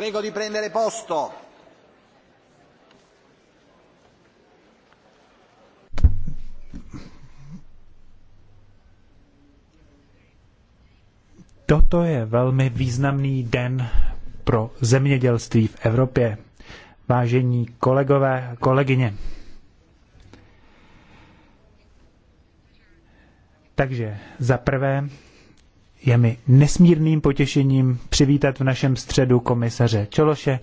Prego di prendere posto. Toto je velmi významný den pro zemědělství v Evropě. Vážení kolegové a kolegyně. Takže za prvé je mi nesmírným potěšením přivítat v našem středu komisaře Čološe.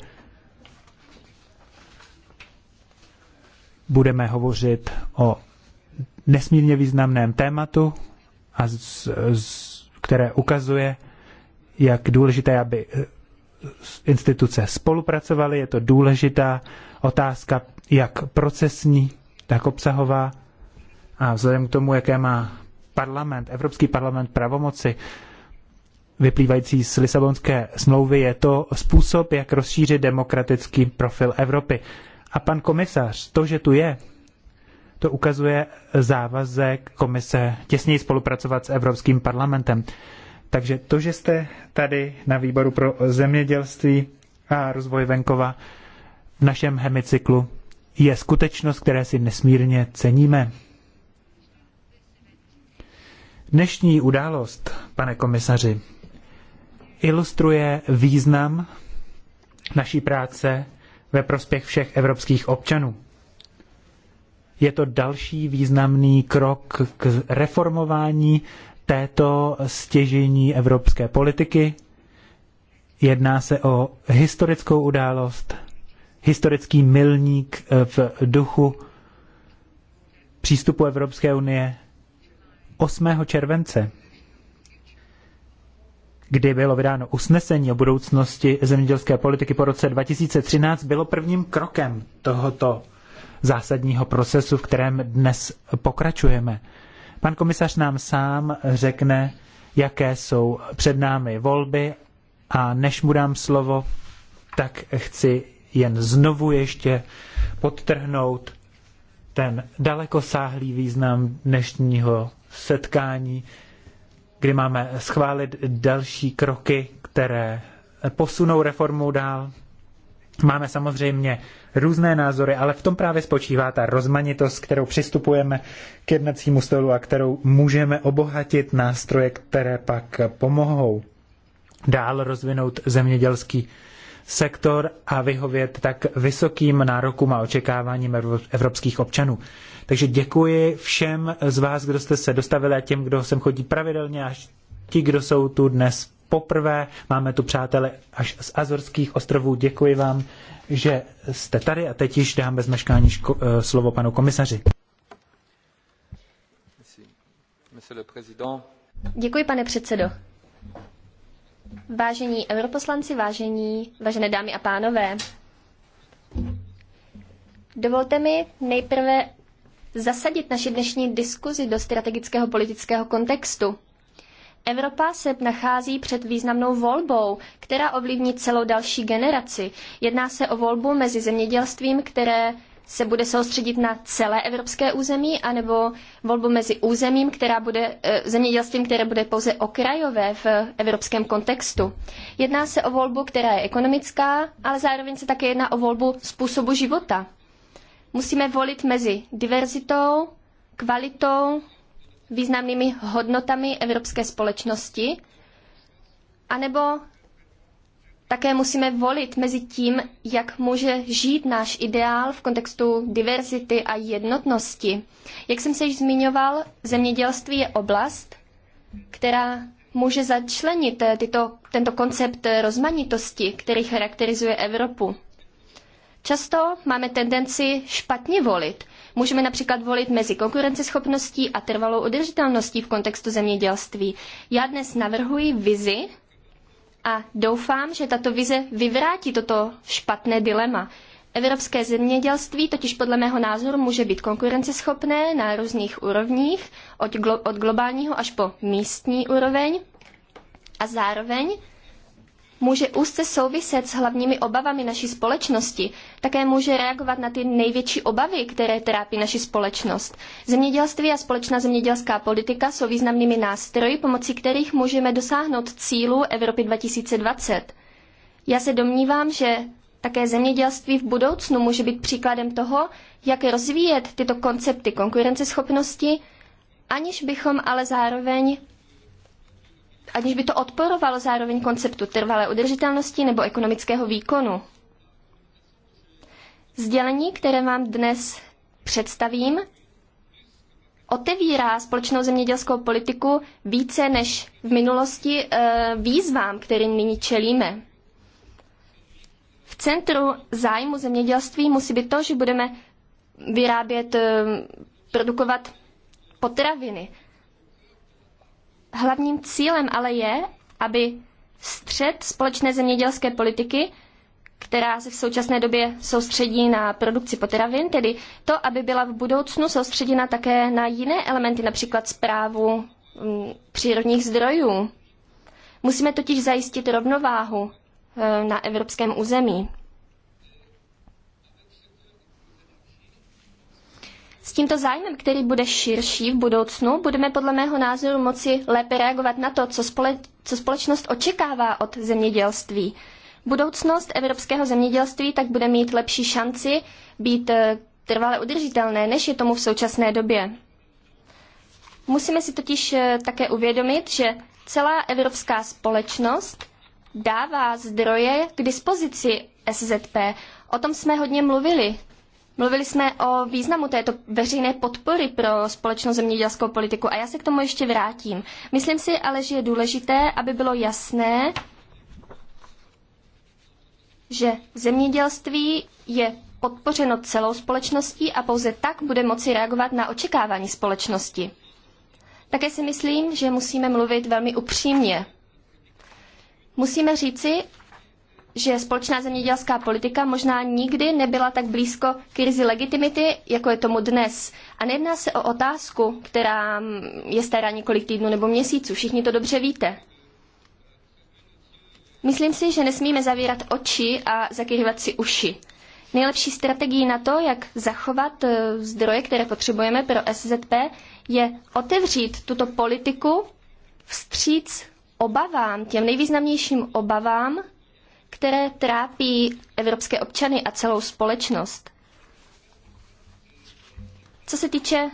Budeme hovořit o nesmírně významném tématu, a z, z, které ukazuje, jak důležité, aby eh, instituce spolupracovaly. Je to důležitá otázka, jak procesní, tak obsahová. A vzhledem k tomu, jaké má parlament, Evropský parlament pravomoci vyplývající z Lisabonské smlouvy, je to způsob, jak rozšířit demokratický profil Evropy. A pan komisař, to, že tu je, to ukazuje závazek komise těsněji spolupracovat s Evropským parlamentem. Takže to, že jste tady na výboru pro zemědělství a rozvoj venkova v našem hemicyklu, je skutečnost, které si nesmírně ceníme. Dnešní událost, pane komisaři, ilustruje význam naší práce ve prospěch všech evropských občanů. Je to další významný krok k reformování této stěžení evropské politiky. Jedná se o historickou událost, historický milník v duchu přístupu Evropské unie 8. července, kdy bylo vydáno usnesení o budoucnosti zemědělské politiky po roce 2013, bylo prvním krokem tohoto zásadního procesu, v kterém dnes pokračujeme. Pan komisař nám sám řekne, jaké jsou před námi volby a než mu dám slovo, tak chci jen znovu ještě podtrhnout ten dalekosáhlý význam dnešního setkání, kdy máme schválit další kroky, které posunou reformu dál. Máme samozřejmě různé názory, ale v tom právě spočívá ta rozmanitost, kterou přistupujeme k jednacímu stolu a kterou můžeme obohatit nástroje, které pak pomohou dál rozvinout zemědělský sektor a vyhovět tak vysokým nárokům a očekáváním evropských občanů. Takže děkuji všem z vás, kdo jste se dostavili a těm, kdo sem chodí pravidelně a ti, kdo jsou tu dnes poprvé. Máme tu přátele až z Azorských ostrovů. Děkuji vám, že jste tady a teď již dám bez meškání eh, slovo panu komisaři. Děkuji, pane předsedo. Vážení europoslanci, vážení, vážené dámy a pánové, dovolte mi nejprve zasadit naši dnešní diskuzi do strategického politického kontextu. Evropa se nachází před významnou volbou, která ovlivní celou další generaci. Jedná se o volbu mezi zemědělstvím, které se bude soustředit na celé evropské území, anebo volbu mezi územím, která bude, e, zemědělstvím, které bude pouze okrajové v evropském kontextu. Jedná se o volbu, která je ekonomická, ale zároveň se také jedná o volbu způsobu života. Musíme volit mezi diverzitou, kvalitou, významnými hodnotami evropské společnosti, anebo také musíme volit mezi tím, jak může žít náš ideál v kontextu diverzity a jednotnosti. Jak jsem se již zmiňoval, zemědělství je oblast, která může začlenit eh, tyto, tento koncept eh, rozmanitosti, který charakterizuje Evropu. Často máme tendenci špatně volit. Můžeme například volit mezi konkurenceschopností a trvalou udržitelností v kontextu zemědělství. Já dnes navrhuji vizi, a doufám, že tato vize vyvrátí toto špatné dilema. Evropské zemědělství totiž podle mého názoru může být konkurenceschopné na různých úrovních, od, glo- od globálního až po místní úroveň a zároveň může úzce souviset s hlavními obavami naší společnosti, také může reagovat na ty největší obavy, které trápí naši společnost. Zemědělství a společná zemědělská politika jsou významnými nástroji, pomocí kterých můžeme dosáhnout cílů Evropy 2020. Já se domnívám, že také zemědělství v budoucnu může být příkladem toho, jak rozvíjet tyto koncepty konkurenceschopnosti, aniž bychom ale zároveň aniž by to odporovalo zároveň konceptu trvalé udržitelnosti nebo ekonomického výkonu. Sdělení, které vám dnes představím, otevírá společnou zemědělskou politiku více než v minulosti eh, výzvám, kterým nyní čelíme. V centru zájmu zemědělství musí být to, že budeme vyrábět, eh, produkovat potraviny. Hlavním cílem ale je, aby střed společné zemědělské politiky, která se v současné době soustředí na produkci potravin, tedy to, aby byla v budoucnu soustředěna také na jiné elementy, například zprávu mm, přírodních zdrojů. Musíme totiž zajistit rovnováhu e, na evropském území. S tímto zájmem, který bude širší v budoucnu, budeme podle mého názoru moci lépe reagovat na to, co, spole- co společnost očekává od zemědělství. Budoucnost evropského zemědělství tak bude mít lepší šanci být eh, trvale udržitelné, než je tomu v současné době. Musíme si totiž eh, také uvědomit, že celá evropská společnost dává zdroje k dispozici SZP. O tom jsme hodně mluvili. Mluvili jsme o významu této veřejné podpory pro společnou zemědělskou politiku a já se k tomu ještě vrátím. Myslím si ale, že je důležité, aby bylo jasné, že zemědělství je podpořeno celou společností a pouze tak bude moci reagovat na očekávání společnosti. Také si myslím, že musíme mluvit velmi upřímně. Musíme říci, že společná zemědělská politika možná nikdy nebyla tak blízko krizi legitimity, jako je tomu dnes. A nejedná se o otázku, která je stará několik týdnů nebo měsíců. Všichni to dobře víte. Myslím si, že nesmíme zavírat oči a zakrývat si uši. Nejlepší strategií na to, jak zachovat eh, zdroje, které potřebujeme pro SZP, je otevřít tuto politiku vstříc obavám, těm nejvýznamnějším obavám, které trápí evropské občany a celou společnost. Co se týče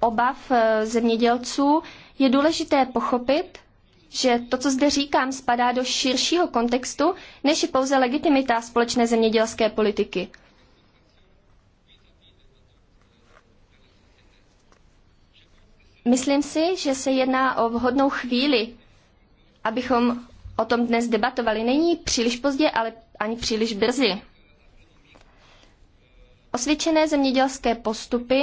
obav eh, zemědělců, je důležité pochopit, že to, co zde říkám, spadá do širšího kontextu, než je pouze legitimita společné zemědělské politiky. Myslím si, že se jedná o vhodnou chvíli, abychom o tom dnes debatovali. Není příliš pozdě, ale ani příliš brzy. Osvědčené zemědělské postupy,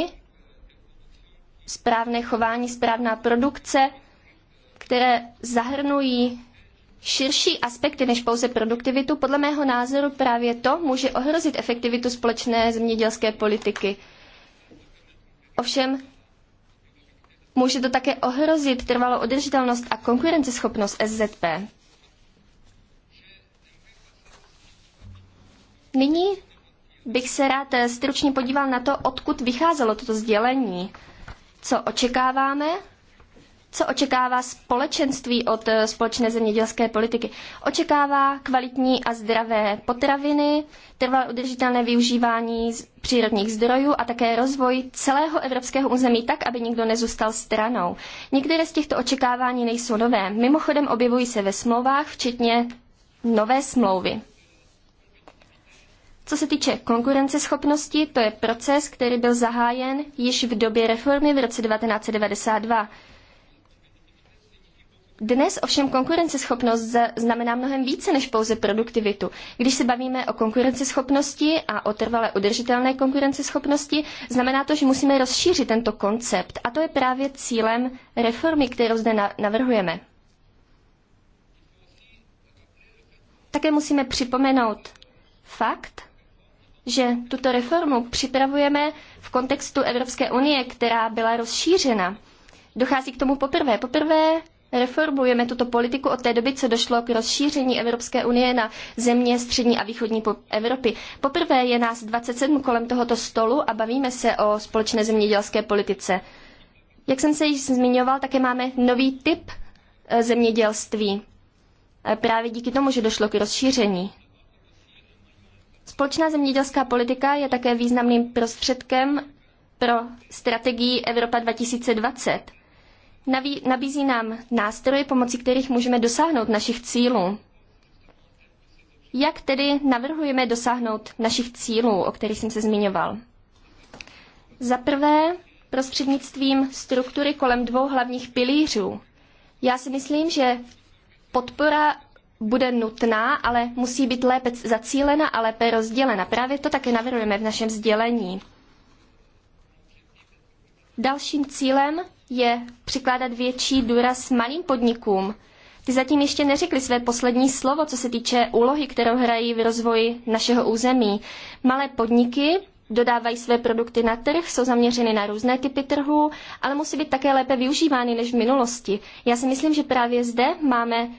správné chování, správná produkce, které zahrnují širší aspekty než pouze produktivitu, podle mého názoru právě to může ohrozit efektivitu společné zemědělské politiky. Ovšem, může to také ohrozit trvalou udržitelnost a konkurenceschopnost SZP. Nyní bych se rád eh, stručně podíval na to, odkud vycházelo toto sdělení. Co očekáváme? Co očekává společenství od eh, společné zemědělské politiky? Očekává kvalitní a zdravé potraviny, trvalé udržitelné využívání přírodních zdrojů a také rozvoj celého evropského území tak, aby nikdo nezůstal stranou. Některé z těchto očekávání nejsou nové. Mimochodem objevují se ve smlouvách, včetně nové smlouvy. Co se týče konkurenceschopnosti, to je proces, který byl zahájen již v době reformy v roce 1992. Dnes ovšem konkurenceschopnost znamená mnohem více než pouze produktivitu. Když se bavíme o konkurenceschopnosti a o trvalé udržitelné konkurenceschopnosti, znamená to, že musíme rozšířit tento koncept. A to je právě cílem reformy, kterou zde navrhujeme. Také musíme připomenout fakt, že tuto reformu připravujeme v kontextu Evropské unie, která byla rozšířena. Dochází k tomu poprvé. Poprvé reformujeme tuto politiku od té doby, co došlo k rozšíření Evropské unie na země střední a východní Evropy. Poprvé je nás 27 kolem tohoto stolu a bavíme se o společné zemědělské politice. Jak jsem se již zmiňoval, také máme nový typ e, zemědělství. E, právě díky tomu, že došlo k rozšíření. Společná zemědělská politika je také významným prostředkem pro strategii Evropa 2020. Naví, nabízí nám nástroje, pomocí kterých můžeme dosáhnout našich cílů. Jak tedy navrhujeme dosáhnout našich cílů, o kterých jsem se zmiňoval? Za prvé, prostřednictvím struktury kolem dvou hlavních pilířů. Já si myslím, že podpora bude nutná, ale musí být lépe zacílena a lépe rozdělena. Právě to také navrhujeme v našem sdělení. Dalším cílem je přikládat větší důraz malým podnikům. Ty zatím ještě neřekli své poslední slovo, co se týče úlohy, kterou hrají v rozvoji našeho území. Malé podniky dodávají své produkty na trh, jsou zaměřeny na různé typy trhů, ale musí být také lépe využívány než v minulosti. Já si myslím, že právě zde máme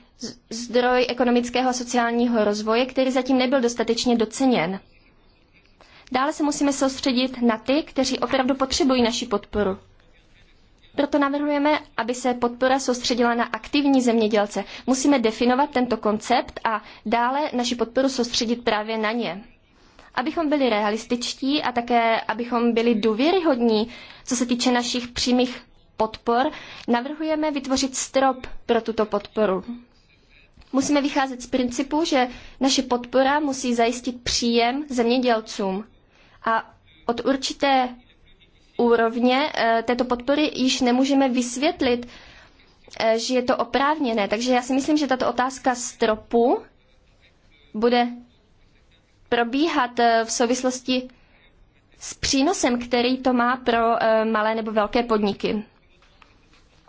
zdroj ekonomického a sociálního rozvoje, který zatím nebyl dostatečně doceněn. Dále se musíme soustředit na ty, kteří opravdu potřebují naši podporu. Proto navrhujeme, aby se podpora soustředila na aktivní zemědělce. Musíme definovat tento koncept a dále naši podporu soustředit právě na ně abychom byli realističtí a také, abychom byli důvěryhodní, co se týče našich přímých podpor, navrhujeme vytvořit strop pro tuto podporu. Musíme vycházet z principu, že naše podpora musí zajistit příjem zemědělcům. A od určité úrovně eh, této podpory již nemůžeme vysvětlit, eh, že je to oprávněné. Takže já si myslím, že tato otázka stropu bude probíhat eh, v souvislosti s přínosem, který to má pro eh, malé nebo velké podniky.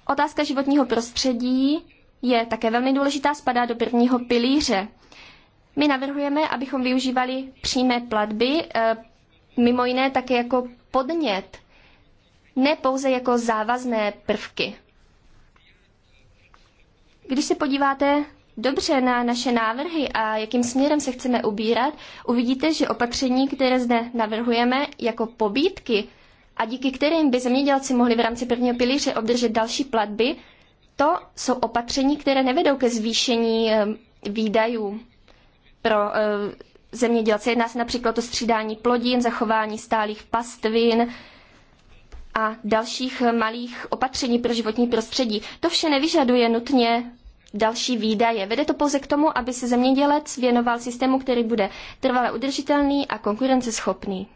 Otázka životního prostředí je také velmi důležitá, spadá do prvního pilíře. My navrhujeme, abychom využívali přímé platby, eh, mimo jiné také jako podnět, ne pouze jako závazné prvky. Když se podíváte dobře na naše návrhy a jakým směrem se chceme ubírat, uvidíte, že opatření, které zde navrhujeme jako pobídky a díky kterým by zemědělci mohli v rámci prvního pilíře obdržet další platby, to jsou opatření, které nevedou ke zvýšení eh, výdajů pro eh, zemědělce. Jedná se například o střídání plodin, zachování stálých pastvin, a dalších malých opatření pro životní prostředí. To vše nevyžaduje nutně další výdaje. Vede to pouze k tomu, aby se zemědělec věnoval systému, který bude trvale udržitelný a konkurenceschopný.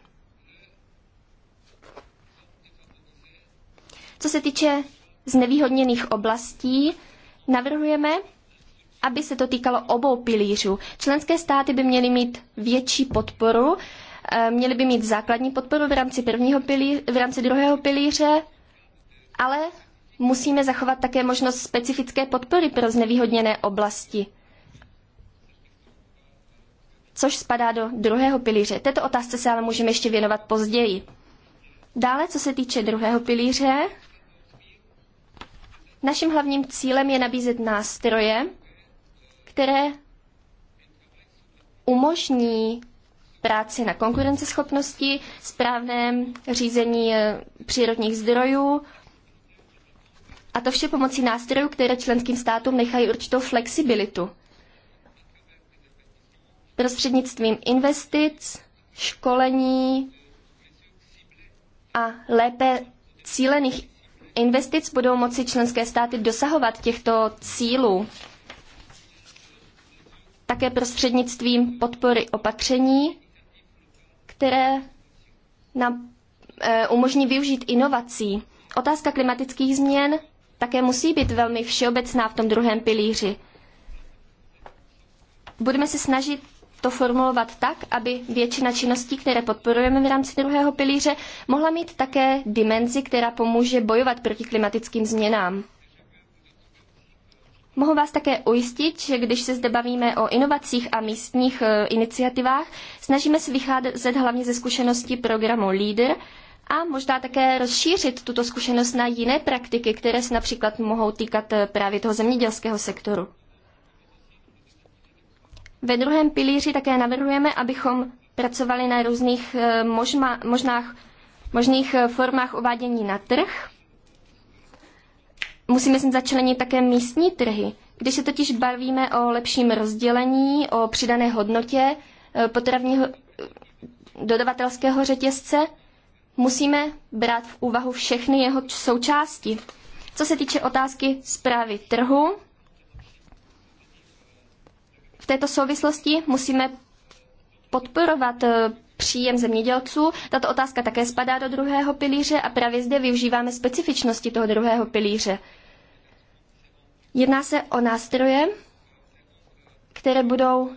Co se týče znevýhodněných oblastí, navrhujeme, aby se to týkalo obou pilířů. Členské státy by měly mít větší podporu, eh, měly by mít základní podporu v rámci, prvního pilíř, v rámci druhého pilíře, ale musíme zachovat také možnost specifické podpory pro znevýhodněné oblasti, což spadá do druhého pilíře. Této otázce se ale můžeme ještě věnovat později. Dále, co se týče druhého pilíře, naším hlavním cílem je nabízet nástroje, které umožní práci na konkurenceschopnosti, správném řízení eh, přírodních zdrojů, a to vše pomocí nástrojů, které členským státům nechají určitou flexibilitu. Prostřednictvím investic, školení a lépe cílených investic budou moci členské státy dosahovat těchto cílů. Také prostřednictvím podpory opatření, které nám eh, umožní využít inovací. Otázka klimatických změn také musí být velmi všeobecná v tom druhém pilíři. Budeme se snažit to formulovat tak, aby většina činností, které podporujeme v rámci druhého pilíře, mohla mít také dimenzi, která pomůže bojovat proti klimatickým změnám. Mohu vás také ujistit, že když se zde bavíme o inovacích a místních eh, iniciativách, snažíme se vycházet hlavně ze zkušeností programu LEADER, a možná také rozšířit tuto zkušenost na jiné praktiky, které se například mohou týkat eh, právě toho zemědělského sektoru. Ve druhém pilíři také navrhujeme, abychom pracovali na různých eh, možma, možnách, možných eh, formách uvádění na trh. Musíme se začlenit také místní trhy. Když se totiž bavíme o lepším rozdělení, o přidané hodnotě potravního dodavatelského řetězce, musíme brát v úvahu všechny jeho součásti. Co se týče otázky zprávy trhu, v této souvislosti musíme podporovat eh, příjem zemědělců. Tato otázka také spadá do druhého pilíře a právě zde využíváme specifičnosti toho druhého pilíře. Jedná se o nástroje, které budou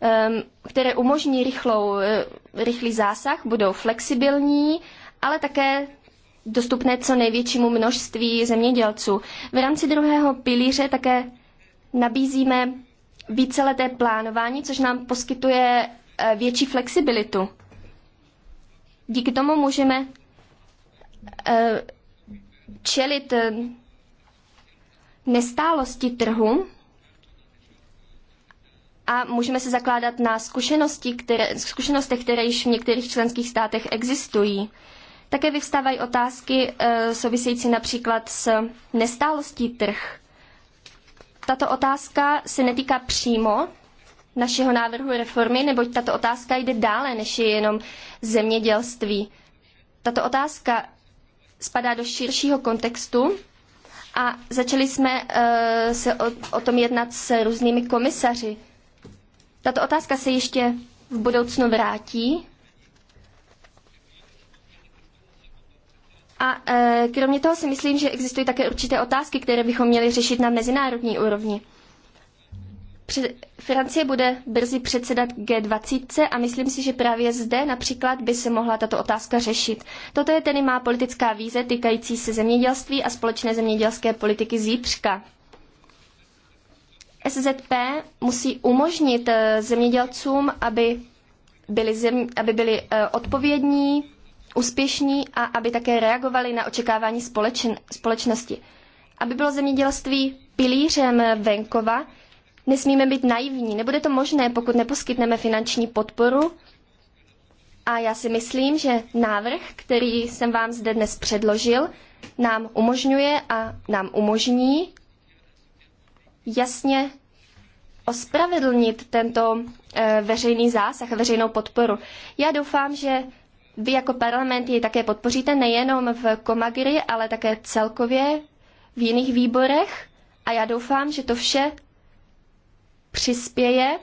ehm, které umožní rychlou eh, rychlý zásah, budou flexibilní, ale také dostupné co největšímu množství zemědělců. V rámci druhého pilíře také nabízíme víceleté plánování, což nám poskytuje eh, větší flexibilitu. Díky tomu můžeme eh, čelit eh, nestálosti trhu a můžeme se zakládat na zkušenosti, které, zkušenostech, které již v některých členských státech existují. Také vyvstávají otázky e, související například s nestálostí trh. Tato otázka se netýká přímo našeho návrhu reformy, neboť tato otázka jde dále, než je jenom zemědělství. Tato otázka spadá do širšího kontextu a začali jsme e, se o, o tom jednat s různými komisaři tato otázka se ještě v budoucnu vrátí. A e, kromě toho si myslím, že existují také určité otázky, které bychom měli řešit na mezinárodní úrovni. Pře- Francie bude brzy předsedat G20 a myslím si, že právě zde například by se mohla tato otázka řešit. Toto je tedy má politická víze týkající se zemědělství a společné zemědělské politiky zítřka. SZP musí umožnit eh, zemědělcům, aby byli, zem, aby byli eh, odpovědní, úspěšní a aby také reagovali na očekávání společen, společnosti. Aby bylo zemědělství pilířem venkova, nesmíme být naivní. Nebude to možné, pokud neposkytneme finanční podporu. A já si myslím, že návrh, který jsem vám zde dnes předložil, nám umožňuje a nám umožní jasně ospravedlnit tento eh, veřejný zásah, veřejnou podporu. Já doufám, že vy jako parlament ji také podpoříte nejenom v Komagry, ale také celkově v jiných výborech a já doufám, že to vše přispěje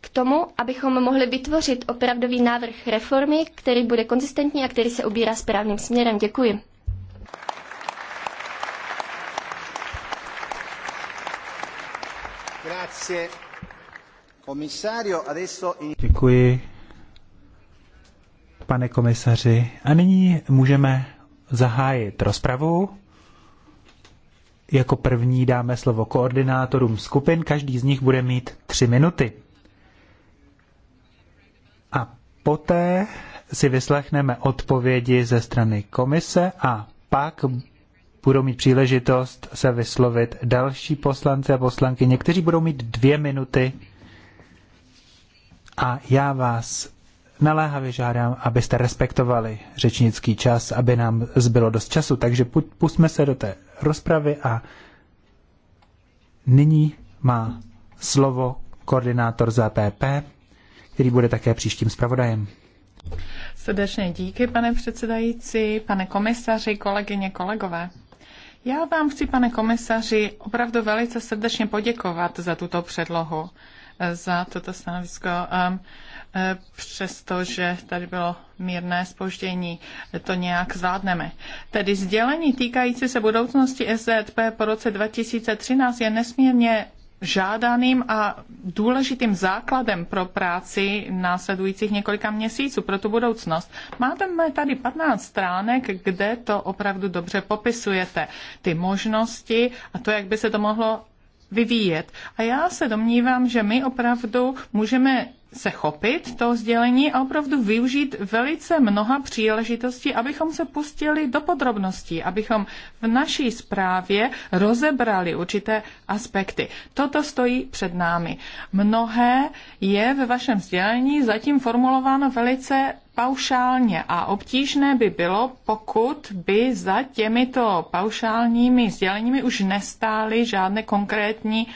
k tomu, abychom mohli vytvořit opravdový návrh reformy, který bude konzistentní a který se ubírá správným směrem. Děkuji. Děkuji, pane komisaři. A nyní můžeme zahájit rozpravu. Jako první dáme slovo koordinátorům skupin, každý z nich bude mít tři minuty. A poté si vyslechneme odpovědi ze strany komise a pak budou mít příležitost se vyslovit další poslanci a poslanky. Někteří budou mít dvě minuty a já vás naléhavě žádám, abyste respektovali řečnický čas, aby nám zbylo dost času. Takže pustme se do té rozpravy a nyní má slovo koordinátor za PP, který bude také příštím zpravodajem. Srdečně díky, pane předsedající, pane komisaři, kolegyně, kolegové. Já vám chci, pane komisaři, opravdu velice srdečně poděkovat za tuto předlohu, za toto stanovisko. E, přestože tady bylo mírné spoždění, to nějak zvládneme. Tedy sdělení týkající se budoucnosti SZP po roce 2013 je nesmírně žádaným a důležitým základem pro práci následujících několika měsíců pro tu budoucnost. Máte tady 15 stránek, kde to opravdu dobře popisujete, ty možnosti a to, jak by se to mohlo vyvíjet. A já se domnívám, že my opravdu můžeme se chopit toho sdělení a opravdu využít velice mnoha příležitostí, abychom se pustili do podrobností, abychom v naší zprávě rozebrali určité aspekty. Toto stojí před námi. Mnohé je ve vašem sdělení zatím formulováno velice paušálně a obtížné by bylo, pokud by za těmito paušálními sděleními už nestály žádné konkrétní uh,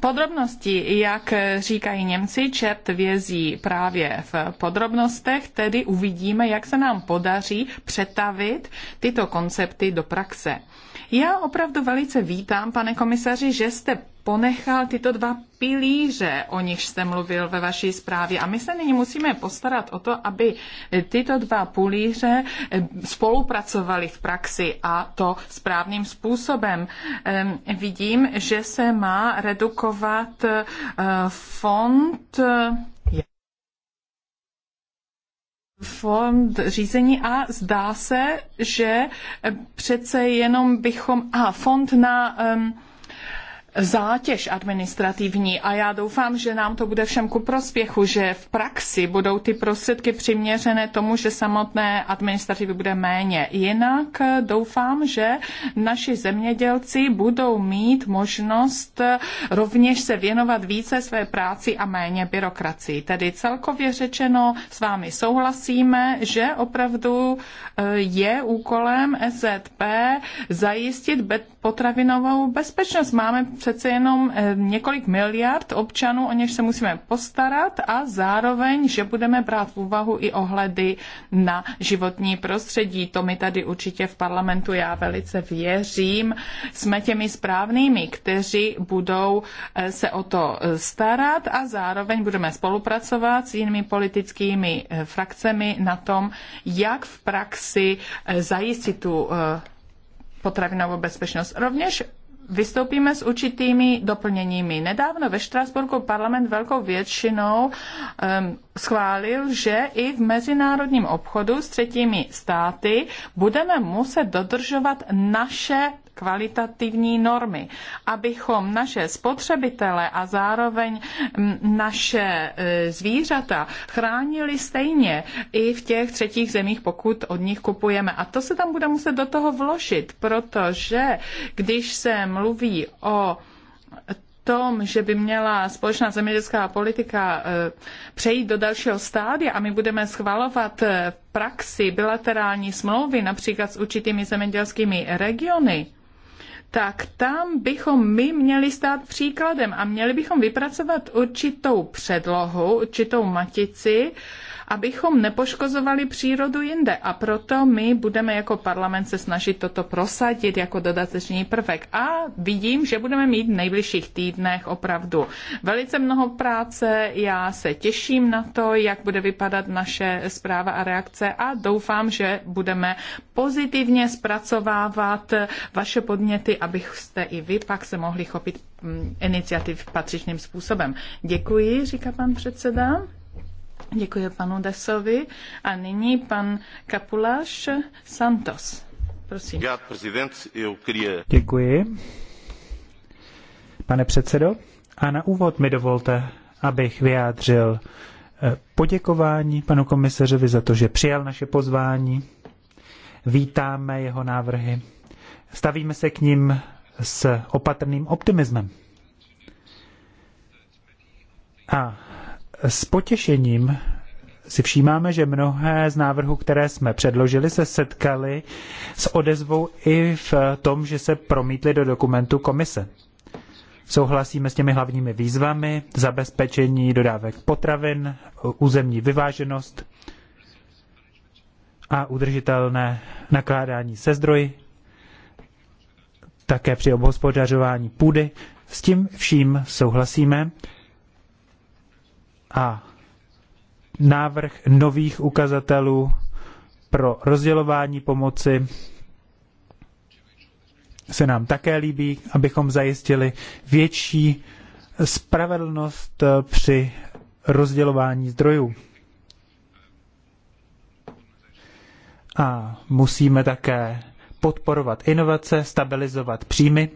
podrobnosti, jak říkají Němci, čert vězí právě v podrobnostech, tedy uvidíme, jak se nám podaří přetavit tyto koncepty do praxe. Já opravdu velice vítám, pane komisaři, že jste ponechal tyto dva pilíře, o nichž jste mluvil ve vaší zprávě. A my se nyní musíme postarat o to, aby tyto dva pilíře eh, spolupracovaly v praxi a to správným způsobem. Eh, vidím, že se má redukovat eh, fond fond řízení a zdá se, že přece jenom bychom... A, fond na um, zátěž administrativní a já doufám, že nám to bude všem ku prospěchu, že v praxi budou ty prostředky přiměřené tomu, že samotné administrativy bude méně. Jinak eh, doufám, že naši zemědělci budou mít možnost eh, rovněž se věnovat více své práci a méně byrokracii. Tedy celkově řečeno s vámi souhlasíme, že opravdu eh, je úkolem SZP zajistit potravinovou bezpečnost. Máme přece jenom eh, několik miliard občanů, o něž se musíme postarat a zároveň, že budeme brát v úvahu i ohledy na životní prostředí. To mi tady určitě v parlamentu já velice věřím. Jsme těmi správnými, kteří budou eh, se o to eh, starat a zároveň budeme spolupracovat s jinými politickými frakcemi na tom, jak v praxi zajistit tu potravinovou bezpečnost. Rovněž vystoupíme s určitými doplněními. Nedávno ve Štrasburku parlament velkou většinou um, schválil, že i v mezinárodním obchodu s třetími státy budeme muset dodržovat naše kvalitativní normy, abychom naše spotřebitele a zároveň mm, naše e, zvířata chránili stejně i v těch třetích zemích, pokud od nich kupujeme. A to se tam bude muset do toho vložit, protože když se mluví o tom, že by měla společná zemědělská politika e, přejít do dalšího stádia a my budeme schvalovat e, v praxi bilaterální smlouvy například s určitými zemědělskými regiony, tak tam bychom my měli stát příkladem a měli bychom vypracovat určitou předlohu, určitou matici, abychom nepoškozovali přírodu jinde. A proto my budeme jako parlament se snažit toto prosadit jako dodatečný prvek. A vidím, že budeme mít v nejbližších týdnech opravdu velice mnoho práce. Já se těším na to, jak bude vypadat naše zpráva a reakce a doufám, že budeme pozitivně zpracovávat vaše podněty, abyste i vy pak se mohli chopit mm, iniciativ patřičným způsobem. Děkuji, říká pan předseda. Děkuji panu Desovi. A nyní pan Kapuláš Santos. Prosím. Děkuji. Pane předsedo, a na úvod mi dovolte, abych vyjádřil eh, poděkování panu komisařovi za to, že přijal naše pozvání. Vítáme jeho návrhy. Stavíme se k ním s opatrným optimismem. A s potěšením si všímáme, že mnohé z návrhů, které jsme předložili, se setkaly s odezvou i v tom, že se promítly do dokumentu komise. Souhlasíme s těmi hlavními výzvami, zabezpečení dodávek potravin, územní vyváženost a udržitelné nakládání se zdroji, také při obhospodařování půdy. S tím vším souhlasíme a návrh nových ukazatelů pro rozdělování pomoci se nám také líbí, abychom zajistili větší spravedlnost eh, při rozdělování zdrojů. A musíme také podporovat inovace, stabilizovat příjmy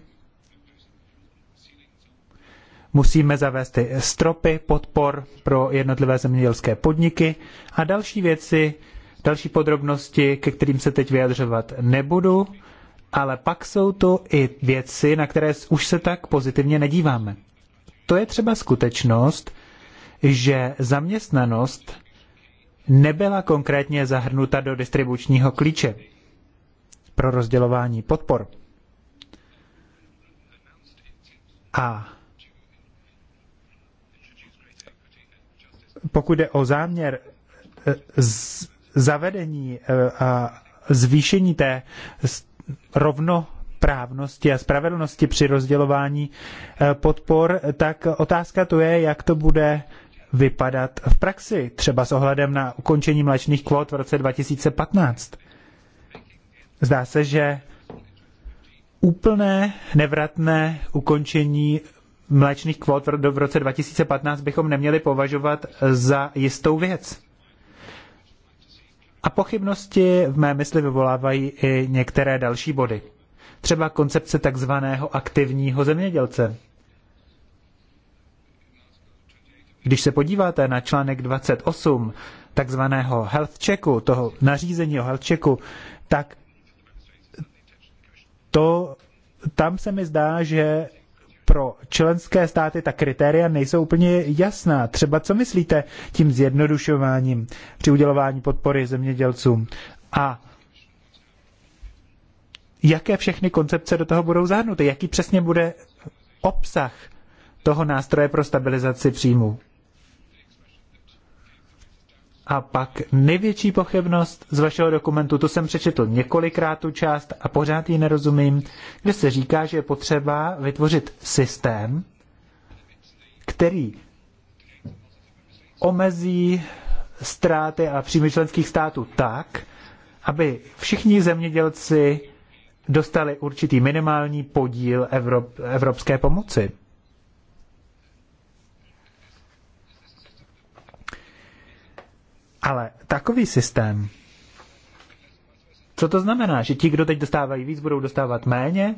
Musíme zavést stropy podpor pro jednotlivé zemědělské podniky a další věci, další podrobnosti, ke kterým se teď vyjadřovat nebudu, ale pak jsou to i věci, na které už se tak pozitivně nedíváme. To je třeba skutečnost, že zaměstnanost nebyla konkrétně zahrnuta do distribučního klíče pro rozdělování podpor. A pokud jde o záměr eh, zavedení eh, a zvýšení té rovno právnosti a spravedlnosti při rozdělování eh, podpor, tak otázka to je, jak to bude vypadat v praxi, třeba s ohledem na ukončení mléčných kvót v roce 2015. Zdá se, že úplné nevratné ukončení mléčných kvot v roce 2015 bychom neměli považovat za jistou věc. A pochybnosti v mé mysli vyvolávají i některé další body. Třeba koncepce takzvaného aktivního zemědělce. Když se podíváte na článek 28 takzvaného health checku, toho nařízení o health checku, tak to tam se mi zdá, že pro členské státy ta kritéria nejsou úplně jasná. Třeba co myslíte tím zjednodušováním při udělování podpory zemědělcům? A jaké všechny koncepce do toho budou zahrnuty? Jaký přesně bude obsah toho nástroje pro stabilizaci příjmů? A pak největší pochybnost z vašeho dokumentu, to jsem přečetl několikrát tu část a pořád ji nerozumím, kde se říká, že je potřeba vytvořit systém, který omezí ztráty a příjmy členských států tak, aby všichni zemědělci dostali určitý minimální podíl evropské pomoci. Ale takový systém, co to znamená? Že ti, kdo teď dostávají víc, budou dostávat méně?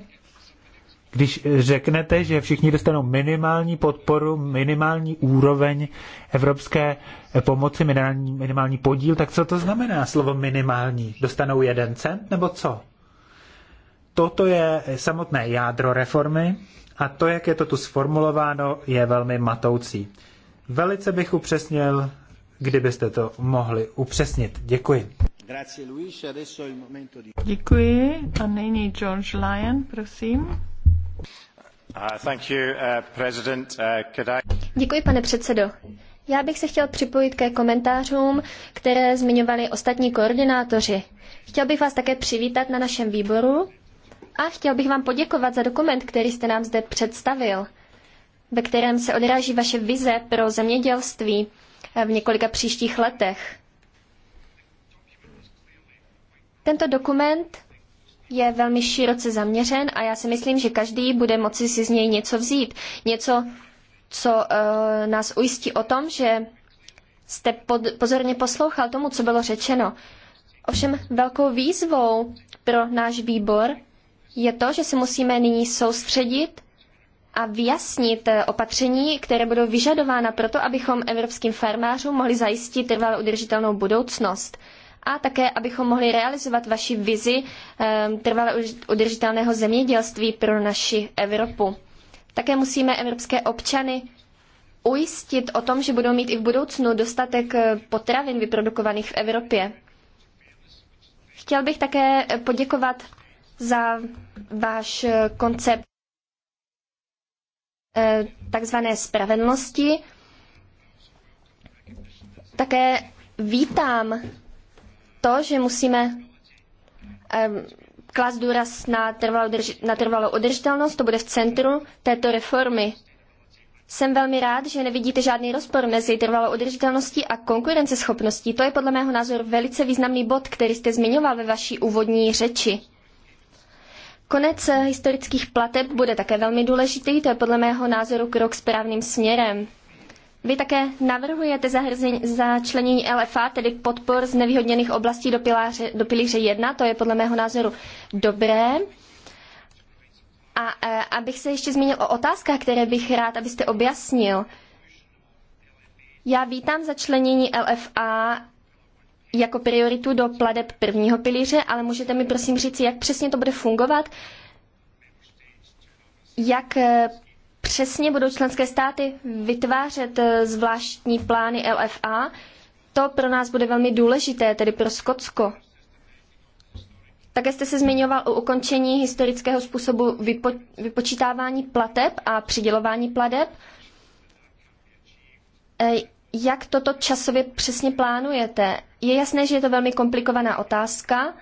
Když řeknete, že všichni dostanou minimální podporu, minimální úroveň evropské pomoci, minimální, minimální podíl, tak co to znamená slovo minimální? Dostanou jeden cent nebo co? Toto je samotné jádro reformy a to, jak je to tu sformulováno, je velmi matoucí. Velice bych upřesnil kdybyste to mohli upřesnit. Děkuji. Děkuji a nyní George Lyon, prosím. Uh, uh, uh, Děkuji, pane předsedo. Já bych se chtěl připojit ke komentářům, které zmiňovali ostatní koordinátoři. Chtěl bych vás také přivítat na našem výboru a chtěl bych vám poděkovat za dokument, který jste nám zde představil, ve kterém se odráží vaše vize pro zemědělství v několika příštích letech. Tento dokument je velmi široce zaměřen a já si myslím, že každý bude moci si z něj něco vzít. Něco, co uh, nás ujistí o tom, že jste pod, pozorně poslouchal tomu, co bylo řečeno. Ovšem velkou výzvou pro náš výbor je to, že se musíme nyní soustředit a vyjasnit eh, opatření, které budou vyžadována proto, abychom evropským farmářům mohli zajistit trvale udržitelnou budoucnost a také, abychom mohli realizovat vaši vizi eh, trvale udržitelného zemědělství pro naši Evropu. Také musíme evropské občany ujistit o tom, že budou mít i v budoucnu dostatek eh, potravin vyprodukovaných v Evropě. Chtěl bych také poděkovat za váš koncept Eh, takzvané spravedlnosti. Také vítám to, že musíme eh, klást důraz na trvalou, na trvalou udržitelnost, to bude v centru této reformy. Jsem velmi rád, že nevidíte žádný rozpor mezi trvalou udržitelností a konkurenceschopností. To je podle mého názoru velice významný bod, který jste zmiňoval ve vaší úvodní řeči. Konec eh, historických plateb bude také velmi důležitý, to je podle mého názoru krok správným směrem. Vy také navrhujete začlenění LFA, tedy podpor z nevýhodněných oblastí do, piláře, do pilíře 1, to je podle mého názoru dobré. A e, abych se ještě zmínil o otázkách, které bych rád, abyste objasnil. Já vítám začlenění LFA jako prioritu do pladeb prvního pilíře, ale můžete mi prosím říct, jak přesně to bude fungovat, jak eh, přesně budou členské státy vytvářet eh, zvláštní plány LFA. To pro nás bude velmi důležité, tedy pro Skotsko. Také jste se zmiňoval o ukončení historického způsobu vypo, vypočítávání plateb a přidělování plateb. Eh, jak toto časově přesně plánujete? Je jasné, že je to velmi komplikovaná otázka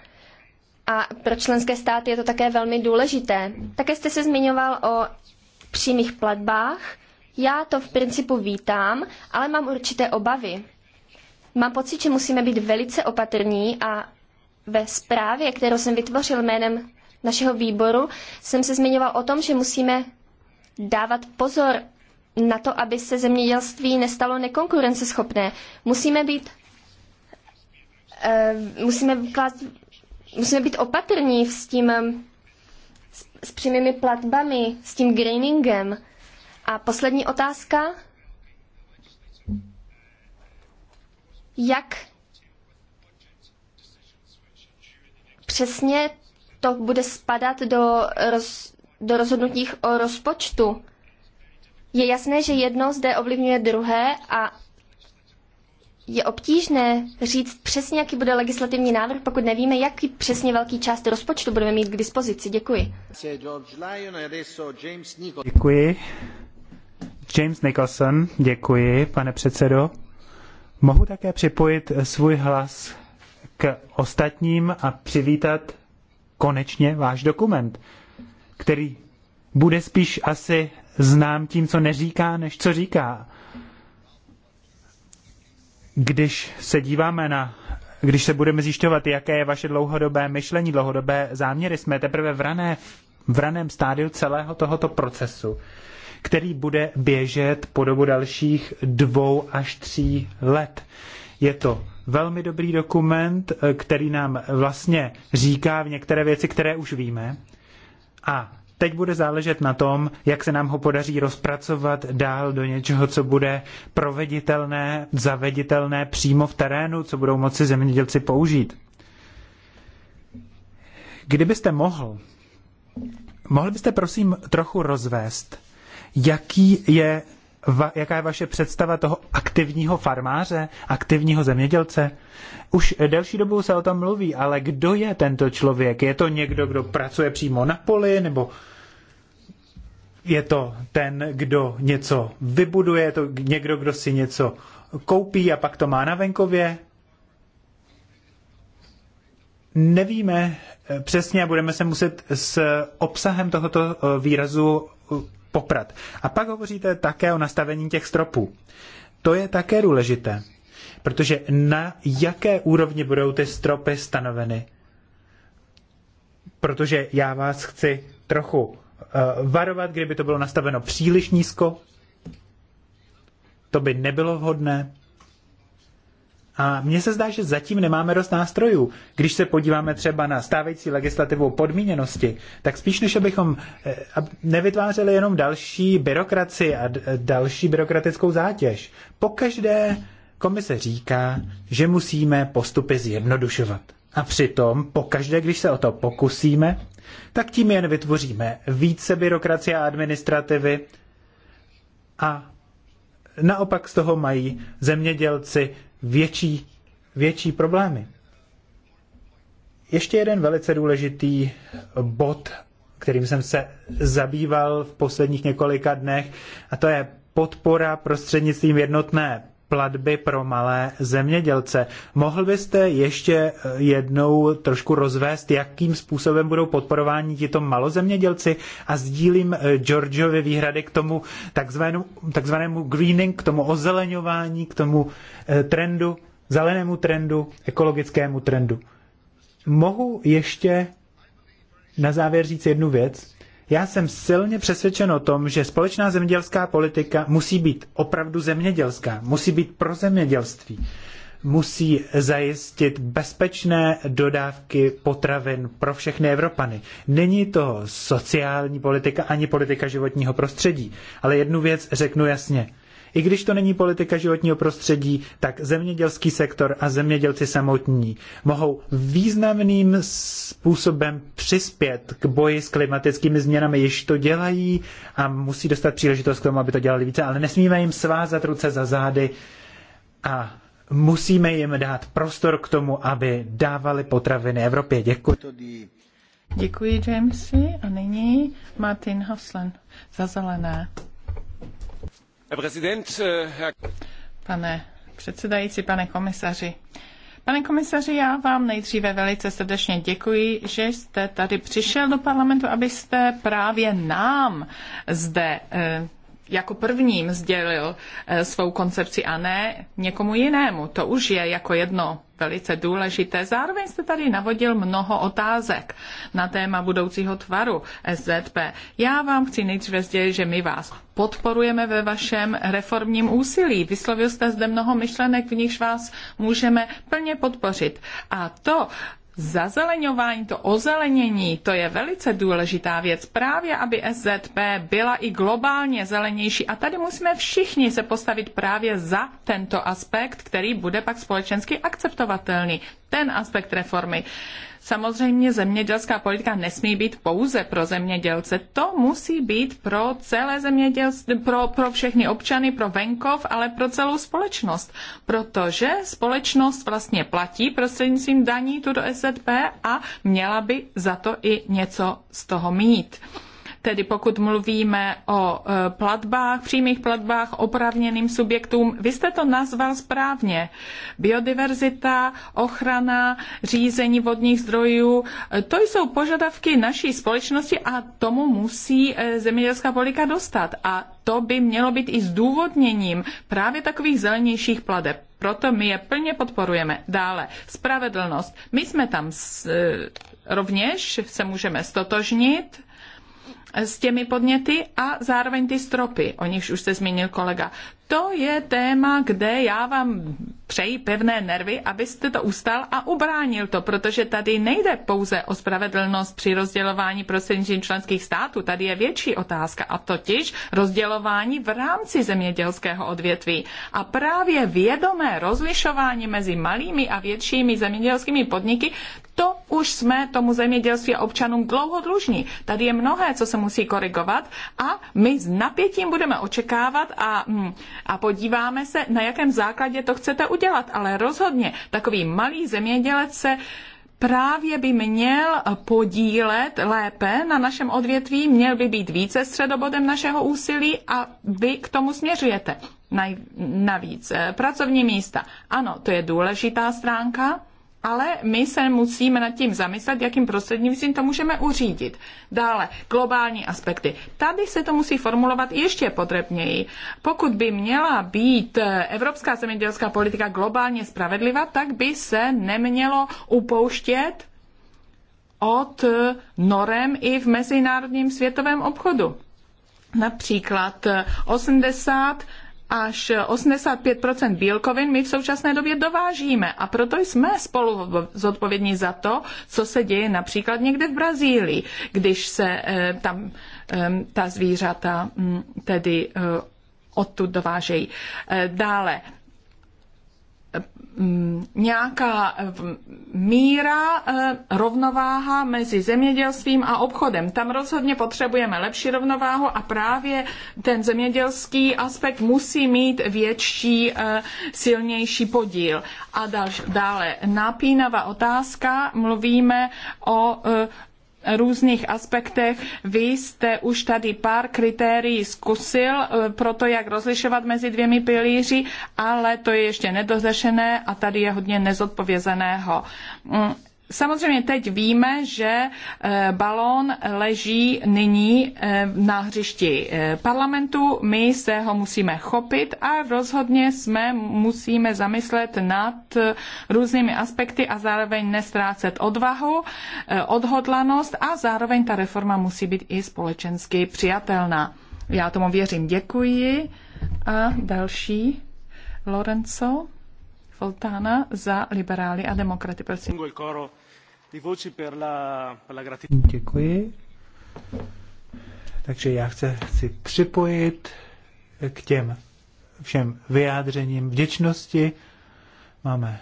a pro členské státy je to také velmi důležité. Také jste se zmiňoval o přímých platbách. Já to v principu vítám, ale mám určité obavy. Mám pocit, že musíme být velice opatrní a ve zprávě, kterou jsem vytvořil jménem našeho výboru, jsem se zmiňoval o tom, že musíme dávat pozor na to, aby se zemědělství nestalo nekonkurenceschopné. Musíme být eh, musíme, klást, musíme být opatrní s tím s, s přímými platbami, s tím greeningem. A poslední otázka. Jak přesně to bude spadat do, roz, do rozhodnutích o rozpočtu? Je jasné, že jedno zde ovlivňuje druhé a je obtížné říct přesně, jaký bude legislativní návrh, pokud nevíme, jaký přesně velký část rozpočtu budeme mít k dispozici. Děkuji. Děkuji. James Nicholson, děkuji, pane předsedo. Mohu také připojit svůj hlas k ostatním a přivítat konečně váš dokument, který bude spíš asi znám tím, co neříká, než co říká. Když se díváme na když se budeme zjišťovat, jaké je vaše dlouhodobé myšlení, dlouhodobé záměry, jsme teprve v, rané, v raném stádiu celého tohoto procesu, který bude běžet po dobu dalších dvou až tří let. Je to velmi dobrý dokument, který nám vlastně říká v některé věci, které už víme. A Teď bude záležet na tom, jak se nám ho podaří rozpracovat dál do něčeho, co bude proveditelné, zaveditelné přímo v terénu, co budou moci zemědělci použít. Kdybyste mohl, mohl byste prosím trochu rozvést, jaký je va, jaká je vaše představa toho aktivního farmáře, aktivního zemědělce? Už delší dobu se o tom mluví, ale kdo je tento člověk? Je to někdo, kdo pracuje přímo na poli, nebo je to ten, kdo něco vybuduje, je to někdo, kdo si něco koupí a pak to má na venkově? Nevíme eh, přesně a budeme se muset s obsahem tohoto eh, výrazu eh, poprat. A pak hovoříte také o nastavení těch stropů. To je také důležité, protože na jaké úrovni budou ty stropy stanoveny? Protože já vás chci trochu uh, varovat, kdyby to bylo nastaveno příliš nízko, to by nebylo vhodné. A mně se zdá, že zatím nemáme dost nástrojů. Když se podíváme třeba na stávající legislativu podmíněnosti, tak spíš než abychom eh, nevytvářeli jenom další byrokracii a další byrokratickou zátěž. Po každé komise říká, že musíme postupy zjednodušovat. A přitom, pokaždé, když se o to pokusíme, tak tím jen vytvoříme více byrokracie a administrativy a naopak z toho mají zemědělci větší, větší problémy. Ještě jeden velice důležitý bod, kterým jsem se zabýval v posledních několika dnech, a to je podpora prostřednictvím jednotné platby pro malé zemědělce. Mohl byste ještě eh, jednou trošku rozvést, jakým způsobem budou podporováni tito malozemědělci a sdílím eh, Georgeovi výhrady k tomu takzvanému, takzvanému greening, k tomu ozeleňování, k tomu eh, trendu, zelenému trendu, ekologickému trendu. Mohu ještě na závěr říct jednu věc? Já jsem silně přesvědčen o tom, že společná zemědělská politika musí být opravdu zemědělská, musí být pro zemědělství, musí zajistit bezpečné dodávky potravin pro všechny Evropany. Není to sociální politika ani politika životního prostředí, ale jednu věc řeknu jasně. I když to není politika životního prostředí, tak zemědělský sektor a zemědělci samotní mohou významným způsobem přispět k boji s klimatickými změnami, již to dělají a musí dostat příležitost k tomu, aby to dělali více, ale nesmíme jim svázat ruce za zády a musíme jim dát prostor k tomu, aby dávali potraviny Evropě. Děkuji. Děkuji, Jamesy. A nyní Martin Hoslen za zelené. Äh, pane předsedající, pane komisaři, Pane komisaři, já vám nejdříve velice srdečně děkuji, že jste tady přišel do parlamentu, abyste právě nám zde eh, jako prvním sdělil eh, svou koncepci a ne někomu jinému. To už je jako jedno velice důležité. Zároveň jste tady navodil mnoho otázek na téma budoucího tvaru SZP. Já vám chci nejdříve sdělit, že my vás podporujeme ve vašem reformním úsilí. Vyslovil jste zde mnoho myšlenek, v nichž vás můžeme plně podpořit. A to, zazeleňování, to ozelenění, to je velice důležitá věc právě, aby SZP byla i globálně zelenější. A tady musíme všichni se postavit právě za tento aspekt, který bude pak společensky akceptovatelný ten aspekt reformy. Samozřejmě zemědělská politika nesmí být pouze pro zemědělce. To musí být pro celé zemědělství, pro, pro všechny občany, pro venkov, ale pro celou společnost. Protože společnost vlastně platí prostřednictvím daní tuto SZP a měla by za to i něco z toho mít tedy pokud mluvíme o e, platbách, přímých platbách opravněným subjektům. Vy jste to nazval správně. Biodiverzita, ochrana, řízení vodních zdrojů, e, to jsou požadavky naší společnosti a tomu musí e, zemědělská politika dostat. A to by mělo být i zdůvodněním právě takových zelenějších pladeb. Proto my je plně podporujeme. Dále, spravedlnost. My jsme tam s, rovněž se můžeme stotožnit s těmi podněty a zároveň ty stropy, o nichž už se zmínil kolega. To je téma, kde já vám přeji pevné nervy, abyste to ustal a ubránil to, protože tady nejde pouze o spravedlnost při rozdělování prostřednictvím členských států, tady je větší otázka a totiž rozdělování v rámci zemědělského odvětví. A právě vědomé rozlišování mezi malými a většími zemědělskými podniky, to už jsme tomu zemědělství a občanům dlouho dlužní. Tady je mnohé, co se musí korigovat a my s napětím budeme očekávat a, mm, a podíváme se, na jakém základě to chcete udělat, ale rozhodně takový malý zemědělec se právě by měl podílet lépe na našem odvětví, měl by být více středobodem našeho úsilí a vy k tomu směřujete. Navíc eh, pracovní místa. Ano, to je důležitá stránka ale my se musíme nad tím zamyslet, jakým prostřednictvím to můžeme uřídit. Dále, globální aspekty. Tady se to musí formulovat ještě podrobněji. Pokud by měla být eh, evropská zemědělská politika globálně spravedlivá, tak by se nemělo upouštět od eh, norem i v mezinárodním světovém obchodu. Například 80 eh, až 85 bílkovin my v současné době dovážíme a proto jsme spolu zodpovědní za to, co se děje například někde v Brazílii, když se eh, tam eh, ta zvířata mm, tedy eh, odtud dovážejí. Dále Mm, nějaká eh, míra, eh, rovnováha mezi zemědělstvím a obchodem. Tam rozhodně potřebujeme lepší rovnováhu a právě ten zemědělský aspekt musí mít větší, eh, silnější podíl. A dále, napínavá otázka, mluvíme o různých aspektech. Vy jste už tady pár kritérií zkusil eh, pro to, jak rozlišovat mezi dvěmi pilíři, ale to je ještě nedořešené a tady je hodně nezodpovězeného. Mm, Samozřejmě teď víme, že eh, balón leží nyní eh, na hřišti eh, parlamentu, my se ho musíme chopit a rozhodně jsme musíme zamyslet nad různými aspekty a zároveň nestrácet odvahu, odhodlanost a zároveň ta reforma musí být i společensky přijatelná. Já tomu věřím. Děkuji. A další, Lorenzo za liberály a demokraty. Prosím. Děkuji. Takže já chci, chci připojit k těm všem vyjádřením vděčnosti. Máme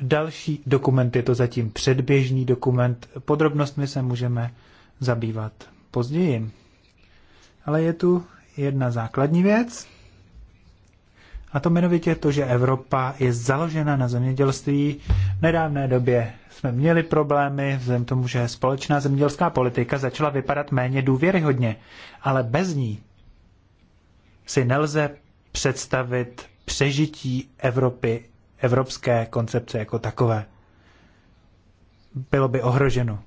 další dokument, je to zatím předběžný dokument. Podrobnostmi se můžeme zabývat později. Ale je tu jedna základní věc, a to jmenovitě to, že Evropa je založena na zemědělství. V nedávné době jsme měli problémy, vzhledem tomu, že společná zemědělská politika začala vypadat méně důvěryhodně, ale bez ní si nelze představit přežití Evropy, evropské koncepce jako takové. Bylo by ohroženo.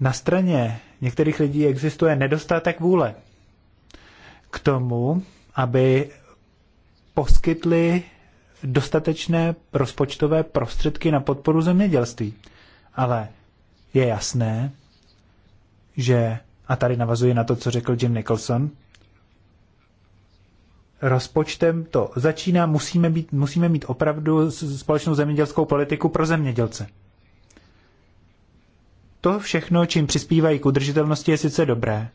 Na straně některých lidí existuje nedostatek vůle k tomu, aby poskytli dostatečné rozpočtové prostředky na podporu zemědělství. Ale je jasné, že, a tady navazuji na to, co řekl Jim Nicholson, rozpočtem to začíná, musíme, být, musíme mít opravdu společnou zemědělskou politiku pro zemědělce. To všechno, čím přispívají k udržitelnosti, je sice dobré,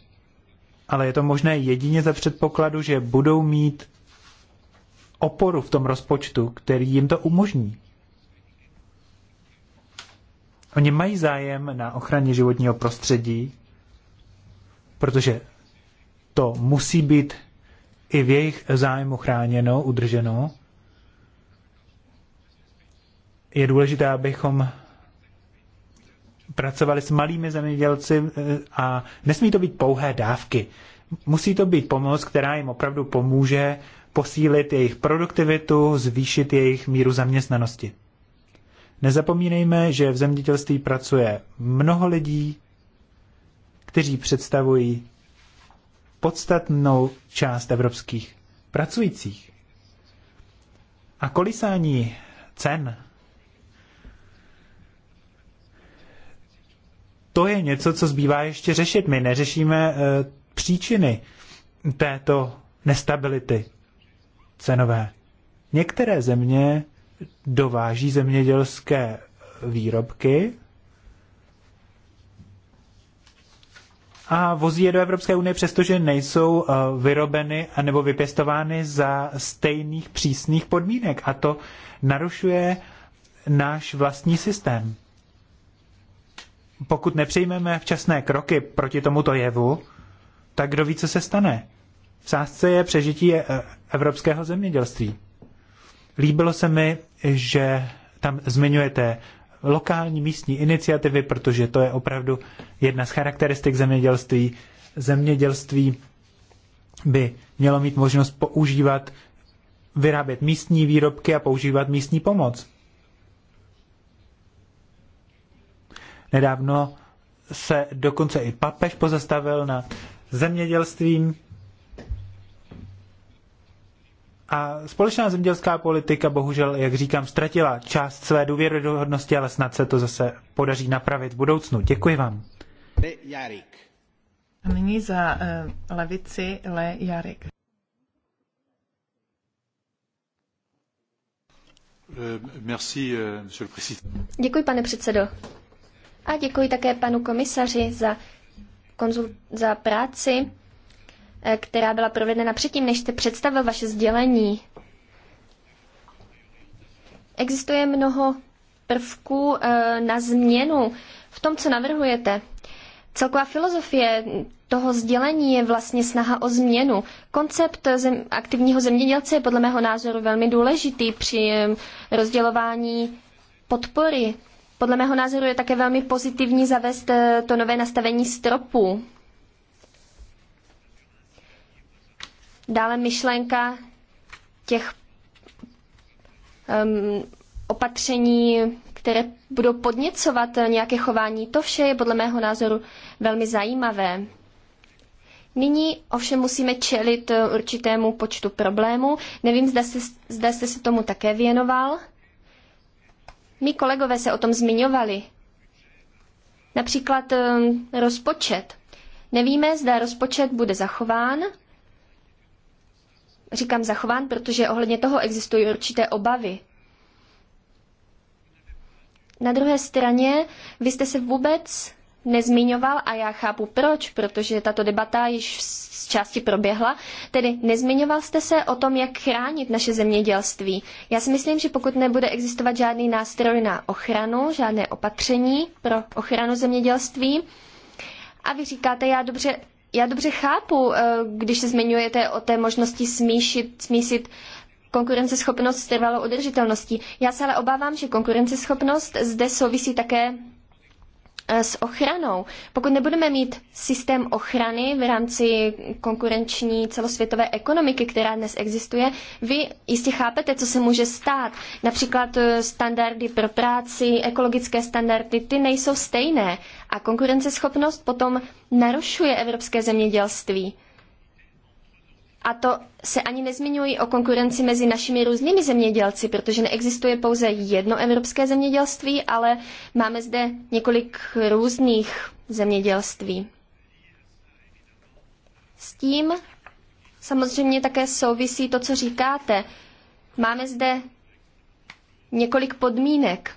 ale je to možné jedině za předpokladu, že budou mít oporu v tom rozpočtu, který jim to umožní. Oni mají zájem na ochraně životního prostředí, protože to musí být i v jejich zájmu chráněno, udrženo. Je důležité, abychom pracovali s malými zemědělci eh, a nesmí to být pouhé dávky. Musí to být pomoc, která jim opravdu pomůže posílit jejich produktivitu, zvýšit jejich míru zaměstnanosti. Nezapomínejme, že v zemědělství pracuje mnoho lidí, kteří představují podstatnou část evropských pracujících. A kolísání cen to je něco, co zbývá ještě řešit. My neřešíme eh, příčiny této nestability cenové. Některé země dováží zemědělské výrobky a vozí je do Evropské unie, přestože nejsou eh, vyrobeny nebo vypěstovány za stejných přísných podmínek. A to narušuje náš vlastní systém pokud nepřijmeme včasné kroky proti tomuto jevu, tak kdo ví, co se stane. V sázce je přežití eh, evropského zemědělství. Líbilo se mi, že tam zmiňujete lokální místní iniciativy, protože to je opravdu jedna z charakteristik zemědělství. Zemědělství by mělo mít možnost používat, vyrábět místní výrobky a používat místní pomoc. Nedávno se dokonce i papež pozastavil na zemědělstvím. A společná zemědělská politika bohužel, jak říkám, ztratila část své důvěryhodnosti, ale snad se to zase podaří napravit v budoucnu. Děkuji vám. Jarik. A nyní za uh, levici Le Jarek. Eh, eh, Děkuji, pane předsedo. A děkuji také panu komisaři za, konzul, za práci, eh, která byla provedena předtím, než jste představil vaše sdělení. Existuje mnoho prvků eh, na změnu v tom, co navrhujete. Celková filozofie toho sdělení je vlastně snaha o změnu. Koncept zem, aktivního zemědělce je podle mého názoru velmi důležitý při eh, rozdělování podpory podle mého názoru je také velmi pozitivní zavést eh, to nové nastavení stropů. Dále myšlenka těch um, opatření, které budou podněcovat eh, nějaké chování, to vše je podle mého názoru velmi zajímavé. Nyní ovšem musíme čelit eh, určitému počtu problémů. Nevím, zda, se, zda jste se tomu také věnoval. Mí kolegové se o tom zmiňovali. Například ehm, rozpočet. Nevíme, zda rozpočet bude zachován. Říkám zachován, protože ohledně toho existují určité obavy. Na druhé straně, vy jste se vůbec nezmiňoval a já chápu proč, protože tato debata již z části proběhla. Tedy nezmiňoval jste se o tom, jak chránit naše zemědělství. Já si myslím, že pokud nebude existovat žádný nástroj na ochranu, žádné opatření pro ochranu zemědělství, a vy říkáte, já dobře, já dobře chápu, eh, když se zmiňujete o té možnosti smíšit, smísit konkurenceschopnost s trvalou udržitelností. Já se ale obávám, že konkurenceschopnost zde souvisí také Eh, s ochranou. Pokud nebudeme mít systém ochrany v rámci konkurenční celosvětové ekonomiky, která dnes existuje, vy jistě chápete, co se může stát. Například eh, standardy pro práci, ekologické standardy, ty nejsou stejné. A konkurenceschopnost potom narušuje evropské zemědělství. A to se ani nezmiňují o konkurenci mezi našimi různými zemědělci, protože neexistuje pouze jedno evropské zemědělství, ale máme zde několik různých zemědělství. S tím samozřejmě také souvisí to, co říkáte. Máme zde několik podmínek.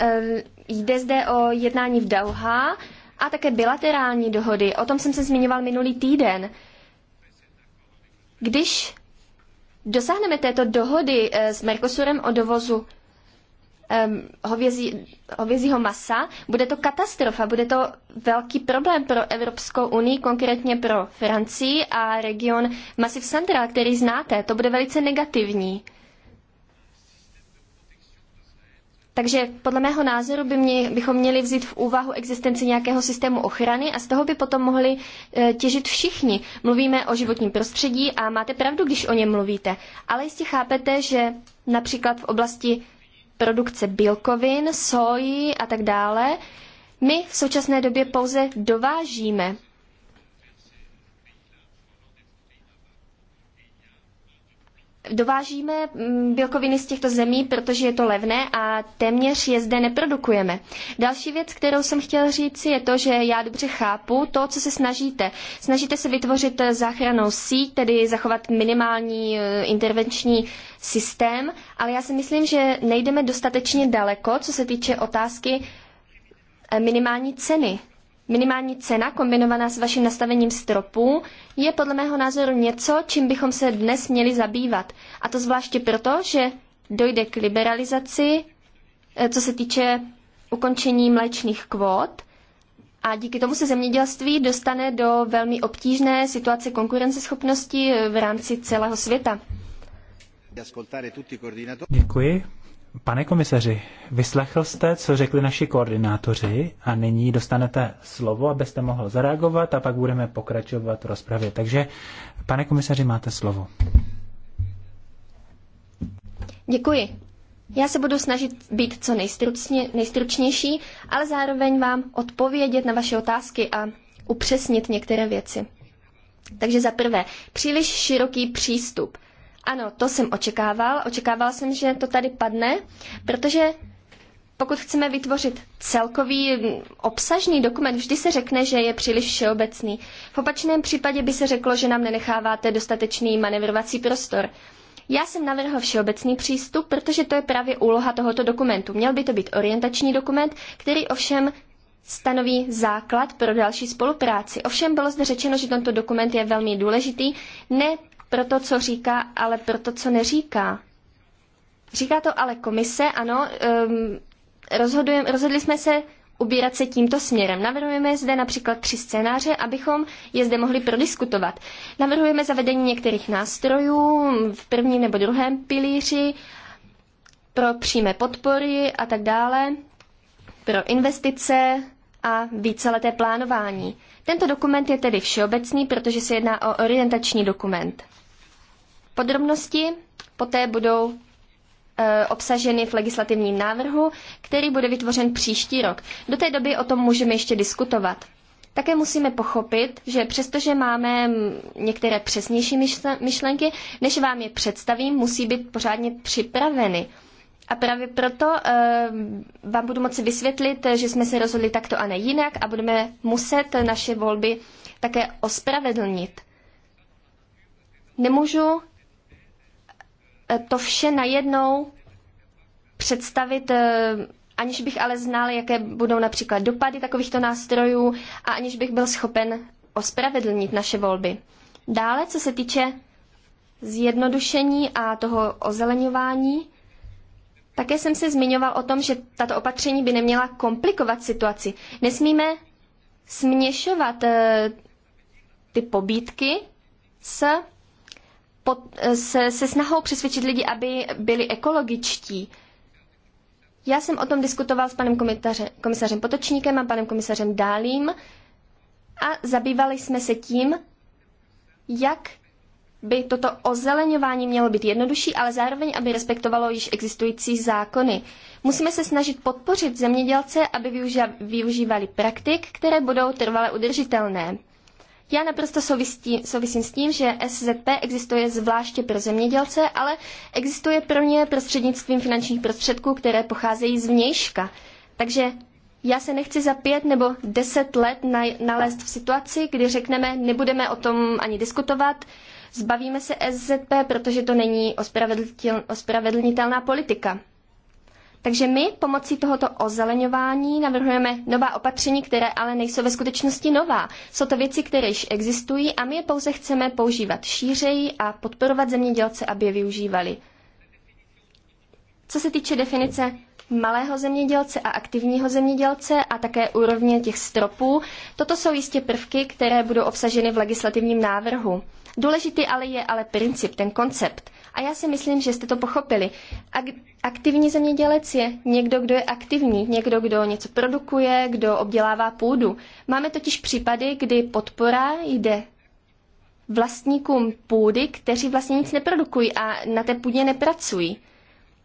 Ehm, jde zde o jednání v Dauha a také bilaterální dohody. O tom jsem se zmiňoval minulý týden. Když dosáhneme této dohody eh, s Mercosurem o dovozu ehm, hovězí, hovězího masa, bude to katastrofa, bude to velký problém pro Evropskou unii, konkrétně pro Francii a region Masiv Central, který znáte. To bude velice negativní. Takže podle mého názoru by mě, bychom měli vzít v úvahu existenci nějakého systému ochrany a z toho by potom mohli e, těžit všichni. Mluvíme o životním prostředí a máte pravdu, když o něm mluvíte. Ale jistě chápete, že například v oblasti produkce bílkovin, soji a tak dále, my v současné době pouze dovážíme Dovážíme mm, bílkoviny z těchto zemí, protože je to levné a téměř je zde neprodukujeme. Další věc, kterou jsem chtěl říct, je to, že já dobře chápu to, co se snažíte. Snažíte se vytvořit eh, záchranou síť, tedy zachovat minimální eh, intervenční systém, ale já si myslím, že nejdeme dostatečně daleko, co se týče otázky eh, minimální ceny minimální cena kombinovaná s vaším nastavením stropů je podle mého názoru něco, čím bychom se dnes měli zabývat. A to zvláště proto, že dojde k liberalizaci, eh, co se týče ukončení mléčných kvót a díky tomu se zemědělství dostane do velmi obtížné situace konkurenceschopnosti v rámci celého světa. Děkuji. Pane komisaři, vyslechl jste, co řekli naši koordinátoři a nyní dostanete slovo, abyste mohl zareagovat a pak budeme pokračovat v rozpravě. Takže, pane komisaři, máte slovo. Děkuji. Já se budu snažit být co nejstručně, nejstručnější, ale zároveň vám odpovědět na vaše otázky a upřesnit některé věci. Takže za prvé, příliš široký přístup. Ano, to jsem očekával. Očekával jsem, že to tady padne, protože pokud chceme vytvořit celkový mm, obsažný dokument, vždy se řekne, že je příliš všeobecný. V opačném případě by se řeklo, že nám nenecháváte dostatečný manevrovací prostor. Já jsem navrhl všeobecný přístup, protože to je právě úloha tohoto dokumentu. Měl by to být orientační dokument, který ovšem stanoví základ pro další spolupráci. Ovšem bylo zde řečeno, že tento dokument je velmi důležitý, ne pro to, co říká, ale pro to, co neříká. Říká to ale komise, ano, um, ehm, rozhodujem, rozhodli jsme se ubírat se tímto směrem. Navrhujeme zde například tři scénáře, abychom je zde mohli prodiskutovat. Navrhujeme zavedení některých nástrojů v prvním nebo druhém pilíři pro přímé podpory a tak dále, pro investice, a víceleté plánování. Tento dokument je tedy všeobecný, protože se jedná o orientační dokument. Podrobnosti poté budou e, obsaženy v legislativním návrhu, který bude vytvořen příští rok. Do té doby o tom můžeme ještě diskutovat. Také musíme pochopit, že přestože máme některé přesnější myšlenky, než vám je představím, musí být pořádně připraveny. A právě proto uh, vám budu moci vysvětlit, eh, že jsme se rozhodli takto a ne jinak a budeme muset naše volby také ospravedlnit. Nemůžu eh, to vše najednou představit, aniž bych ale znal, jaké budou například dopady takovýchto nástrojů a aniž bych byl schopen ospravedlnit naše volby. Dále, co se týče zjednodušení a toho ozeleňování, také jsem se zmiňoval o tom, že tato opatření by neměla komplikovat situaci. Nesmíme směšovat eh, ty pobídky s, pod, se, se snahou přesvědčit lidi, aby byli ekologičtí. Já jsem o tom diskutoval s panem komisařem Potočníkem a panem komisařem Dálím a zabývali jsme se tím, jak by toto ozeleňování mělo být jednodušší, ale zároveň, aby respektovalo již existující zákony. Musíme se snažit podpořit zemědělce, aby využívali praktik, které budou trvale udržitelné. Já naprosto souvisím, souvisím s tím, že SZP existuje zvláště pro zemědělce, ale existuje pro ně prostřednictvím finančních prostředků, které pocházejí z vnějška. Takže já se nechci za pět nebo deset let nalézt v situaci, kdy řekneme, nebudeme o tom ani diskutovat, Zbavíme se SZP, protože to není ospravedlnitelná politika. Takže my pomocí tohoto ozeleňování navrhujeme nová opatření, které ale nejsou ve skutečnosti nová. Jsou to věci, které již existují a my je pouze chceme používat šířeji a podporovat zemědělce, aby je využívali. Co se týče definice malého zemědělce a aktivního zemědělce a také úrovně těch stropů, toto jsou jistě prvky, které budou obsaženy v legislativním návrhu. Důležitý ale je ale princip, ten koncept. A já si myslím, že jste to pochopili. Aktivní zemědělec je někdo, kdo je aktivní, někdo, kdo něco produkuje, kdo obdělává půdu. Máme totiž případy, kdy podpora jde vlastníkům půdy, kteří vlastně nic neprodukují a na té půdě nepracují.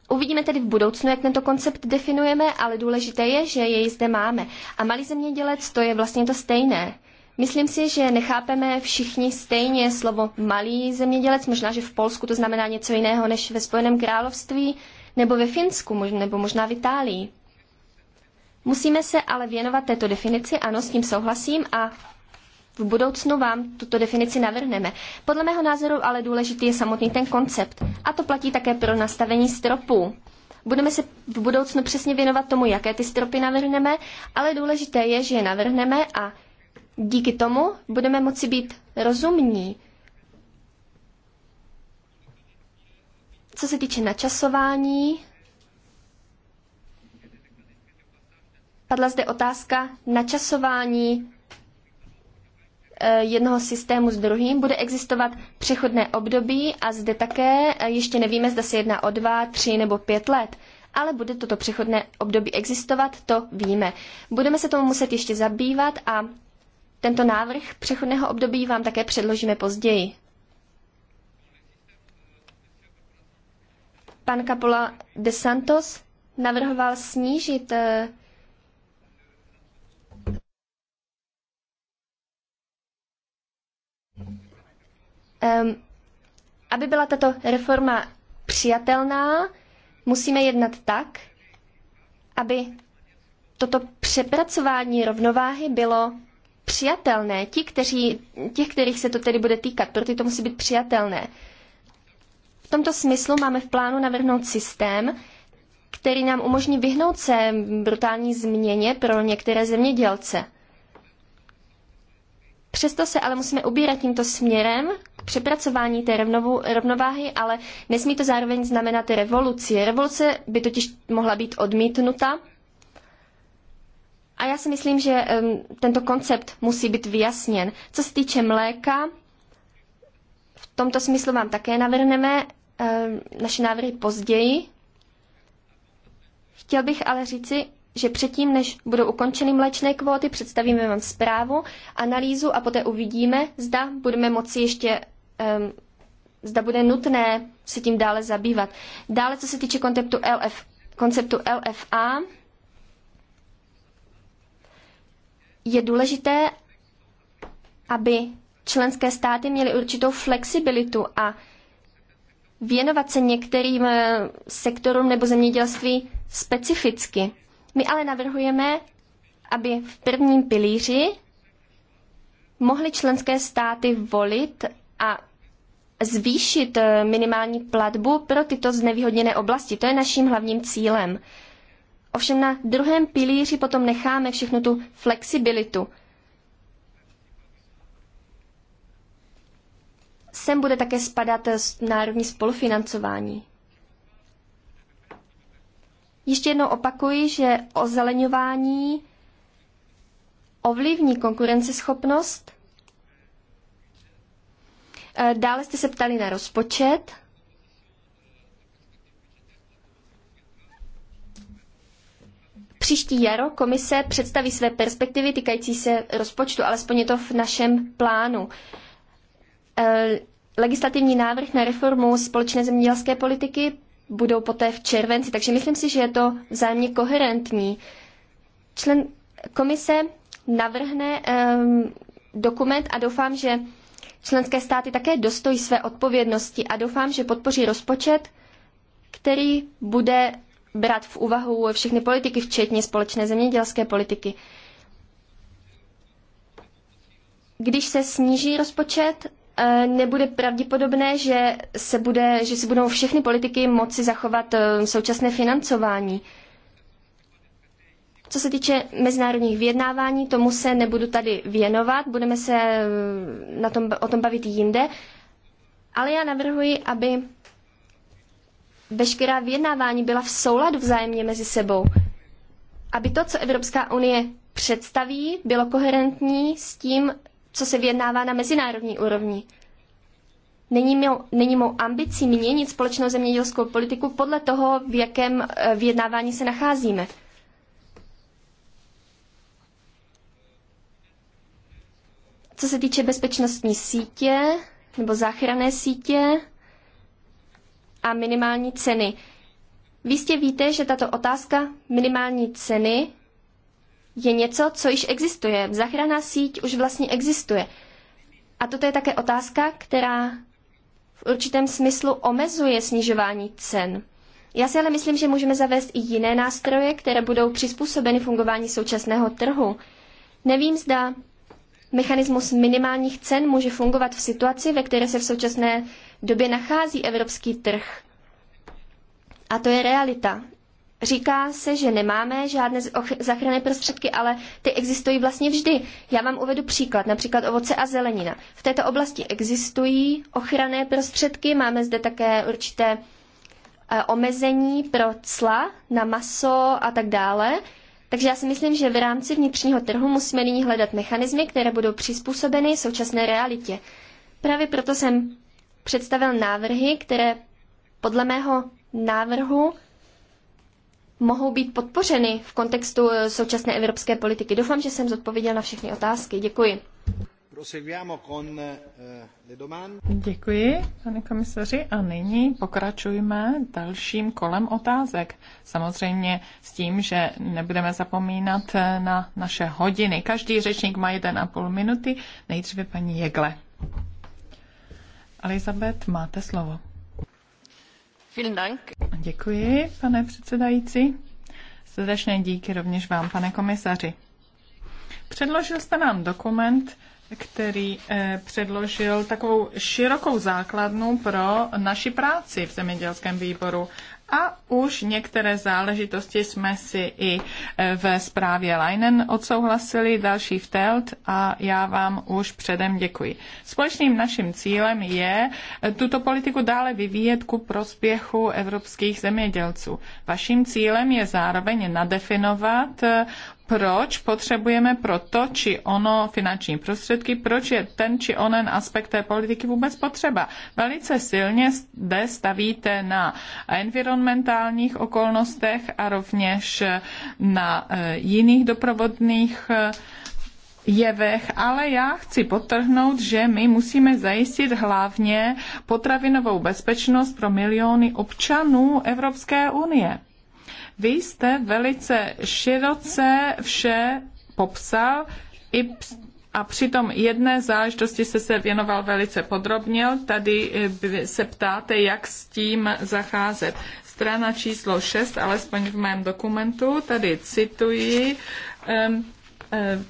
Uvidíme tedy v budoucnu, jak tento koncept definujeme, ale důležité je, že jej zde máme. A malý zemědělec to je vlastně to stejné. Myslím si, že nechápeme všichni stejně slovo malý zemědělec, možná, že v Polsku to znamená něco jiného než ve Spojeném království, nebo ve Finsku, nebo možná v Itálii. Musíme se ale věnovat této definici, ano, s tím souhlasím a v budoucnu vám tuto definici navrhneme. Podle mého názoru ale důležitý je samotný ten koncept. A to platí také pro nastavení stropů. Budeme se v budoucnu přesně věnovat tomu, jaké ty stropy navrhneme, ale důležité je, že je navrhneme a Díky tomu budeme moci být rozumní. Co se týče načasování, padla zde otázka načasování eh, jednoho systému s druhým. Bude existovat přechodné období a zde také eh, ještě nevíme, zda se jedná o dva, tři nebo pět let. Ale bude toto přechodné období existovat, to víme. Budeme se tomu muset ještě zabývat a tento návrh přechodného období vám také předložíme později. Pan Capola de Santos navrhoval snížit Um, aby byla tato reforma přijatelná, musíme jednat tak, aby toto přepracování rovnováhy bylo přijatelné. Ti, kteří, těch, kterých se to tedy bude týkat, pro ty to musí být přijatelné. V tomto smyslu máme v plánu navrhnout systém, který nám umožní vyhnout se brutální změně pro některé zemědělce. Přesto se ale musíme ubírat tímto směrem k přepracování té rovnovu, rovnováhy, ale nesmí to zároveň znamenat revoluci. Revoluce by totiž mohla být odmítnuta a já si myslím, že tento koncept musí být vyjasněn. Co se týče mléka, v tomto smyslu vám také navrhneme naše návrhy později. Chtěl bych ale říci, že předtím, než budou ukončeny mléčné kvóty, představíme vám zprávu, analýzu a poté uvidíme, zda budeme moci ještě, um, zda bude nutné se tím dále zabývat. Dále, co se týče konceptu, LF, konceptu LFA, je důležité, aby členské státy měly určitou flexibilitu a věnovat se některým eh, sektorům nebo zemědělství specificky. My ale navrhujeme, aby v prvním pilíři mohly členské státy volit a zvýšit eh, minimální platbu pro tyto znevýhodněné oblasti. To je naším hlavním cílem. Ovšem na druhém pilíři potom necháme všechnu tu flexibilitu. Sem bude také spadat národní spolufinancování. Ještě jednou opakuji, že ozeleňování ovlivní konkurenceschopnost. Dále jste se ptali na rozpočet. příští jaro komise představí své perspektivy týkající se rozpočtu, alespoň je to v našem plánu. E, legislativní návrh na reformu společné zemědělské politiky budou poté v červenci, takže myslím si, že je to vzájemně koherentní. Člen komise navrhne um, dokument a doufám, že členské státy také dostojí své odpovědnosti a doufám, že podpoří rozpočet, který bude brát v úvahu všechny politiky, včetně společné zemědělské politiky. Když se sníží rozpočet, eh, nebude pravděpodobné, že, se bude, že se budou všechny politiky moci zachovat eh, současné financování. Co se týče mezinárodních vyjednávání, tomu se nebudu tady věnovat, budeme se eh, na tom, o tom bavit jinde, ale já navrhuji, aby veškerá vyjednávání byla v souladu vzájemně mezi sebou. Aby to, co Evropská unie představí, bylo koherentní s tím, co se vyjednává na mezinárodní úrovni. Není mou, není mou ambicí měnit společnou zemědělskou politiku podle toho, v jakém eh, vyjednávání se nacházíme. Co se týče bezpečnostní sítě nebo záchranné sítě, a minimální ceny. Vy jistě víte, že tato otázka minimální ceny je něco, co již existuje. Zachraná síť už vlastně existuje. A toto je také otázka, která v určitém smyslu omezuje snižování cen. Já si ale myslím, že můžeme zavést i jiné nástroje, které budou přizpůsobeny fungování současného trhu. Nevím, zda mechanismus minimálních cen může fungovat v situaci, ve které se v současné době nachází evropský trh. A to je realita. Říká se, že nemáme žádné zachranné prostředky, ale ty existují vlastně vždy. Já vám uvedu příklad, například ovoce a zelenina. V této oblasti existují ochranné prostředky, máme zde také určité eh, omezení pro cla na maso a tak dále. Takže já si myslím, že v rámci vnitřního trhu musíme nyní hledat mechanismy, které budou přizpůsobeny současné realitě. Právě proto jsem představil návrhy, které podle mého návrhu mohou být podpořeny v kontextu eh, současné evropské politiky. Doufám, že jsem zodpověděl na všechny otázky. Děkuji. Eh, Děkuji, pane komisaři. A nyní pokračujeme dalším kolem otázek. Samozřejmě s tím, že nebudeme zapomínat eh, na naše hodiny. Každý řečník má jeden a půl minuty. Nejdříve paní Jegle. Elizabeth, máte slovo. Děkuji, pane předsedající. Srdečné díky rovněž vám, pane komisaři. Předložil jste nám dokument, který eh, předložil takovou širokou základnu pro naši práci v zemědělském výboru a už některé záležitosti jsme si i e, ve zprávě Leinen odsouhlasili, další v Telt a já vám už předem děkuji. Společným naším cílem je e, tuto politiku dále vyvíjet ku prospěchu evropských zemědělců. Vaším cílem je zároveň nadefinovat e, proč potřebujeme pro to či ono finanční prostředky, proč je ten či onen aspekt té politiky vůbec potřeba. Velice silně zde stavíte na environmentálních okolnostech a rovněž na e, jiných doprovodných e, jevech, ale já chci potrhnout, že my musíme zajistit hlavně potravinovou bezpečnost pro miliony občanů Evropské unie vy jste velice široce vše popsal i a přitom jedné záležitosti se se věnoval velice podrobně. Tady eh, se ptáte, jak s tím zacházet. Strana číslo 6, alespoň v mém dokumentu, tady cituji. Um, um,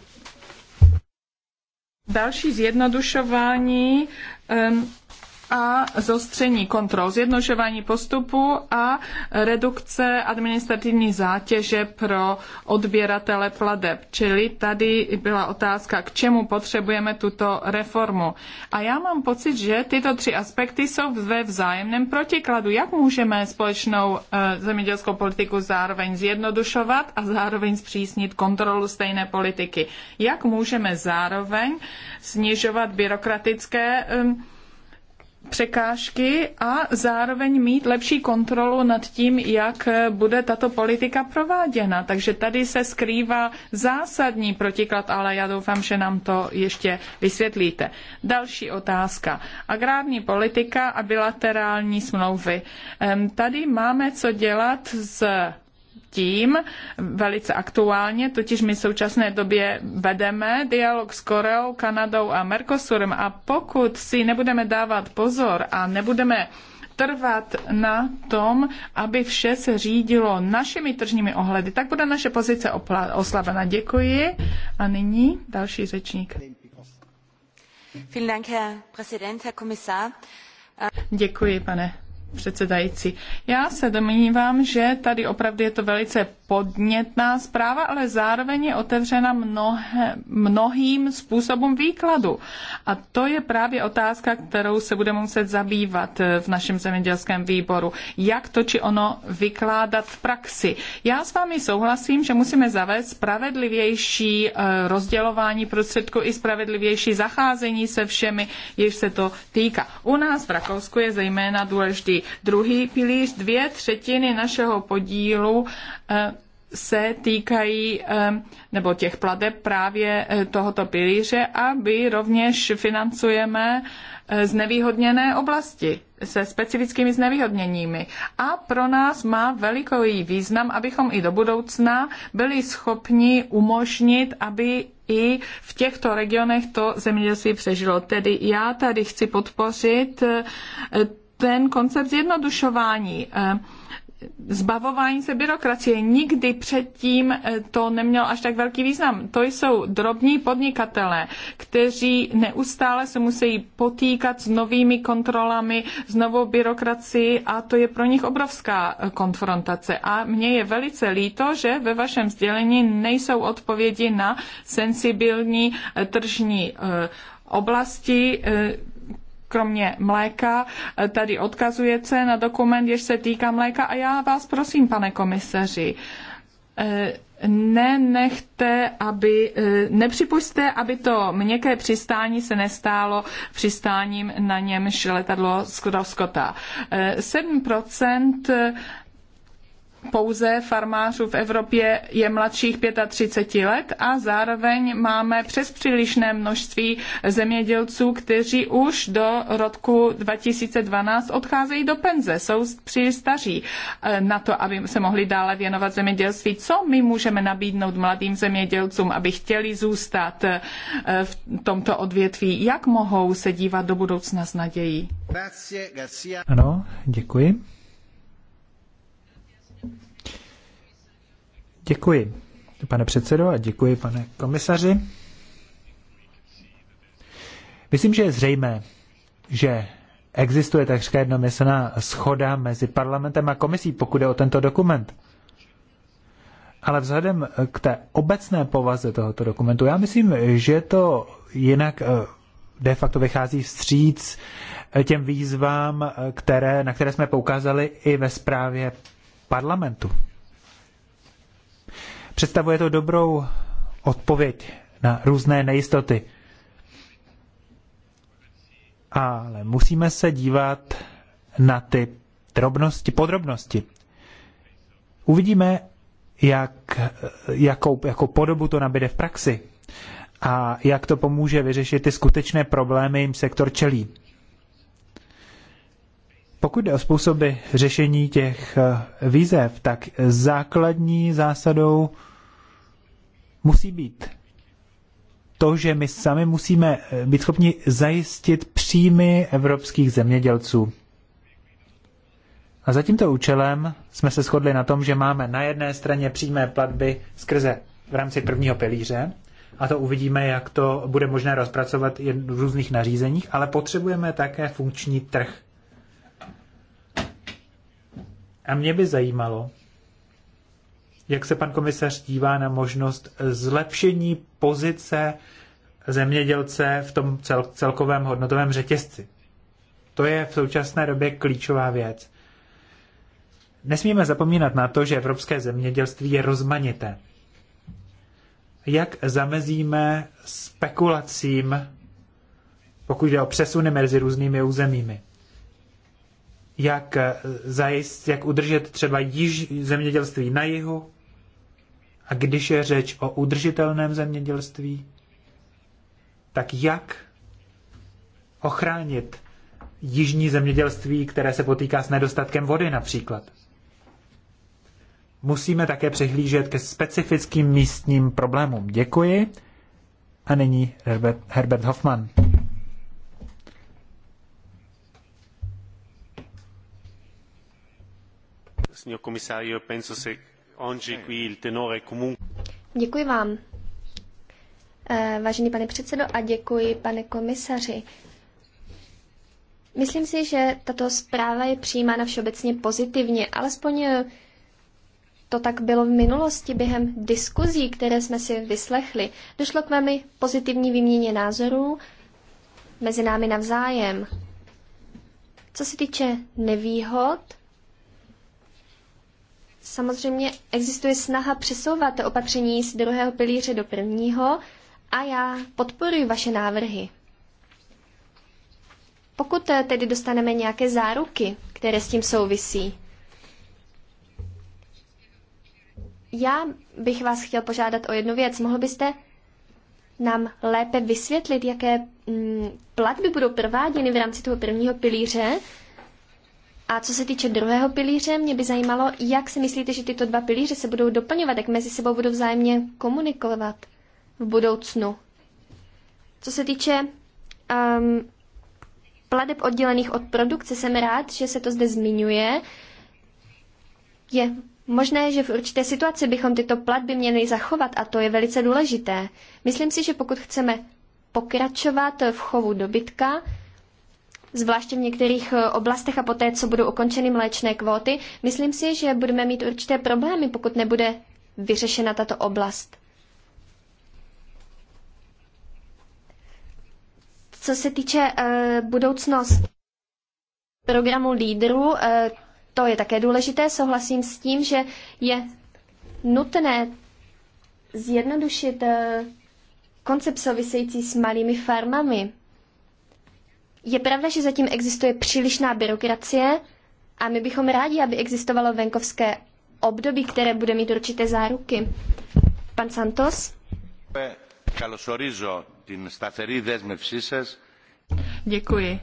další zjednodušování um, a zostření kontrol, zjednožování postupu a redukce administrativní zátěže pro odběratele pladeb. Čili tady byla otázka, k čemu potřebujeme tuto reformu. A já mám pocit, že tyto tři aspekty jsou ve vzájemném protikladu. Jak můžeme společnou eh, zemědělskou politiku zároveň zjednodušovat a zároveň zpřísnit kontrolu stejné politiky? Jak můžeme zároveň snižovat byrokratické um, překážky a zároveň mít lepší kontrolu nad tím, jak bude tato politika prováděna. Takže tady se skrývá zásadní protiklad, ale já doufám, že nám to ještě vysvětlíte. Další otázka. Agrární politika a bilaterální smlouvy. Tady máme co dělat s tím velice aktuálně, totiž my v současné době vedeme dialog s Koreou, Kanadou a Mercosurem a pokud si nebudeme dávat pozor a nebudeme trvat na tom, aby vše se řídilo našimi tržními ohledy, tak bude naše pozice oslavena. Děkuji. A nyní další řečník. Děkuji, pane předsedající. Já se domnívám, že tady opravdu je to velice podnětná zpráva, ale zároveň je otevřena mnohé, mnohým způsobům výkladu. A to je právě otázka, kterou se budeme muset zabývat eh, v našem zemědělském výboru. Jak to či ono vykládat v praxi. Já s vámi souhlasím, že musíme zavést spravedlivější eh, rozdělování prostředků i spravedlivější zacházení se všemi, jež se to týká. U nás v Rakousku je zejména důležitý druhý pilíř, dvě třetiny našeho podílu eh, se týkají nebo těch plateb právě eh, tohoto pilíře a my rovněž financujeme eh, znevýhodněné oblasti se specifickými znevýhodněními. A pro nás má velikový význam, abychom i do budoucna byli schopni umožnit, aby i v těchto regionech to zemědělství přežilo. Tedy já tady chci podpořit eh, ten koncept zjednodušování zbavování se byrokracie. Nikdy předtím eh, to nemělo až tak velký význam. To jsou drobní podnikatelé, kteří neustále se musí potýkat s novými kontrolami, s novou byrokracií a to je pro nich obrovská eh, konfrontace. A mně je velice líto, že ve vašem sdělení nejsou odpovědi na sensibilní eh, tržní oblasti kromě mléka eh, tady odkazujete na dokument, jež se týká mléka a já vás prosím, pane komisaři, eh, nenechte, aby, eh, nepřipušte, aby to měkké přistání se nestálo přistáním na němž letadlo skotá. 7% pouze farmářů v Evropě je mladších 35 let a zároveň máme přes přílišné množství zemědělců, kteří už do roku 2012 odcházejí do penze, jsou příliš staří eh, na to, aby se mohli dále věnovat zemědělství. Co my můžeme nabídnout mladým zemědělcům, aby chtěli zůstat eh, v tomto odvětví? Jak mohou se dívat do budoucna s nadějí? Ano, děkuji. Děkuji, pane předsedo, a děkuji, pane komisaři. Myslím, že je zřejmé, že existuje takřka jednomyslná schoda mezi parlamentem a komisí, pokud je o tento dokument. Ale vzhledem k té obecné povaze tohoto dokumentu, já myslím, že to jinak eh, de facto vychází vstříc eh, těm výzvám, eh, které, na které jsme poukázali i ve zprávě parlamentu. Představuje to dobrou odpověď na různé nejistoty. Ale musíme se dívat na ty drobnosti, podrobnosti. Uvidíme, jak, jakou, jakou podobu to nabide v praxi a jak to pomůže vyřešit ty skutečné problémy, jim sektor čelí. Pokud jde o způsoby řešení těch eh, výzev, tak základní zásadou musí být to, že my sami musíme eh, být schopni zajistit příjmy evropských zemědělců. A za tímto účelem jsme se shodli na tom, že máme na jedné straně přímé platby skrze v rámci prvního pilíře, a to uvidíme, jak to bude možné rozpracovat v různých nařízeních, ale potřebujeme také funkční trh a mě by zajímalo, jak se pan komisař dívá na možnost zlepšení pozice zemědělce v tom cel- celkovém hodnotovém řetězci. To je v současné době klíčová věc. Nesmíme zapomínat na to, že evropské zemědělství je rozmanité. Jak zamezíme spekulacím, pokud jde o přesuny mezi různými územími? jak, eh, zajist, jak udržet třeba již zemědělství na jihu. A když je řeč o udržitelném zemědělství, tak jak ochránit jižní zemědělství, které se potýká s nedostatkem vody například. Musíme také přihlížet ke specifickým místním problémům. Děkuji. A nyní Herbert, Herbert Hoffman. Děkuji vám. Eh, vážený pane předsedo a děkuji pane komisaři. Myslím si, že tato zpráva je přijímána všeobecně pozitivně, alespoň eh, to tak bylo v minulosti během diskuzí, které jsme si vyslechli. Došlo k velmi pozitivní výměně názorů mezi námi navzájem. Co se týče nevýhod, samozřejmě existuje snaha přesouvat opatření z druhého pilíře do prvního a já podporuji vaše návrhy. Pokud tedy dostaneme nějaké záruky, které s tím souvisí, já bych vás chtěl požádat o jednu věc. Mohl byste nám lépe vysvětlit, jaké mm, platby budou prováděny v rámci toho prvního pilíře a co se týče druhého pilíře, mě by zajímalo, jak si myslíte, že tyto dva pilíře se budou doplňovat, jak mezi sebou budou vzájemně komunikovat v budoucnu. Co se týče um, pladeb oddělených od produkce, jsem rád, že se to zde zmiňuje. Je možné, že v určité situaci bychom tyto platby měli zachovat a to je velice důležité. Myslím si, že pokud chceme pokračovat v chovu dobytka, zvláště v některých eh, oblastech a poté, co budou ukončeny mléčné kvóty, myslím si, že budeme mít určité problémy, pokud nebude vyřešena tato oblast. Co se týče uh, budoucnost programu lídrů, uh, to je také důležité. Souhlasím s tím, že je nutné zjednodušit uh, koncept související s malými farmami. Je pravda, že zatím existuje přílišná byrokracie a my bychom rádi, aby existovalo venkovské období, které bude mít určité záruky. Pan Santos? Děkuji.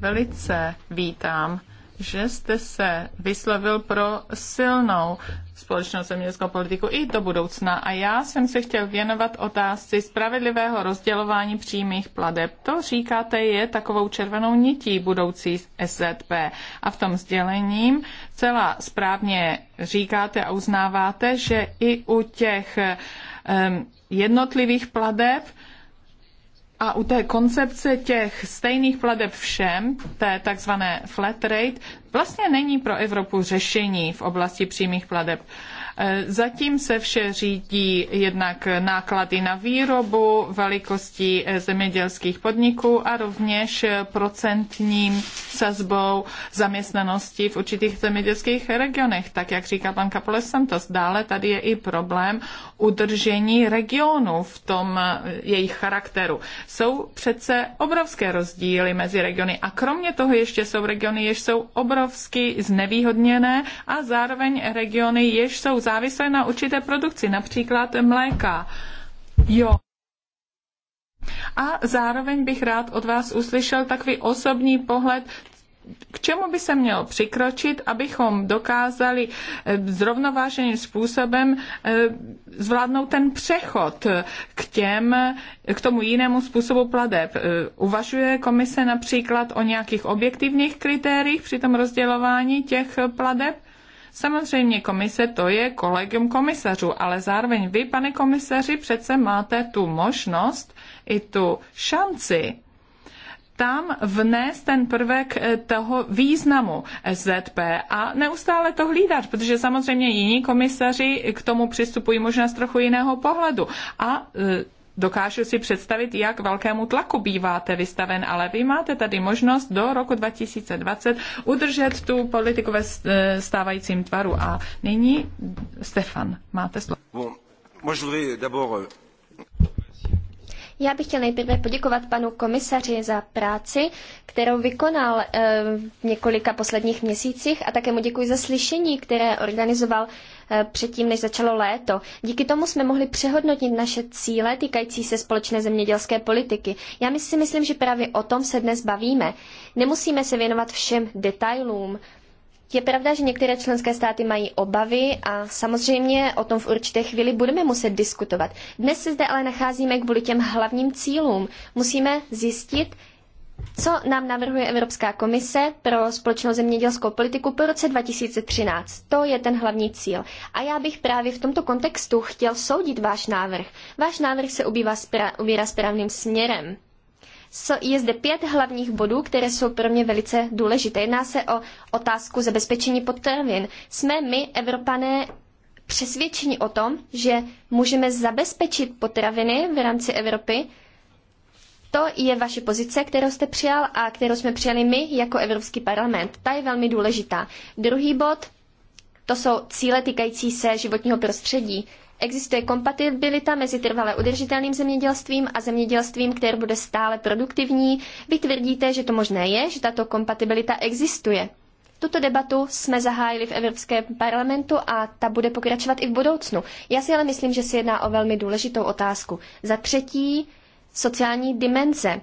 Velice vítám že jste se vyslovil pro silnou společnou zemědělskou politiku i do budoucna. A já jsem se chtěl věnovat otázce spravedlivého rozdělování přímých pladeb. To říkáte je takovou červenou nití budoucí SZP. A v tom sdělením celá správně říkáte a uznáváte, že i u těch um, jednotlivých pladeb a u té koncepce těch stejných pladeb všem, té takzvané flat rate, vlastně není pro Evropu řešení v oblasti přímých pladeb. Eh, zatím se vše řídí jednak náklady na výrobu, velikostí eh, zemědělských podniků a rovněž eh, procentním sazbou zaměstnanosti v určitých zemědělských regionech. Tak, jak říká pan Kapoles Santos, dále tady je i problém udržení regionu v tom jejich charakteru. Jsou přece obrovské rozdíly mezi regiony a kromě toho ještě jsou regiony, jež jsou obrovsky znevýhodněné a zároveň regiony, jež jsou závislé na určité produkci, například mléka. Jo. A zároveň bych rád od vás uslyšel takový osobní pohled, k čemu by se mělo přikročit, abychom dokázali eh, zrovnováženým způsobem eh, zvládnout ten přechod k, těm, eh, k tomu jinému způsobu pladeb. Uvažuje komise například o nějakých objektivních kritériích při tom rozdělování těch pladeb? Samozřejmě komise to je kolegium komisařů, ale zároveň vy, pane komisaři, přece máte tu možnost i tu šanci tam vnést ten prvek eh, toho významu SZP a neustále to hlídat, protože samozřejmě jiní komisaři k tomu přistupují možná z trochu jiného pohledu. A eh, Dokážu si představit, jak velkému tlaku býváte vystaven, ale vy máte tady možnost do roku 2020 udržet tu politiku ve e, stávajícím tvaru. A nyní, Stefan, máte slovo. Euh, Já bych chtěl nejprve poděkovat panu komisaři za práci, kterou vykonal e, v několika posledních měsících a také mu děkuji za slyšení, které organizoval Eh, předtím, než začalo léto. Díky tomu jsme mohli přehodnotit naše cíle týkající se společné zemědělské politiky. Já si myslím, že právě o tom se dnes bavíme. Nemusíme se věnovat všem detailům. Je pravda, že některé členské státy mají obavy a samozřejmě o tom v určité chvíli budeme muset diskutovat. Dnes se zde ale nacházíme kvůli těm hlavním cílům. Musíme zjistit, co nám navrhuje Evropská komise pro společnou zemědělskou politiku po roce 2013. To je ten hlavní cíl. A já bych právě v tomto kontextu chtěl soudit váš návrh. Váš návrh se ubírá správným směrem. Je zde pět hlavních bodů, které jsou pro mě velice důležité. Jedná se o otázku zabezpečení potravin. Jsme my, Evropané, přesvědčeni o tom, že můžeme zabezpečit potraviny v rámci Evropy to je vaše pozice, kterou jste přijal a kterou jsme přijali my jako Evropský parlament. Ta je velmi důležitá. Druhý bod, to jsou cíle týkající se životního prostředí. Existuje kompatibilita mezi trvale udržitelným zemědělstvím a zemědělstvím, které bude stále produktivní. Vy tvrdíte, že to možné je, že tato kompatibilita existuje. Tuto debatu jsme zahájili v Evropském parlamentu a ta bude pokračovat i v budoucnu. Já si ale myslím, že se jedná o velmi důležitou otázku. Za třetí, sociální dimenze.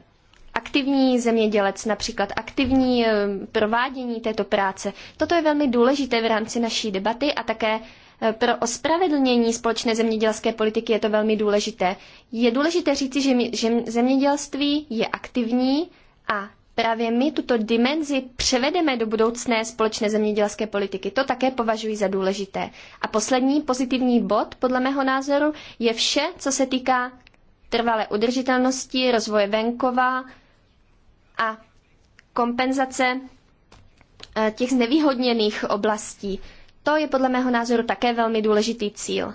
Aktivní zemědělec například, aktivní eh, provádění této práce. Toto je velmi důležité v rámci naší debaty a také eh, pro ospravedlnění společné zemědělské politiky je to velmi důležité. Je důležité říci, že, my, že zemědělství je aktivní a právě my tuto dimenzi převedeme do budoucné společné zemědělské politiky. To také považuji za důležité. A poslední pozitivní bod, podle mého názoru, je vše, co se týká trvalé udržitelnosti, rozvoje venkova a kompenzace eh, těch znevýhodněných oblastí. To je podle mého názoru také velmi důležitý cíl.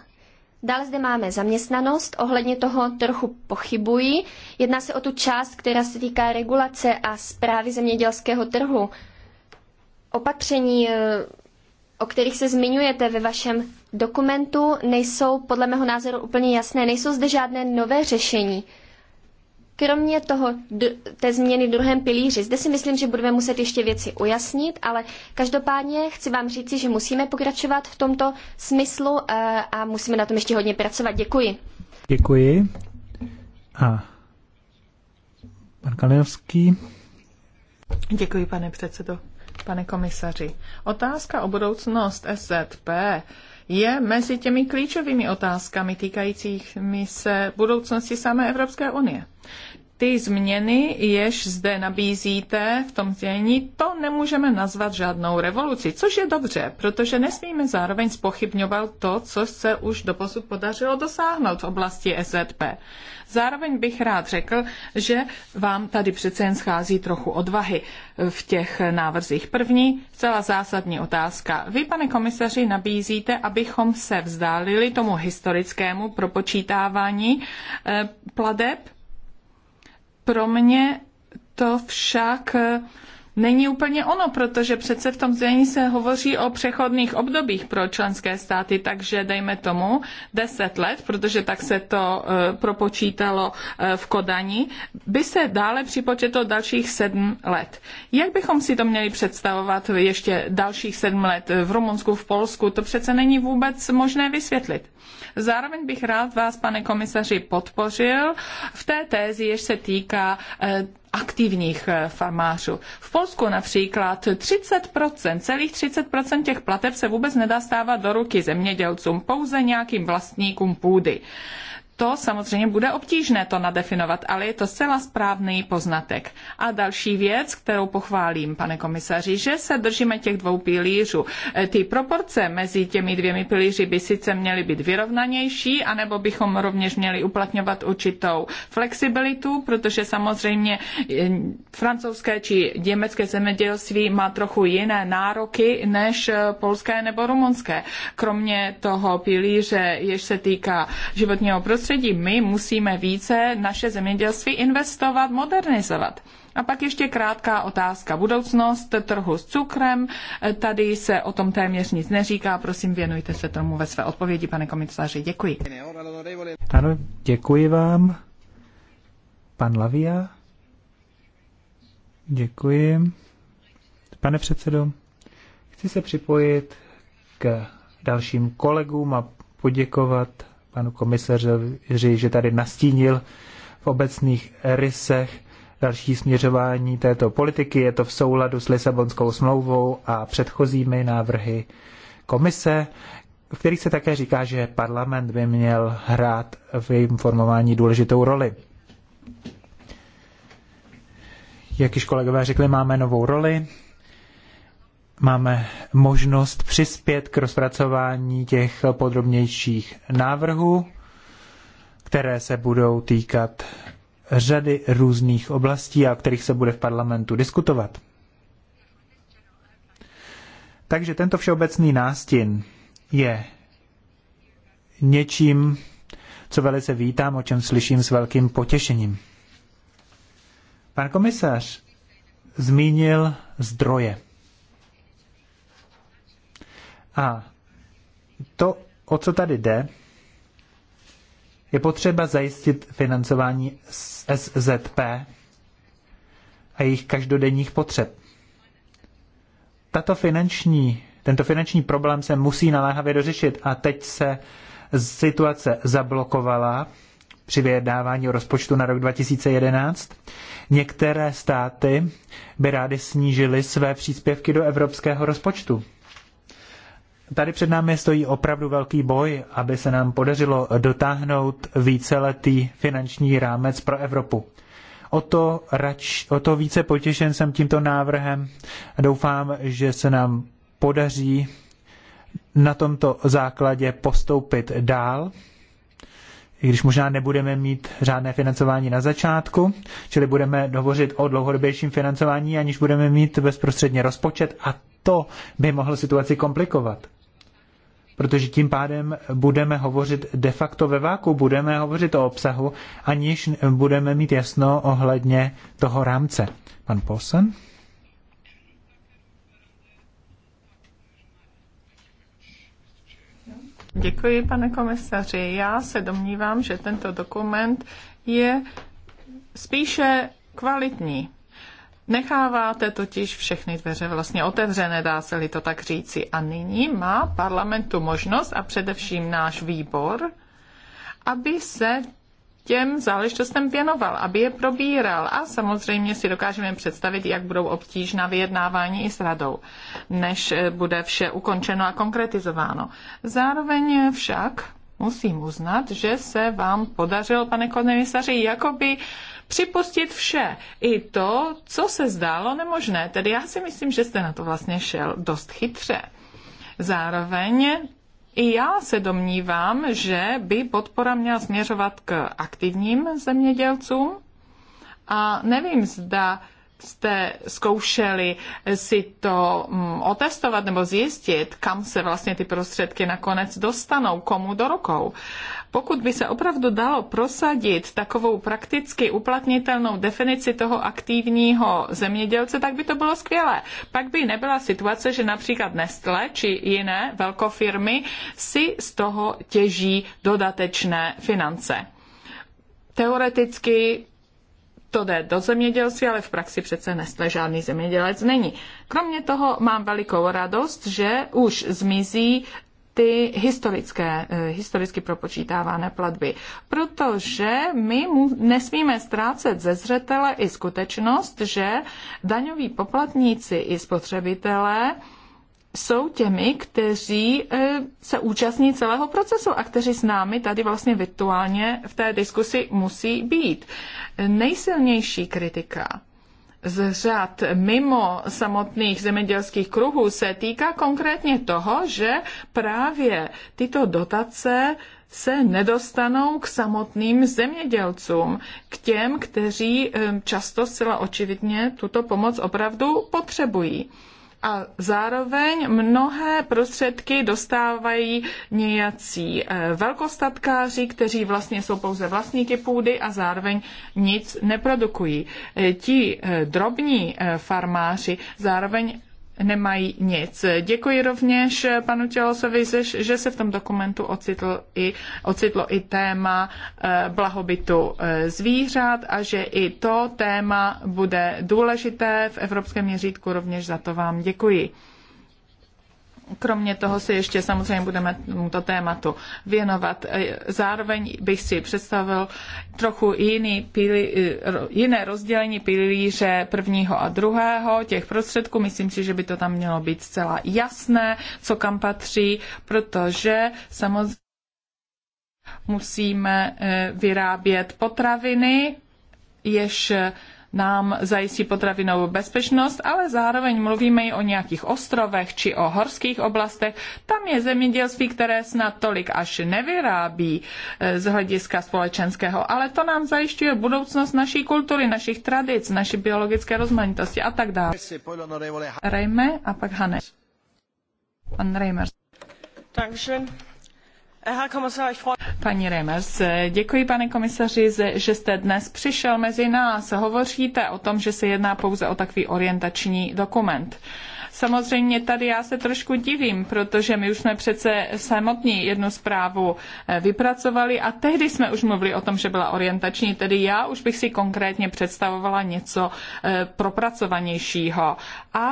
Dále zde máme zaměstnanost, ohledně toho trochu pochybuji. Jedná se o tu část, která se týká regulace a zprávy zemědělského trhu. Opatření, eh, o kterých se zmiňujete ve vašem dokumentu nejsou podle mého názoru úplně jasné. Nejsou zde žádné nové řešení. Kromě toho, té změny v druhém pilíři, zde si myslím, že budeme muset ještě věci ujasnit, ale každopádně chci vám říci, že musíme pokračovat v tomto smyslu eh, a musíme na tom ještě hodně pracovat. Děkuji. Děkuji. A pan Kalinovský. Děkuji, pane předsedo. Pane komisaři, otázka o budoucnost SZP je mezi těmi klíčovými otázkami týkajícími se budoucnosti samé Evropské unie ty změny, jež zde nabízíte v tom sdělení, to nemůžeme nazvat žádnou revoluci, což je dobře, protože nesmíme zároveň spochybňovat to, co se už doposud podařilo dosáhnout v oblasti SZP. Zároveň bych rád řekl, že vám tady přece jen schází trochu odvahy v těch návrzích. První, celá zásadní otázka. Vy, pane komisaři, nabízíte, abychom se vzdálili tomu historickému propočítávání eh, plateb pro mě to však není úplně ono, protože přece v tom sdělení se hovoří o přechodných obdobích pro členské státy, takže dejme tomu 10 let, protože tak se to e, propočítalo e, v Kodani, by se dále připočetlo dalších 7 let. Jak bychom si to měli představovat ještě dalších 7 let v Rumunsku, v Polsku? To přece není vůbec možné vysvětlit. Zároveň bych rád vás, pane komisaři, podpořil v té tézi, jež se týká e, aktivních eh, farmářů. V Polsku například 30%, celých 30% těch plateb se vůbec nedá stávat do ruky zemědělcům, pouze nějakým vlastníkům půdy to samozřejmě bude obtížné to nadefinovat, ale je to zcela správný poznatek. A další věc, kterou pochválím, pane komisaři, že se držíme těch dvou pilířů. E, ty proporce mezi těmi dvěmi pilíři by sice měly být vyrovnanější, anebo bychom rovněž měli uplatňovat určitou flexibilitu, protože samozřejmě e, francouzské či německé zemědělství má trochu jiné nároky než e, polské nebo rumunské. Kromě toho pilíře, jež se týká životního prostředí, prostředí. My musíme více naše zemědělství investovat, modernizovat. A pak ještě krátká otázka. Budoucnost trhu s cukrem. Tady se o tom téměř nic neříká. Prosím, věnujte se tomu ve své odpovědi, pane komisaři. Děkuji. Ano, děkuji vám. Pan Lavia. Děkuji. Pane předsedo, chci se připojit k dalším kolegům a poděkovat panu komisaři, že tady nastínil v obecných rysech další směřování této politiky. Je to v souladu s Lisabonskou smlouvou a předchozími návrhy komise, v kterých se také říká, že parlament by měl hrát v jejím formování důležitou roli. Jak již kolegové řekli, máme novou roli, máme možnost přispět k rozpracování těch podrobnějších návrhů, které se budou týkat řady různých oblastí a o kterých se bude v parlamentu diskutovat. Takže tento všeobecný nástin je něčím, co velice vítám, o čem slyším s velkým potěšením. Pan komisař zmínil zdroje. A to, o co tady jde, je potřeba zajistit financování SZP a jejich každodenních potřeb. Tato finanční, tento finanční problém se musí naléhavě dořešit a teď se situace zablokovala při vyjednávání o rozpočtu na rok 2011. Některé státy by rády snížily své příspěvky do evropského rozpočtu tady před námi stojí opravdu velký boj, aby se nám podařilo dotáhnout víceletý finanční rámec pro Evropu. O to, rač, o to více potěšen jsem tímto návrhem. Doufám, že se nám podaří na tomto základě postoupit dál i když možná nebudeme mít řádné financování na začátku, čili budeme hovořit o dlouhodobějším financování, aniž budeme mít bezprostředně rozpočet a to by mohlo situaci komplikovat. Protože tím pádem budeme hovořit de facto ve váku, budeme hovořit o obsahu, aniž budeme mít jasno ohledně toho rámce. Pan Posen? Děkuji, pane komisaři. Já se domnívám, že tento dokument je spíše kvalitní. Necháváte totiž všechny dveře vlastně otevřené, dá se-li to tak říci. A nyní má parlamentu možnost a především náš výbor, aby se těm záležitostem věnoval, aby je probíral. A samozřejmě si dokážeme představit, jak budou obtížná vyjednávání i s radou, než eh, bude vše ukončeno a konkretizováno. Zároveň však musím uznat, že se vám podařilo, pane komisaři, jakoby připustit vše, i to, co se zdálo nemožné. Tedy já si myslím, že jste na to vlastně šel dost chytře. Zároveň i já se domnívám, že by podpora měla směřovat k aktivním zemědělcům a nevím, zda jste zkoušeli si to mm, otestovat nebo zjistit, kam se vlastně ty prostředky nakonec dostanou, komu do rukou. Pokud by se opravdu dalo prosadit takovou prakticky uplatnitelnou definici toho aktivního zemědělce, tak by to bylo skvělé. Pak by nebyla situace, že například Nestle či jiné velkofirmy si z toho těží dodatečné finance. Teoreticky to jde do zemědělství, ale v praxi přece Nestle žádný zemědělec není. Kromě toho mám velikou radost, že už zmizí ty historické, eh, historicky propočítávané platby. Protože my mu nesmíme ztrácet ze zřetele i skutečnost, že daňoví poplatníci i spotřebitelé jsou těmi, kteří eh, se účastní celého procesu a kteří s námi tady vlastně virtuálně v té diskusi musí být. Nejsilnější kritika z řad mimo samotných zemědělských kruhů se týká konkrétně toho, že právě tyto dotace se nedostanou k samotným zemědělcům, k těm, kteří eh, často zcela očividně tuto pomoc opravdu potřebují a zároveň mnohé prostředky dostávají nějací eh, velkostatkáři, kteří vlastně jsou pouze vlastníky půdy a zároveň nic neprodukují. Eh, ti eh, drobní farmáři zároveň nemají nic. Děkuji rovněž panu Čelosovi, že se v tom dokumentu ocitl i, ocitlo i téma eh, blahobytu eh, zvířat a že i to téma bude důležité v evropském měřítku. Rovněž za to vám děkuji. Kromě toho si ještě samozřejmě budeme tomuto tématu věnovat. E, zároveň bych si představil trochu jiný pili, e, jiné rozdělení pilíře prvního a druhého těch prostředků. Myslím si, že by to tam mělo být zcela jasné, co kam patří, protože samozřejmě musíme e, vyrábět potraviny, jež nám zajistí potravinovou bezpečnost, ale zároveň mluvíme i o nějakých ostrovech či o horských oblastech. Tam je zemědělství, které snad tolik až nevyrábí e, z hlediska společenského, ale to nám zajišťuje budoucnost naší kultury, našich tradic, naší biologické rozmanitosti a tak dále. Rejme a pak Hanes. Pan Reimers. Takže Paní Remers, děkuji pane komisaři, že jste dnes přišel mezi nás. Hovoříte o tom, že se jedná pouze o takový orientační dokument. Samozřejmě tady já se trošku divím, protože my už jsme přece samotní jednu zprávu eh, vypracovali a tehdy jsme už mluvili o tom, že byla orientační, tedy já už bych si konkrétně představovala něco eh, propracovanějšího. A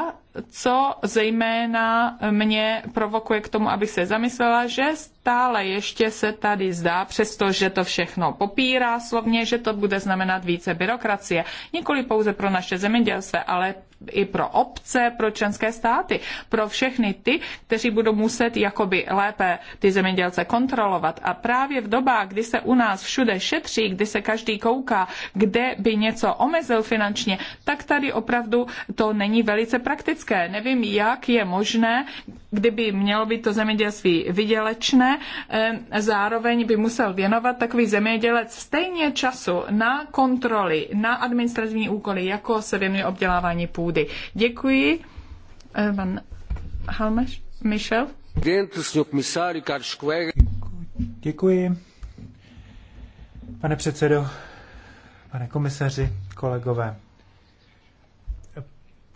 co zejména mě provokuje k tomu, abych se zamyslela, že stále ještě se tady zdá, přestože to všechno popírá slovně, že to bude znamenat více byrokracie. Nikoli pouze pro naše zemědělce, ale i pro obce, pro členské státy, pro všechny ty, kteří budou muset jakoby lépe ty zemědělce kontrolovat. A právě v dobách, kdy se u nás všude šetří, kdy se každý kouká, kde by něco omezil finančně, tak tady opravdu to není velice praktické logické. Nevím, jak je možné, kdyby mělo být to zemědělství vydělečné, zároveň by musel věnovat takový zemědělec stejně času na kontroly, na administrativní úkoly, jako se věnuje obdělávání půdy. Děkuji. Eh, pan Halmeš, Michel. Děkuji. Pane předsedo, pane komisaři, kolegové,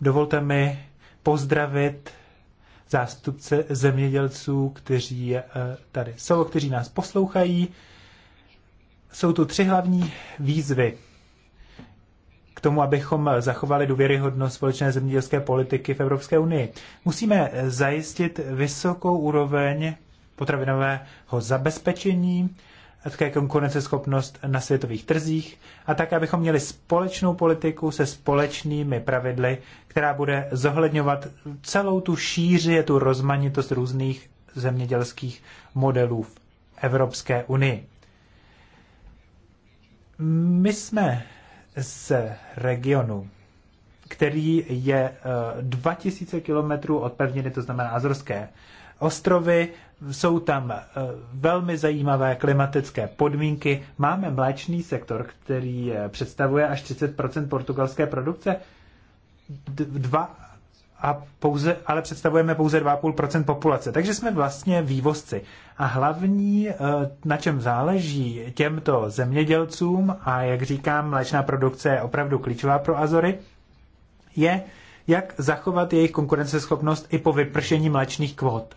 dovolte mi pozdravit zástupce zemědělců, kteří eh, tady jsou, kteří nás poslouchají. Jsou tu tři hlavní výzvy k tomu, abychom zachovali důvěryhodnost společné zemědělské politiky v Evropské unii. Musíme zajistit vysokou úroveň potravinového zabezpečení, také konkurenceschopnost na světových trzích a tak, abychom měli společnou politiku se společnými pravidly, která bude zohledňovat celou tu šíři, tu rozmanitost různých zemědělských modelů v Evropské unii. My jsme z regionu, který je 2000 eh, kilometrů od pevniny, to znamená Azorské ostrovy, jsou tam eh, velmi zajímavé klimatické podmínky. Máme mléčný sektor, který eh, představuje až 30 portugalské produkce. Dva a pouze, ale představujeme pouze 2,5 populace. Takže jsme vlastně vývozci. A hlavní, eh, na čem záleží těmto zemědělcům, a jak říkám, mléčná produkce je opravdu klíčová pro Azory, je, jak zachovat jejich konkurenceschopnost i po vypršení mléčných kvót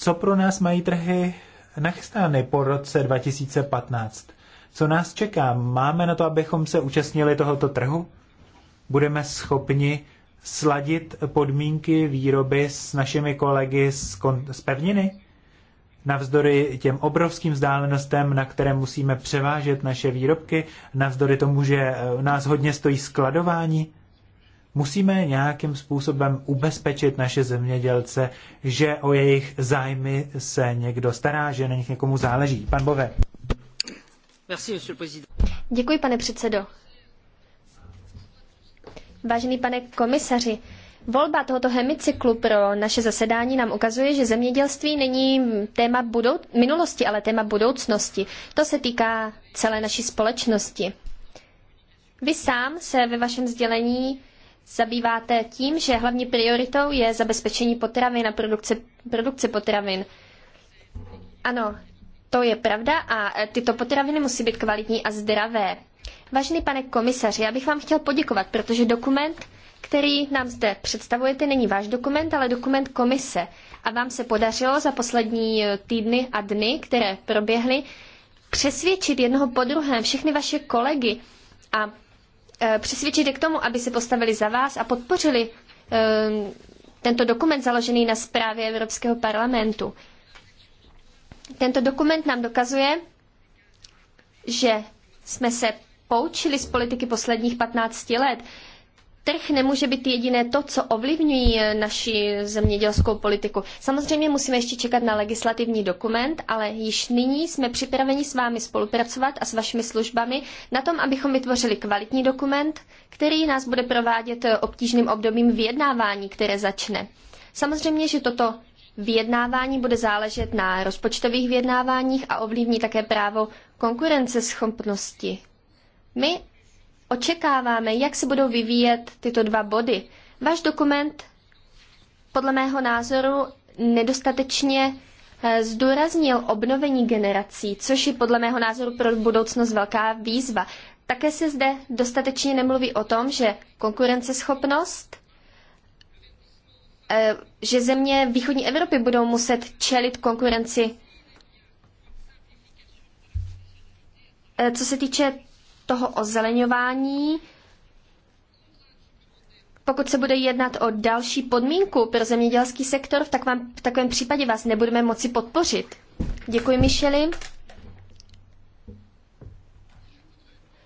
co pro nás mají trhy nachystány po roce 2015? Co nás čeká? Máme na to, abychom se účastnili tohoto trhu? Budeme schopni sladit podmínky výroby s našimi kolegy z, kon- z pevniny? Navzdory těm obrovským vzdálenostem, na které musíme převážet naše výrobky, navzdory tomu, že eh, nás hodně stojí skladování, musíme nějakým způsobem ubezpečit naše zemědělce, že o jejich zájmy se někdo stará, že na nich někomu záleží. Pan Bové. Děkuji, pane předsedo. Vážený pane komisaři, Volba tohoto hemicyklu pro naše zasedání nám ukazuje, že zemědělství není téma budou- minulosti, ale téma budoucnosti. To se týká celé naší společnosti. Vy sám se ve vašem sdělení zabýváte tím, že hlavní prioritou je zabezpečení potravin a produkce, produkce potravin. Ano, to je pravda a e, tyto potraviny musí být kvalitní a zdravé. Vážený pane komisaři, já bych vám chtěl poděkovat, protože dokument, který nám zde představujete, není váš dokument, ale dokument komise. A vám se podařilo za poslední e, týdny a dny, které proběhly, přesvědčit jednoho po druhém všechny vaše kolegy a Eh, přesvědčit je k tomu, aby se postavili za vás a podpořili eh, tento dokument založený na zprávě Evropského parlamentu. Tento dokument nám dokazuje, že jsme se poučili z politiky posledních 15 let, trh nemůže být jediné to, co ovlivňují eh, naši zemědělskou politiku. Samozřejmě musíme ještě čekat na legislativní dokument, ale již nyní jsme připraveni s vámi spolupracovat a s vašimi službami na tom, abychom vytvořili kvalitní dokument, který nás bude provádět eh, obtížným obdobím vyjednávání, které začne. Samozřejmě, že toto vyjednávání bude záležet na rozpočtových vyjednáváních a ovlivní také právo konkurenceschopnosti. My očekáváme, jak se budou vyvíjet tyto dva body. Váš dokument podle mého názoru nedostatečně eh, zdůraznil obnovení generací, což je podle mého názoru pro budoucnost velká výzva. Také se zde dostatečně nemluví o tom, že konkurenceschopnost, eh, že země východní Evropy budou muset čelit konkurenci. Eh, co se týče toho ozeleňování, pokud se bude jednat o další podmínku pro zemědělský sektor, v takovém, v takovém případě vás nebudeme moci podpořit. Děkuji, Mišeli.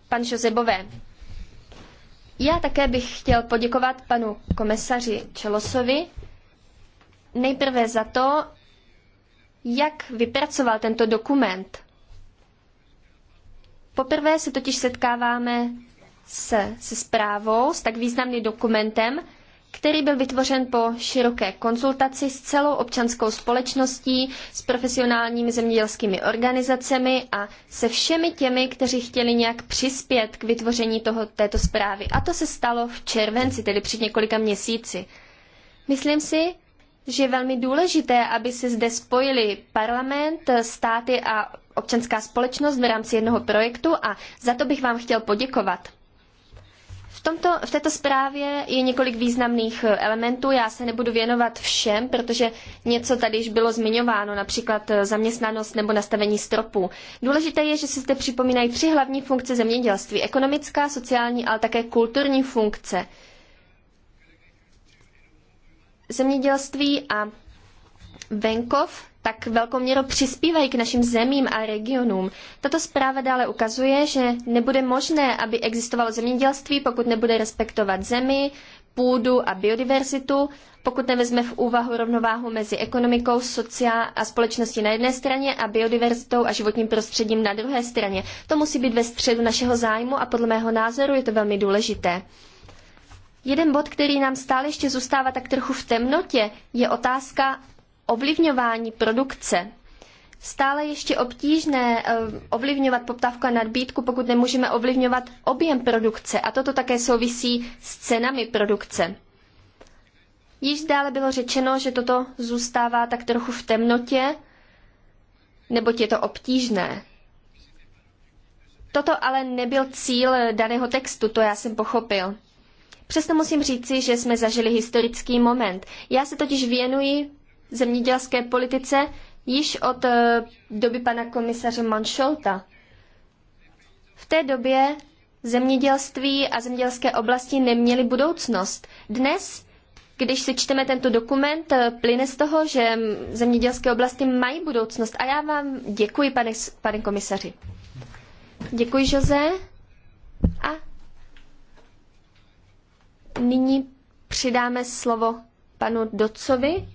Pan Josebové. Já také bych chtěl poděkovat panu komisaři Čelosovi nejprve za to, jak vypracoval tento dokument. Poprvé se totiž setkáváme se, se zprávou, s tak významným dokumentem, který byl vytvořen po široké konzultaci s celou občanskou společností, s profesionálními zemědělskými organizacemi a se všemi těmi, kteří chtěli nějak přispět k vytvoření toho, této zprávy. A to se stalo v červenci, tedy před několika měsíci. Myslím si, že je velmi důležité, aby se zde spojili parlament, státy a občanská společnost v rámci jednoho projektu a za to bych vám chtěl poděkovat. V, tomto, v této zprávě je několik významných eh, elementů. Já se nebudu věnovat všem, protože něco tady již bylo zmiňováno, například eh, zaměstnanost nebo nastavení stropů. Důležité je, že se zde připomínají tři hlavní funkce zemědělství. Ekonomická, sociální, ale také kulturní funkce. Zemědělství a venkov tak velkou měrou přispívají k našim zemím a regionům. Tato zpráva dále ukazuje, že nebude možné, aby existovalo zemědělství, pokud nebude respektovat zemi, půdu a biodiverzitu, pokud nevezme v úvahu rovnováhu mezi ekonomikou, sociál a společností na jedné straně a biodiverzitou a životním prostředím na druhé straně. To musí být ve středu našeho zájmu a podle mého názoru je to velmi důležité. Jeden bod, který nám stále ještě zůstává tak trochu v temnotě, je otázka ovlivňování produkce. Stále ještě obtížné eh, ovlivňovat poptávku a nadbídku, pokud nemůžeme ovlivňovat objem produkce. A toto také souvisí s cenami produkce. Již dále bylo řečeno, že toto zůstává tak trochu v temnotě, neboť je to obtížné. Toto ale nebyl cíl daného textu, to já jsem pochopil. Přesto musím říci, že jsme zažili historický moment. Já se totiž věnuji zemědělské politice již od eh, doby pana komisaře Manšolta. V té době zemědělství a zemědělské oblasti neměly budoucnost. Dnes, když si čteme tento dokument, eh, plyne z toho, že zemědělské oblasti mají budoucnost. A já vám děkuji, pane, pane komisaři. Děkuji, Jose. A nyní přidáme slovo panu Docovi.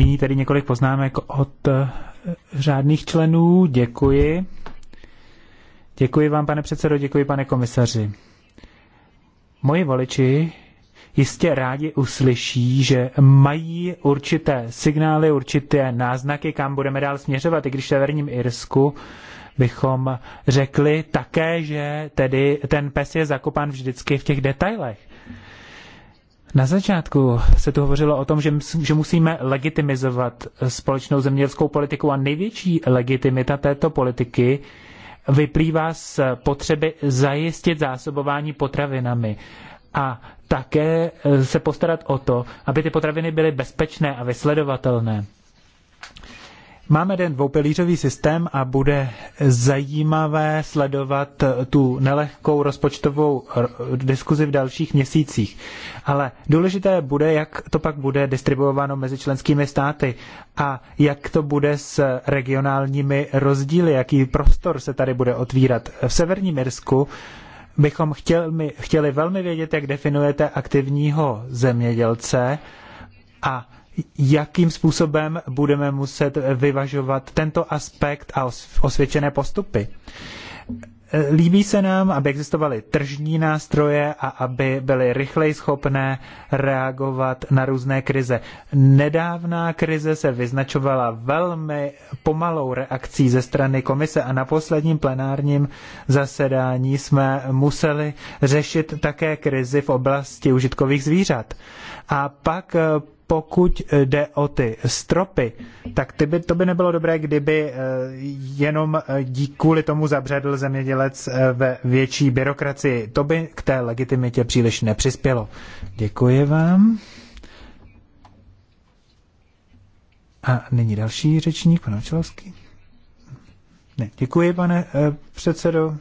Nyní tedy několik poznámek od eh, řádných členů. Děkuji. Děkuji vám, pane předsedo, děkuji, pane komisaři. Moji voliči jistě rádi uslyší, že mají určité signály, určité náznaky, kam budeme dál směřovat, i když v Severním Irsku bychom řekli také, že tedy ten pes je zakopan vždycky v těch detailech. Na začátku se tu hovořilo o tom, že, že musíme legitimizovat společnou zemědělskou politiku a největší legitimita této politiky vyplývá z potřeby zajistit zásobování potravinami a také eh, se postarat o to, aby ty potraviny byly bezpečné a vysledovatelné. Máme ten dvoupilířový systém a bude zajímavé sledovat tu nelehkou rozpočtovou diskuzi v dalších měsících. Ale důležité bude, jak to pak bude distribuováno mezi členskými státy a jak to bude s regionálními rozdíly, jaký prostor se tady bude otvírat. V severním Irsku bychom chtěli, chtěli velmi vědět, jak definujete aktivního zemědělce a jakým způsobem budeme muset vyvažovat tento aspekt a osvědčené postupy. Líbí se nám, aby existovaly tržní nástroje a aby byly rychleji schopné reagovat na různé krize. Nedávná krize se vyznačovala velmi pomalou reakcí ze strany komise a na posledním plenárním zasedání jsme museli řešit také krizi v oblasti užitkových zvířat. A pak pokud eh, jde o ty stropy, tak ty by, to by nebylo dobré, kdyby eh, jenom eh, díky tomu zabředl zemědělec ve větší byrokracii. To by k té legitimitě příliš nepřispělo. Děkuji vám. A nyní další řečník, pan Očelovský. Ne, děkuji, pane předsedo.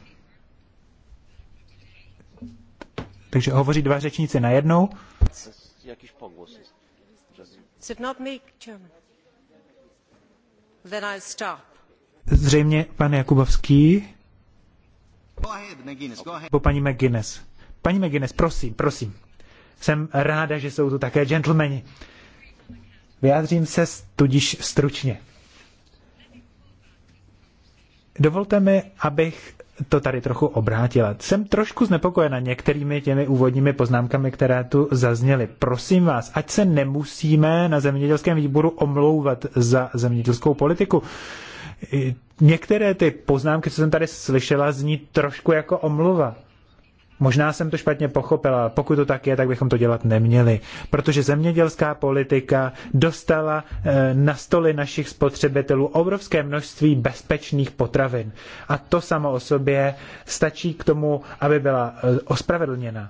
Takže hovoří dva řečníci najednou. Zřejmě pan Jakubovský. Po paní McGuinness. Paní McGuinness, prosím, prosím. Jsem ráda, že jsou tu také gentlemani. Vyjádřím se tudíž stručně. Dovolte mi, abych to tady trochu obrátila. Jsem trošku znepokojena některými těmi úvodními poznámkami, které tu zazněly. Prosím vás, ať se nemusíme na zemědělském výboru omlouvat za zemědělskou politiku. Některé ty poznámky, co jsem tady slyšela, zní trošku jako omluva. Možná jsem to špatně pochopila, pokud to tak je, tak bychom to dělat neměli, protože zemědělská politika dostala eh, na stoly našich spotřebitelů obrovské množství bezpečných potravin. A to samo o sobě stačí k tomu, aby byla eh, ospravedlněna.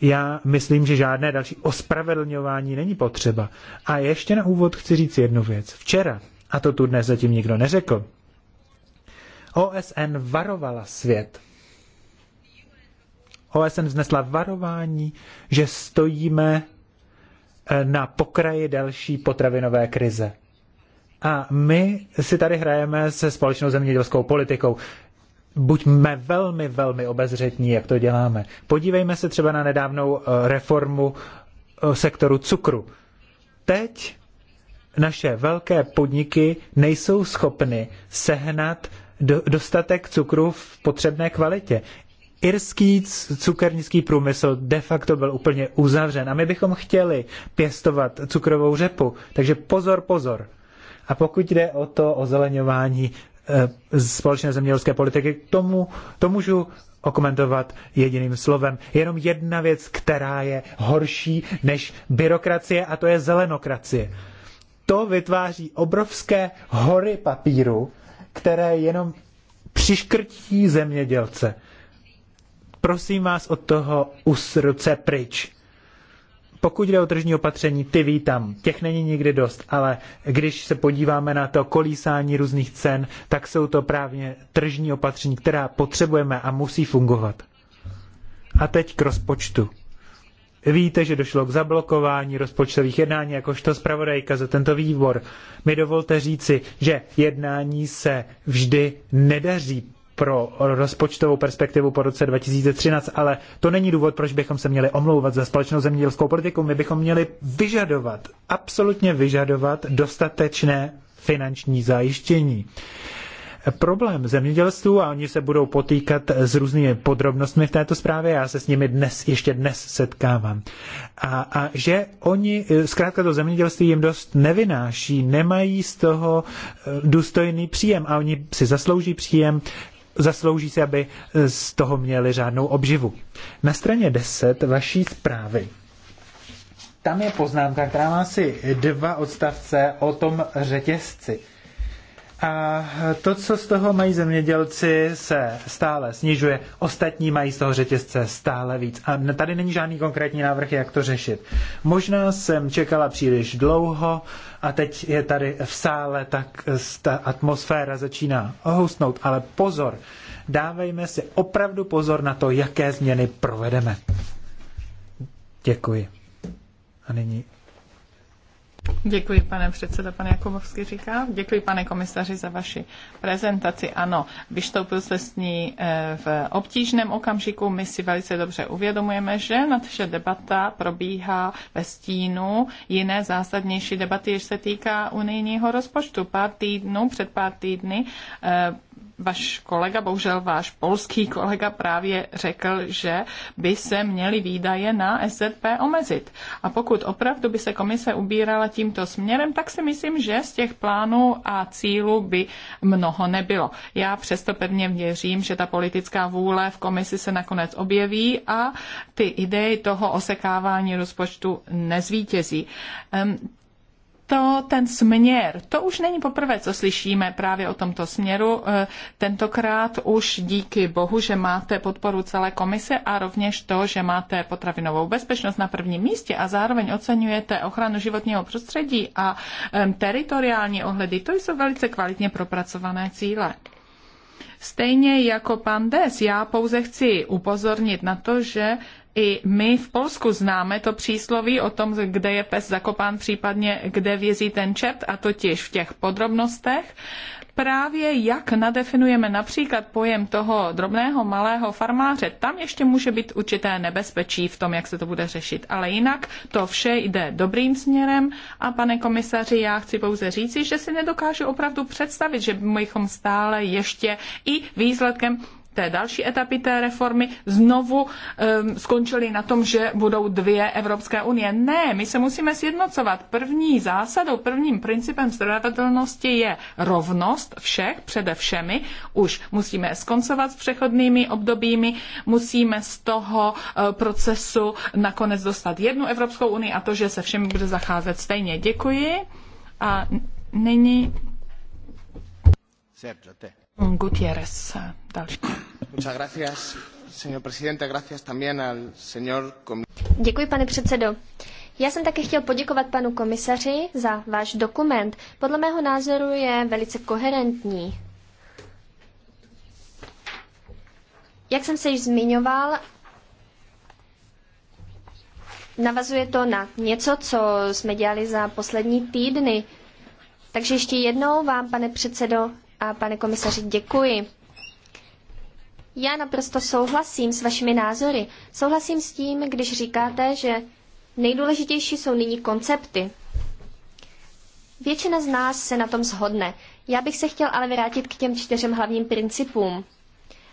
Já myslím, že žádné další ospravedlňování není potřeba. A ještě na úvod chci říct jednu věc. Včera, a to tu dnes zatím nikdo neřekl, OSN varovala svět OSN vznesla varování, že stojíme eh, na pokraji další potravinové krize. A my si tady hrajeme se společnou zemědělskou politikou. Buďme velmi, velmi obezřetní, jak to děláme. Podívejme se třeba na nedávnou eh, reformu eh, sektoru cukru. Teď naše velké podniky nejsou schopny sehnat dostatek cukru v potřebné kvalitě irský cukernický průmysl de facto byl úplně uzavřen a my bychom chtěli pěstovat cukrovou řepu. Takže pozor, pozor. A pokud jde o to ozeleňování e, společné zemědělské politiky, k tomu, to můžu okomentovat jediným slovem. Jenom jedna věc, která je horší než byrokracie a to je zelenokracie. To vytváří obrovské hory papíru, které jenom přiškrtí zemědělce Prosím vás od toho usruce pryč. Pokud jde o tržní opatření, ty vítám, těch není nikdy dost, ale když se podíváme na to kolísání různých cen, tak jsou to právě tržní opatření, která potřebujeme a musí fungovat. A teď k rozpočtu. Víte, že došlo k zablokování rozpočtových jednání, jakožto zpravodajka za tento výbor. Mi dovolte říci, že jednání se vždy nedaří pro rozpočtovou perspektivu po roce 2013, ale to není důvod, proč bychom se měli omlouvat za společnou zemědělskou politiku. My bychom měli vyžadovat, absolutně vyžadovat dostatečné finanční zajištění. Problém zemědělství, a oni se budou potýkat s různými podrobnostmi v této zprávě, já se s nimi dnes, ještě dnes setkávám. A, a že oni, zkrátka to zemědělství jim dost nevynáší, nemají z toho eh, důstojný příjem a oni si zaslouží příjem, zaslouží si, aby eh, z toho měli řádnou obživu. Na straně 10 vaší zprávy tam je poznámka, která má asi dva odstavce o tom řetězci. A to, co z toho mají zemědělci, se stále snižuje. Ostatní mají z toho řetězce stále víc. A tady není žádný konkrétní návrh, jak to řešit. Možná jsem čekala příliš dlouho, a teď je tady v sále, tak ta atmosféra začíná ohusnout, ale pozor, dávejme si opravdu pozor na to, jaké změny provedeme. Děkuji. A nyní Děkuji, pane předseda, pane Jakubovský říká. Děkuji, pane komisaři, za vaši prezentaci. Ano, vystoupil jste s ní eh, v obtížném okamžiku. My si velice dobře uvědomujeme, že naše debata probíhá ve stínu jiné zásadnější debaty, jež se týká unijního rozpočtu. Pár týdnů, před pár týdny eh, Váš kolega, bohužel váš polský kolega právě řekl, že by se měly výdaje na SZP omezit. A pokud opravdu by se komise ubírala tímto směrem, tak si myslím, že z těch plánů a cílů by mnoho nebylo. Já přesto pevně věřím, že ta politická vůle v komisi se nakonec objeví a ty idei toho osekávání rozpočtu nezvítězí to ten směr, to už není poprvé, co slyšíme právě o tomto směru. E, tentokrát už díky bohu, že máte podporu celé komise a rovněž to, že máte potravinovou bezpečnost na prvním místě a zároveň oceňujete ochranu životního prostředí a teritoriální ohledy. To jsou velice kvalitně propracované cíle. Stejně jako pan Des, já pouze chci upozornit na to, že i my v Polsku známe to přísloví o tom, kde je pes zakopán, případně kde vězí ten čert, a totiž v těch podrobnostech právě jak nadefinujeme například pojem toho drobného malého farmáře, tam ještě může být určité nebezpečí v tom, jak se to bude řešit. Ale jinak to vše jde dobrým směrem a pane komisaři, já chci pouze říci, že si nedokážu opravdu představit, že bychom stále ještě i výsledkem té další etapy té reformy znovu um, ehm, skončili na tom, že budou dvě Evropské unie. Ne, my se musíme sjednocovat. První zásadou, prvním principem stradatelnosti je rovnost všech přede všemi. Už musíme skoncovat s přechodnými obdobími, musíme z toho uh, procesu nakonec dostat jednu Evropskou unii a to, že se všemi bude zacházet stejně. Děkuji. A nyní... Sergio, te. Gutierrez další. Děkuji, pane předsedo. Já jsem také chtěl poděkovat panu komisaři za váš dokument. Podle mého názoru je velice koherentní. Jak jsem se již zmiňoval, navazuje to na něco, co jsme dělali za poslední týdny. Takže ještě jednou vám, pane předsedo a pane komisaři, děkuji. Já naprosto souhlasím s vašimi názory. Souhlasím s tím, když říkáte, že nejdůležitější jsou nyní koncepty. Většina z nás se na tom shodne. Já bych se chtěl ale vrátit k těm čtyřem hlavním principům,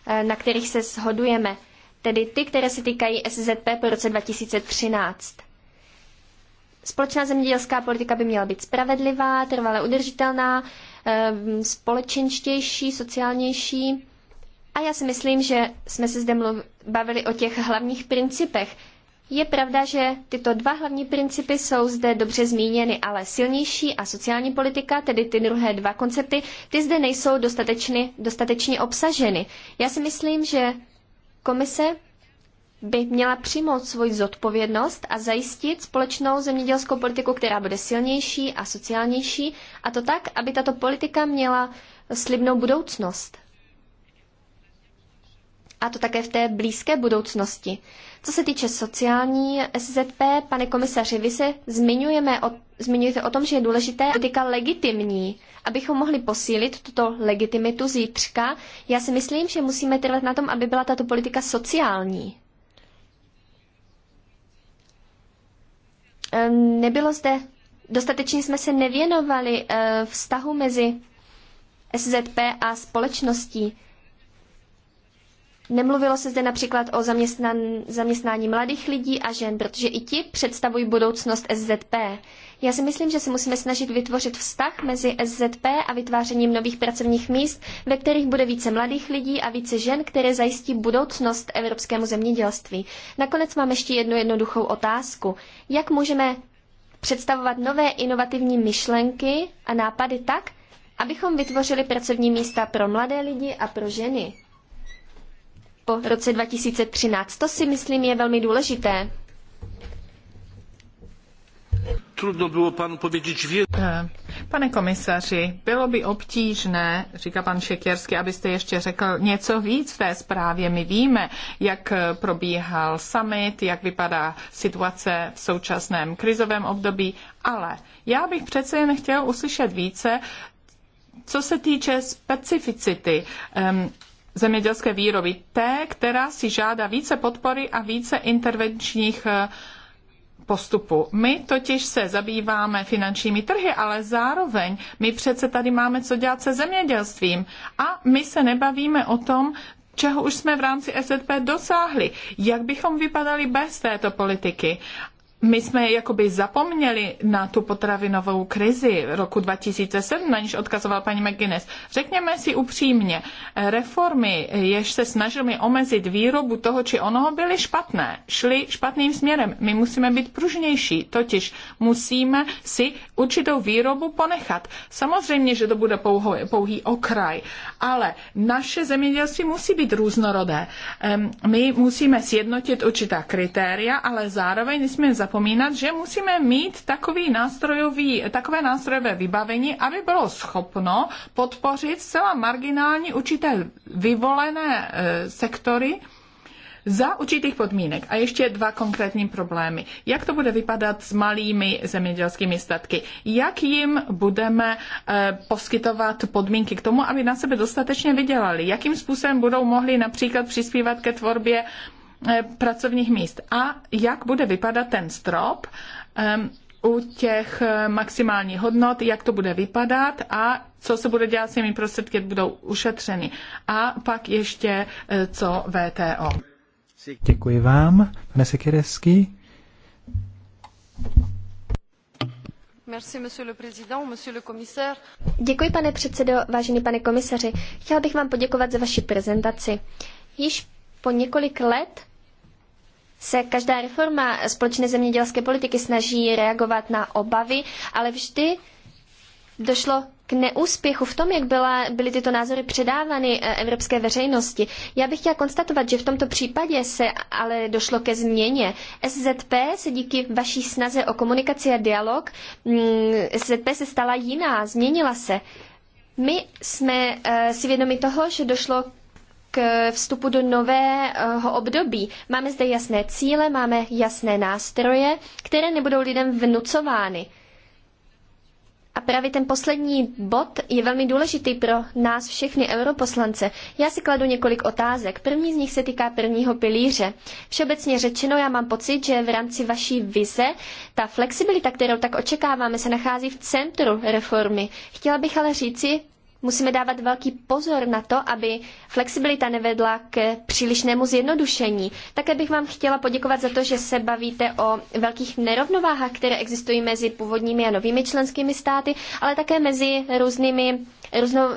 eh, na kterých se shodujeme, tedy ty, které se týkají SZP po roce 2013. Společná zemědělská politika by měla být spravedlivá, trvale udržitelná, eh, společenštější, sociálnější a já si myslím, že jsme se zde mluv- bavili o těch hlavních principech. Je pravda, že tyto dva hlavní principy jsou zde dobře zmíněny, ale silnější a sociální politika, tedy ty druhé dva koncepty, ty zde nejsou dostatečně, dostatečně obsaženy. Já si myslím, že komise by měla přijmout svoji zodpovědnost a zajistit společnou zemědělskou politiku, která bude silnější a sociálnější, a to tak, aby tato politika měla slibnou budoucnost a to také v té blízké budoucnosti. Co se týče sociální SZP, pane komisaři, vy se zmiňujeme o, zmiňujete o tom, že je důležité politika legitimní. Abychom mohli posílit tuto legitimitu zítřka, já si myslím, že musíme trvat na tom, aby byla tato politika sociální. Nebylo zde, dostatečně jsme se nevěnovali eh, vztahu mezi SZP a společností. Nemluvilo se zde například o zaměstnan, zaměstnání mladých lidí a žen, protože i ti představují budoucnost SZP. Já si myslím, že se musíme snažit vytvořit vztah mezi SZP a vytvářením nových pracovních míst, ve kterých bude více mladých lidí a více žen, které zajistí budoucnost evropskému zemědělství. Nakonec mám ještě jednu jednoduchou otázku. Jak můžeme představovat nové inovativní myšlenky a nápady tak, abychom vytvořili pracovní místa pro mladé lidi a pro ženy? po roce 2013. To si myslím je velmi důležité. Trudno bylo panu povědět eh, Pane komisaři, bylo by obtížné, říká pan Šekěrsky, abyste ještě řekl něco víc v té zprávě. My víme, jak probíhal summit, jak vypadá situace v současném krizovém období, ale já bych přece jen chtěl uslyšet více, co se týče specificity, zemědělské výroby, té, která si žádá více podpory a více intervenčních eh, postupu. My totiž se zabýváme finančními trhy, ale zároveň my přece tady máme co dělat se zemědělstvím a my se nebavíme o tom, čeho už jsme v rámci SZP dosáhli, jak bychom vypadali bez této politiky my jsme jakoby zapomněli na tu potravinovou krizi roku 2007, na níž odkazoval paní McGuinness. Řekněme si upřímně, reformy, jež se snažili omezit výrobu toho či onoho, byly špatné, šly špatným směrem. My musíme být pružnější, totiž musíme si určitou výrobu ponechat. Samozřejmě, že to bude pouho, pouhý okraj, ale naše zemědělství musí být různorodé. My musíme sjednotit určitá kritéria, ale zároveň jsme zapomněli, zapomínat, že musíme mít takový nástrojový, takové nástrojové vybavení, aby bylo schopno podpořit zcela marginální určité vyvolené e, sektory, za určitých podmínek. A ještě dva konkrétní problémy. Jak to bude vypadat s malými zemědělskými statky? Jak jim budeme e, poskytovat podmínky k tomu, aby na sebe dostatečně vydělali? Jakým způsobem budou mohli například přispívat ke tvorbě Eh, pracovních míst. A jak bude vypadat ten strop u těch eh, maximálních hodnot, jak to bude vypadat a co se bude dělat s těmi prostředky, budou ušetřeny. A pak ještě eh, co VTO. Děkuji vám, pane Sekeresky. Děkuji, pane předsedo, vážený pane komisaři. Chtěla bych vám poděkovat za vaši prezentaci. Již po několik let se každá reforma společné zemědělské politiky snaží reagovat na obavy, ale vždy došlo k neúspěchu v tom, jak byla, byly tyto názory předávány eh, evropské veřejnosti. Já bych chtěla konstatovat, že v tomto případě se ale došlo ke změně. SZP se díky vaší snaze o komunikaci a dialog, mm, SZP se stala jiná, změnila se. My jsme eh, si vědomi toho, že došlo k vstupu do nového období. Máme zde jasné cíle, máme jasné nástroje, které nebudou lidem vnucovány. A právě ten poslední bod je velmi důležitý pro nás všechny europoslance. Já si kladu několik otázek. První z nich se týká prvního pilíře. Všeobecně řečeno, já mám pocit, že v rámci vaší vize ta flexibilita, kterou tak očekáváme, se nachází v centru reformy. Chtěla bych ale říci, Musíme dávat velký pozor na to, aby flexibilita nevedla k přílišnému zjednodušení. Také bych vám chtěla poděkovat za to, že se bavíte o velkých nerovnováhách, které existují mezi původními a novými členskými státy, ale také mezi různými, různo,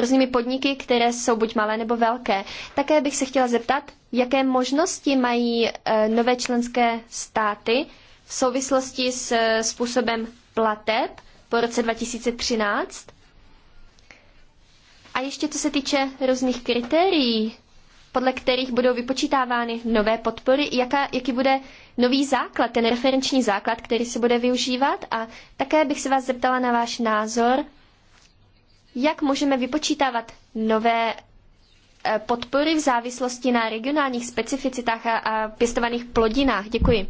různými podniky, které jsou buď malé nebo velké. Také bych se chtěla zeptat, jaké možnosti mají eh, nové členské státy v souvislosti s eh, způsobem plateb po roce 2013 a ještě co se týče různých kritérií, podle kterých budou vypočítávány nové podpory, jaká, jaký bude nový základ, ten referenční základ, který se bude využívat. A také bych se vás zeptala na váš názor, jak můžeme vypočítávat nové eh, podpory v závislosti na regionálních specificitách a, a pěstovaných plodinách. Děkuji.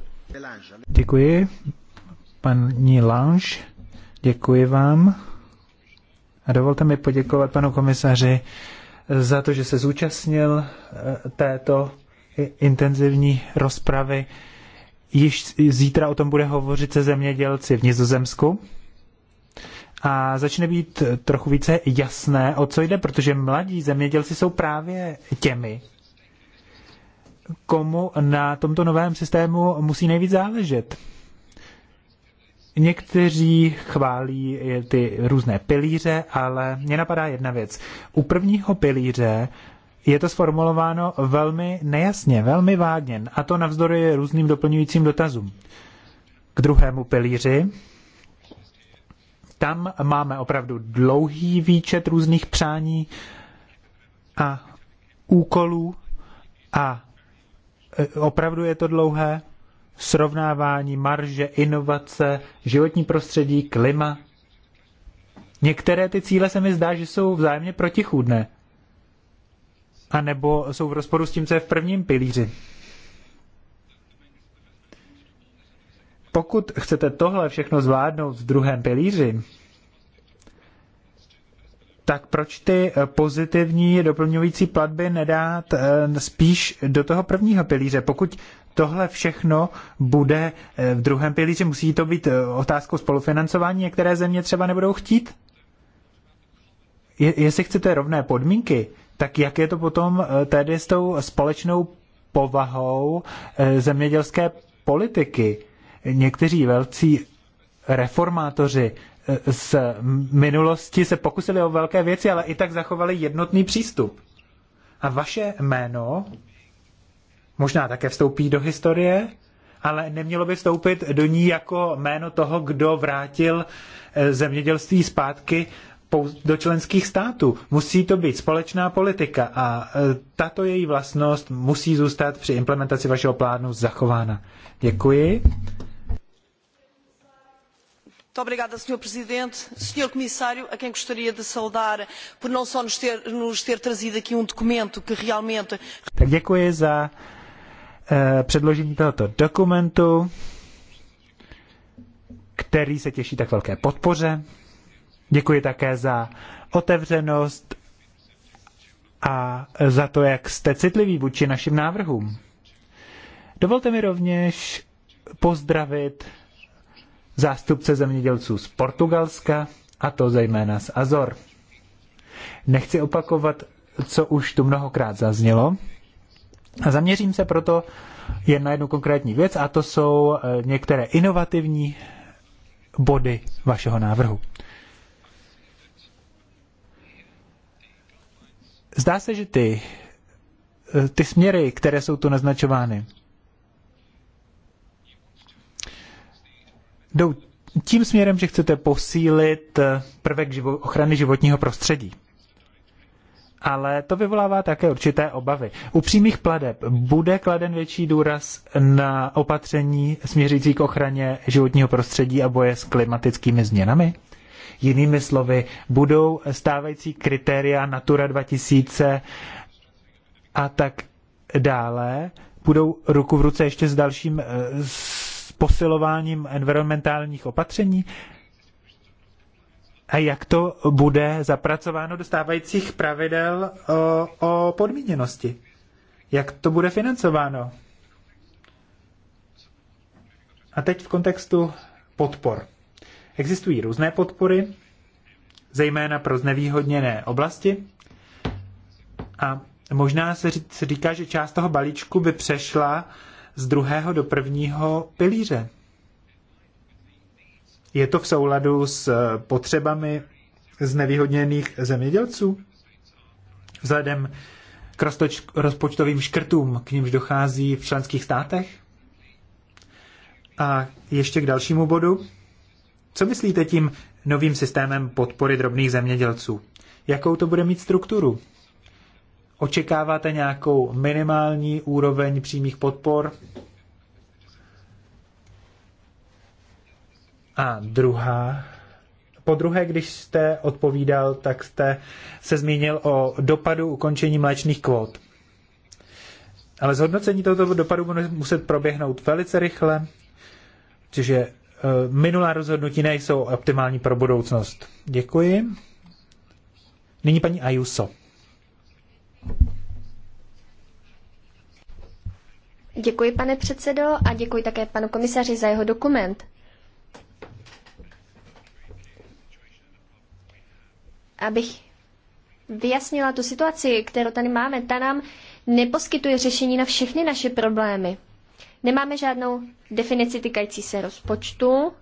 Děkuji. Paní Lange, děkuji vám. A dovolte mi poděkovat panu komisaři za to, že se zúčastnil eh, této intenzivní rozpravy. Již zítra o tom bude hovořit se zemědělci v Nizozemsku. A začne být trochu více jasné, o co jde, protože mladí zemědělci jsou právě těmi, komu na tomto novém systému musí nejvíc záležet. Někteří chválí ty různé pilíře, ale mě napadá jedna věc. U prvního pilíře je to sformulováno velmi nejasně, velmi vágně, a to navzdory různým doplňujícím dotazům. K druhému pilíři tam máme opravdu dlouhý výčet různých přání a úkolů a e, opravdu je to dlouhé srovnávání, marže, inovace, životní prostředí, klima. Některé ty cíle se mi zdá, že jsou vzájemně protichůdné. A nebo jsou v rozporu s tím, co je v prvním pilíři. Pokud chcete tohle všechno zvládnout v druhém pilíři, tak proč ty pozitivní doplňující platby nedát eh, spíš do toho prvního pilíře? Pokud Tohle všechno bude eh, v druhém pilíři, musí to být eh, otázkou spolufinancování, některé země třeba nebudou chtít. Je, jestli chcete rovné podmínky, tak jak je to potom eh, tedy s tou společnou povahou zemědělské politiky? Někteří velcí reformátoři z minulosti se pokusili o velké věci, ale i tak zachovali jednotný přístup. A vaše jméno možná také vstoupí do historie, ale nemělo by vstoupit do ní jako jméno toho, kdo vrátil eh, zemědělství zpátky do členských států. Musí to být společná politika a eh, tato její vlastnost musí zůstat při implementaci vašeho plánu zachována. Děkuji. Muito obrigada, Sr. Presidente. Sr. Comissário, a quem gostaria de saudar por não só nos ter, nos ter trazido aqui um documento que realmente. Tak děkuji za Eh, předložení tohoto dokumentu, který se těší tak velké podpoře. Děkuji také za otevřenost a za to, jak jste citliví vůči našim návrhům. Dovolte mi rovněž pozdravit zástupce zemědělců z Portugalska, a to zejména z Azor. Nechci opakovat, co už tu mnohokrát zaznělo, a zaměřím se proto jen na jednu konkrétní věc a to jsou eh, některé inovativní body vašeho návrhu. Zdá se, že ty, eh, ty směry, které jsou tu naznačovány, jdou tím směrem, že chcete posílit eh, prvek živo- ochrany životního prostředí ale to vyvolává také určité obavy. U přímých pladeb bude kladen větší důraz na opatření směřící k ochraně životního prostředí a boje s klimatickými změnami? Jinými slovy, budou stávající kritéria Natura 2000 a tak dále, budou ruku v ruce ještě s dalším eh, s posilováním environmentálních opatření? a jak to bude zapracováno do stávajících pravidel o, o podmíněnosti. Jak to bude financováno? A teď v kontextu podpor. Existují různé podpory, zejména pro znevýhodněné oblasti. A možná se říká, že část toho balíčku by přešla z druhého do prvního pilíře. Je to v souladu s eh, potřebami znevýhodněných zemědělců? Vzhledem k rozpočtovým škrtům, k nímž dochází v členských státech? A ještě k dalšímu bodu. Co myslíte tím novým systémem podpory drobných zemědělců? Jakou to bude mít strukturu? Očekáváte nějakou minimální úroveň přímých podpor? A druhá, po druhé, když jste odpovídal, tak jste se zmínil o dopadu ukončení mléčných kvót. Ale zhodnocení tohoto dopadu bude muset proběhnout velice rychle, protože e, minulá rozhodnutí nejsou optimální pro budoucnost. Děkuji. Nyní paní Ayuso. Děkuji, pane předsedo, a děkuji také panu komisaři za jeho dokument. abych vyjasnila tu situaci, kterou tady máme, ta nám neposkytuje řešení na všechny naše problémy. Nemáme žádnou definici týkající se rozpočtu.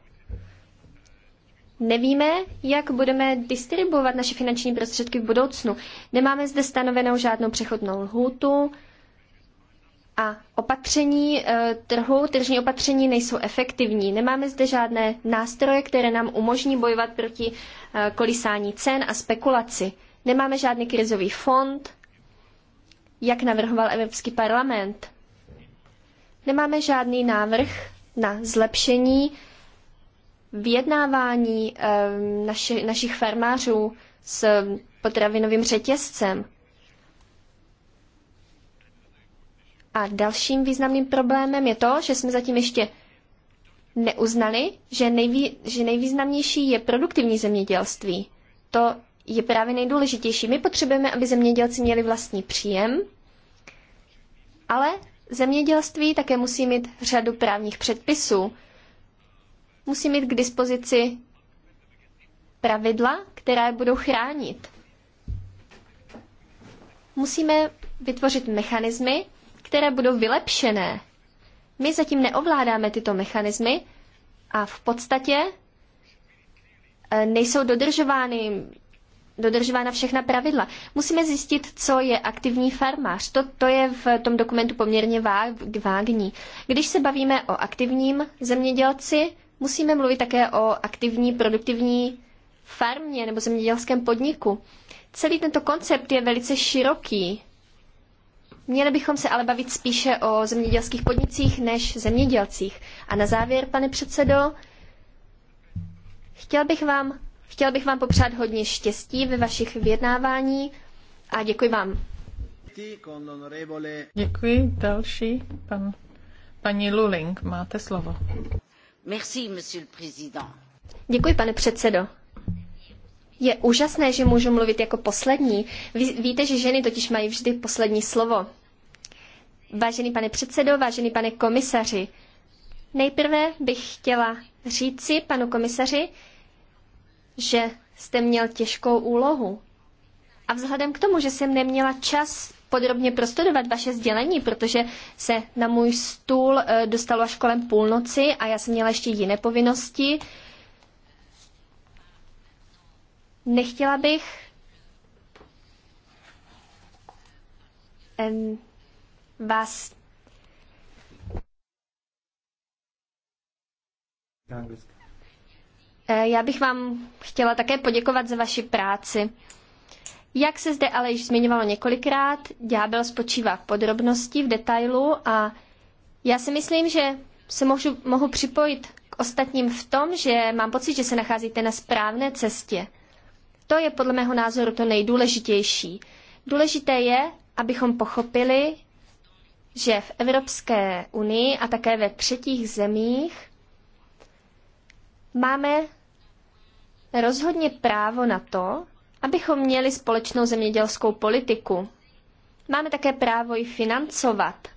Nevíme, jak budeme distribuovat naše finanční prostředky v budoucnu. Nemáme zde stanovenou žádnou přechodnou lhůtu. A opatření eh, trhu, tržní opatření nejsou efektivní. Nemáme zde žádné nástroje, které nám umožní bojovat proti eh, kolísání cen a spekulaci. Nemáme žádný krizový fond, jak navrhoval Evropský parlament. Nemáme žádný návrh na zlepšení vyjednávání eh, naši, našich farmářů s potravinovým řetězcem. A dalším významným problémem je to, že jsme zatím ještě neuznali, že, nejví, že nejvýznamnější je produktivní zemědělství. To je právě nejdůležitější. My potřebujeme, aby zemědělci měli vlastní příjem, ale zemědělství také musí mít řadu právních předpisů. Musí mít k dispozici pravidla, která je budou chránit. Musíme vytvořit mechanismy, které budou vylepšené. My zatím neovládáme tyto mechanismy a v podstatě e, nejsou dodržovány dodržována všechna pravidla. Musíme zjistit, co je aktivní farmář. To, to je v tom dokumentu poměrně vágní. Když se bavíme o aktivním zemědělci, musíme mluvit také o aktivní produktivní farmě nebo zemědělském podniku. Celý tento koncept je velice široký. Měli bychom se ale bavit spíše o zemědělských podnicích než zemědělcích. A na závěr, pane předsedo, chtěl bych vám, chtěl bych vám popřát hodně štěstí ve vašich vyjednávání a děkuji vám. Děkuji. Další, pan, paní Luling, máte slovo. Merci, monsieur le président. Děkuji, pane předsedo. Je úžasné, že můžu mluvit jako poslední. Ví, víte, že ženy totiž mají vždy poslední slovo. Vážený pane předsedo, vážený pane komisaři, nejprve bych chtěla říci panu komisaři, že jste měl těžkou úlohu. A vzhledem k tomu, že jsem neměla čas podrobně prostudovat vaše sdělení, protože se na můj stůl eh, dostalo až kolem půlnoci a já jsem měla ještě jiné povinnosti, Nechtěla bych vás eh, Já bych vám chtěla také poděkovat za vaši práci. Jak se zde ale již zmiňovalo několikrát, ďábel spočívá v podrobnosti, v detailu a já si myslím, že se mohu, mohu připojit k ostatním v tom, že mám pocit, že se nacházíte na správné cestě. To je podle mého názoru to nejdůležitější. Důležité je, abychom pochopili, že v Evropské unii a také ve třetích zemích máme rozhodně právo na to, abychom měli společnou zemědělskou politiku. Máme také právo ji financovat.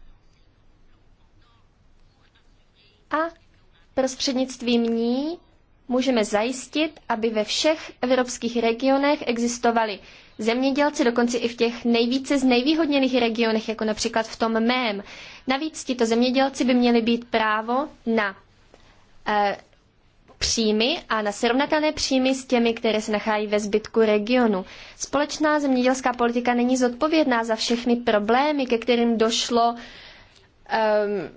A prostřednictvím ní můžeme zajistit, aby ve všech evropských regionech existovali zemědělci, dokonce i v těch nejvíce z nejvýhodněných regionech, jako například v tom mém. Navíc tito zemědělci by měli být právo na e, příjmy a na srovnatelné příjmy s těmi, které se nachází ve zbytku regionu. Společná zemědělská politika není zodpovědná za všechny problémy, ke kterým došlo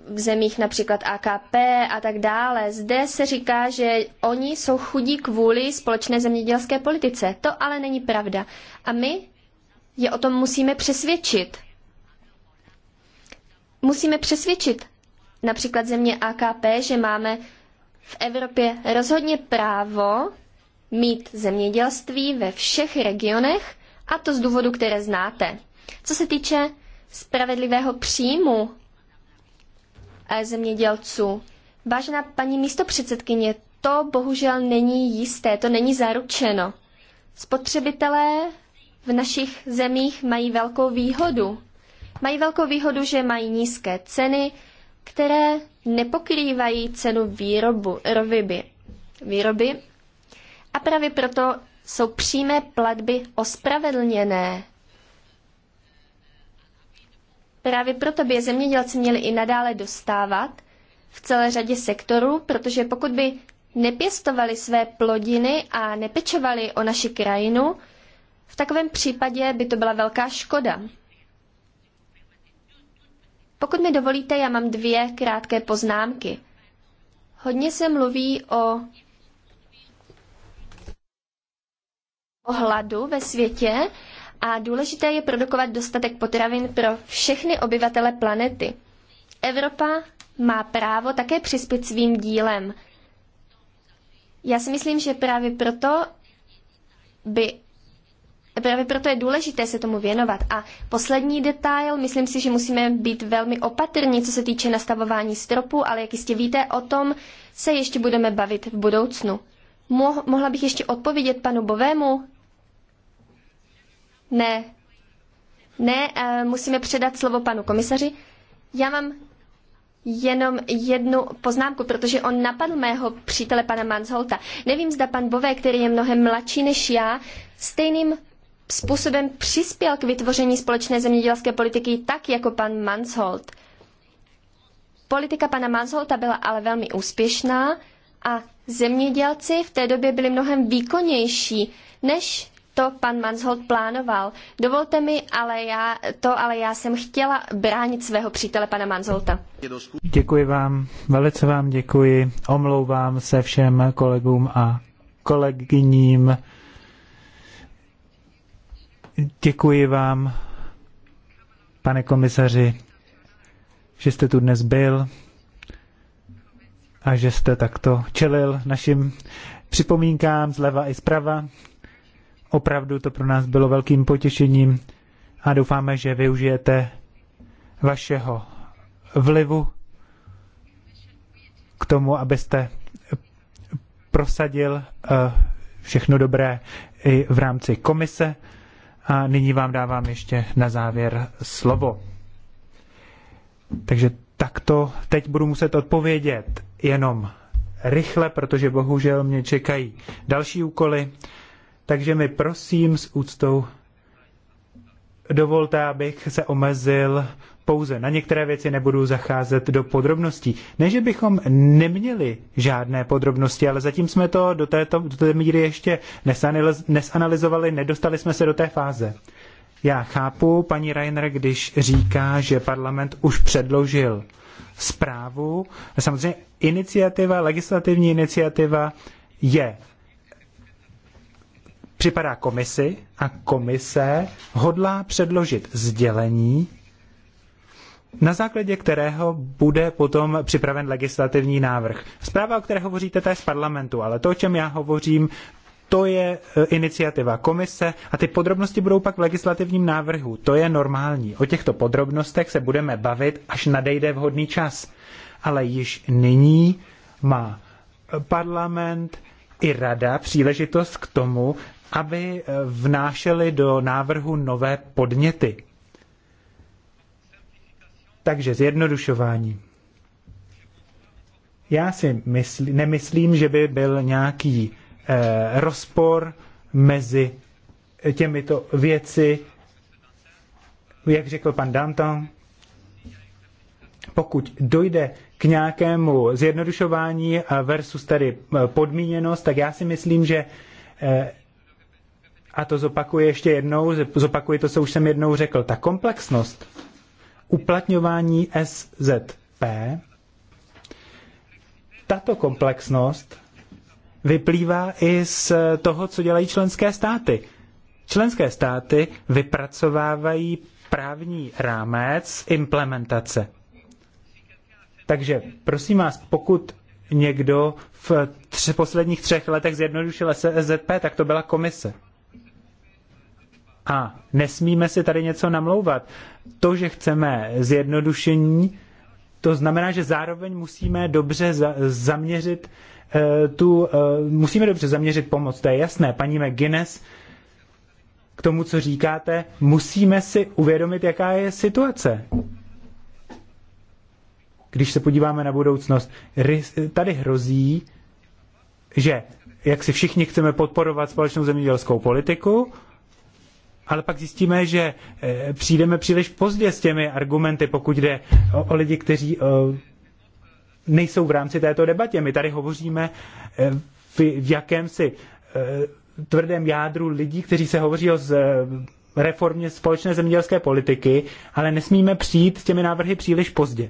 v zemích například AKP a tak dále. Zde se říká, že oni jsou chudí kvůli společné zemědělské politice. To ale není pravda. A my je o tom musíme přesvědčit. Musíme přesvědčit například země AKP, že máme v Evropě rozhodně právo mít zemědělství ve všech regionech a to z důvodu, které znáte. Co se týče spravedlivého příjmu Eh, zemědělců. Vážená paní místopředsedkyně, to bohužel není jisté, to není zaručeno. Spotřebitelé v našich zemích mají velkou výhodu. Mají velkou výhodu, že mají nízké ceny, které nepokrývají cenu výrobu, roviby, výroby a právě proto jsou přímé platby ospravedlněné Právě proto by je zemědělci měli i nadále dostávat v celé řadě sektorů, protože pokud by nepěstovali své plodiny a nepečovali o naši krajinu, v takovém případě by to byla velká škoda. Pokud mi dovolíte, já mám dvě krátké poznámky. Hodně se mluví o, o hladu ve světě a důležité je produkovat dostatek potravin pro všechny obyvatele planety. Evropa má právo také přispět svým dílem. Já si myslím, že právě proto by Právě proto je důležité se tomu věnovat. A poslední detail, myslím si, že musíme být velmi opatrní, co se týče nastavování stropu, ale jak jistě víte, o tom se ještě budeme bavit v budoucnu. Mohla bych ještě odpovědět panu Bovému, ne. Ne, eh, musíme předat slovo panu komisaři. Já mám jenom jednu poznámku, protože on napadl mého přítele pana Mansholta. Nevím, zda pan Bové, který je mnohem mladší než já, stejným způsobem přispěl k vytvoření společné zemědělské politiky tak jako pan Mansholt. Politika pana Mansholta byla ale velmi úspěšná a zemědělci v té době byli mnohem výkonnější, než to pan Manshold plánoval. Dovolte mi, ale já, to ale já jsem chtěla bránit svého přítele pana Mansholta. Děkuji vám, velice vám děkuji. Omlouvám se všem kolegům a kolegyním. Děkuji vám, pane komisaři, že jste tu dnes byl a že jste takto čelil našim připomínkám zleva i zprava. Opravdu to pro nás bylo velkým potěšením a doufáme, že využijete vašeho vlivu k tomu, abyste prosadil eh, všechno dobré i v rámci komise. A nyní vám dávám ještě na závěr slovo. Takže takto teď budu muset odpovědět jenom rychle, protože bohužel mě čekají další úkoly. Takže mi prosím s úctou dovolte, abych se omezil pouze na některé věci, nebudu zacházet do podrobností. Ne, že bychom neměli žádné podrobnosti, ale zatím jsme to do této, do té míry ještě nesanalizovali, nedostali jsme se do té fáze. Já chápu, paní Reiner, když říká, že parlament už předložil zprávu. Samozřejmě iniciativa, legislativní iniciativa je připadá komisi a komise hodlá předložit sdělení, na základě kterého bude potom připraven legislativní návrh. Zpráva, o které hovoříte, to je z parlamentu, ale to, o čem já hovořím, to je e, iniciativa komise a ty podrobnosti budou pak v legislativním návrhu. To je normální. O těchto podrobnostech se budeme bavit, až nadejde vhodný čas. Ale již nyní má e, parlament i rada příležitost k tomu, aby eh, vnášeli do návrhu nové podněty. Takže zjednodušování. Já si myslí, nemyslím, že by byl nějaký eh, rozpor mezi těmito věci, jak řekl pan Danton, pokud dojde k nějakému zjednodušování eh, versus tedy eh, podmíněnost, tak já si myslím, že a to zopakuji ještě jednou, zopakuji to, co už jsem jednou řekl, ta komplexnost uplatňování SZP, tato komplexnost vyplývá i z toho, co dělají členské státy. Členské státy vypracovávají právní rámec implementace. Takže prosím vás, pokud někdo v posledních třech letech zjednodušil SZP, tak to byla komise. A nesmíme si tady něco namlouvat. To, že chceme zjednodušení, to znamená, že zároveň musíme dobře za, zaměřit e, tu, e, musíme dobře zaměřit pomoc, to je jasné. Paní McGuinness, k tomu, co říkáte, musíme si uvědomit, jaká je situace. Když se podíváme na budoucnost, tady hrozí, že jak si všichni chceme podporovat společnou zemědělskou politiku, ale pak zjistíme, že eh, přijdeme příliš pozdě s těmi argumenty, pokud jde o, o lidi, kteří o, eh, nejsou v rámci této debatě. My tady hovoříme eh, v, v jakémsi tvrdém jádru lidí, kteří se hovoří o z, reformě společné zemědělské politiky, ale nesmíme přijít s těmi návrhy příliš pozdě.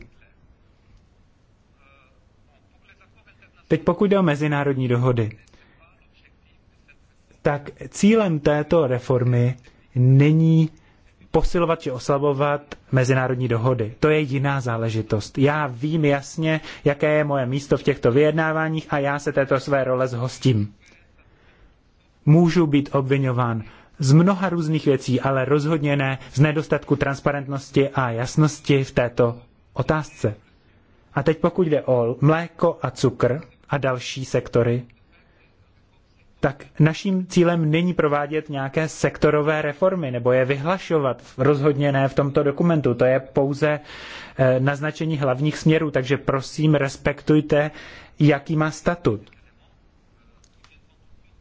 Teď pokud jde o mezinárodní dohody, tak cílem této reformy není posilovat či oslabovat mezinárodní dohody. To je jiná záležitost. Já vím jasně, jaké je moje místo v těchto vyjednáváních a já se této své role zhostím. Můžu být obvinován z mnoha různých věcí, ale rozhodně ne z nedostatku transparentnosti a jasnosti v této otázce. A teď pokud jde o mléko a cukr a další sektory, tak naším cílem není provádět nějaké sektorové reformy nebo je vyhlašovat, rozhodně ne v tomto dokumentu. To je pouze eh, naznačení hlavních směrů, takže prosím respektujte, jaký má statut.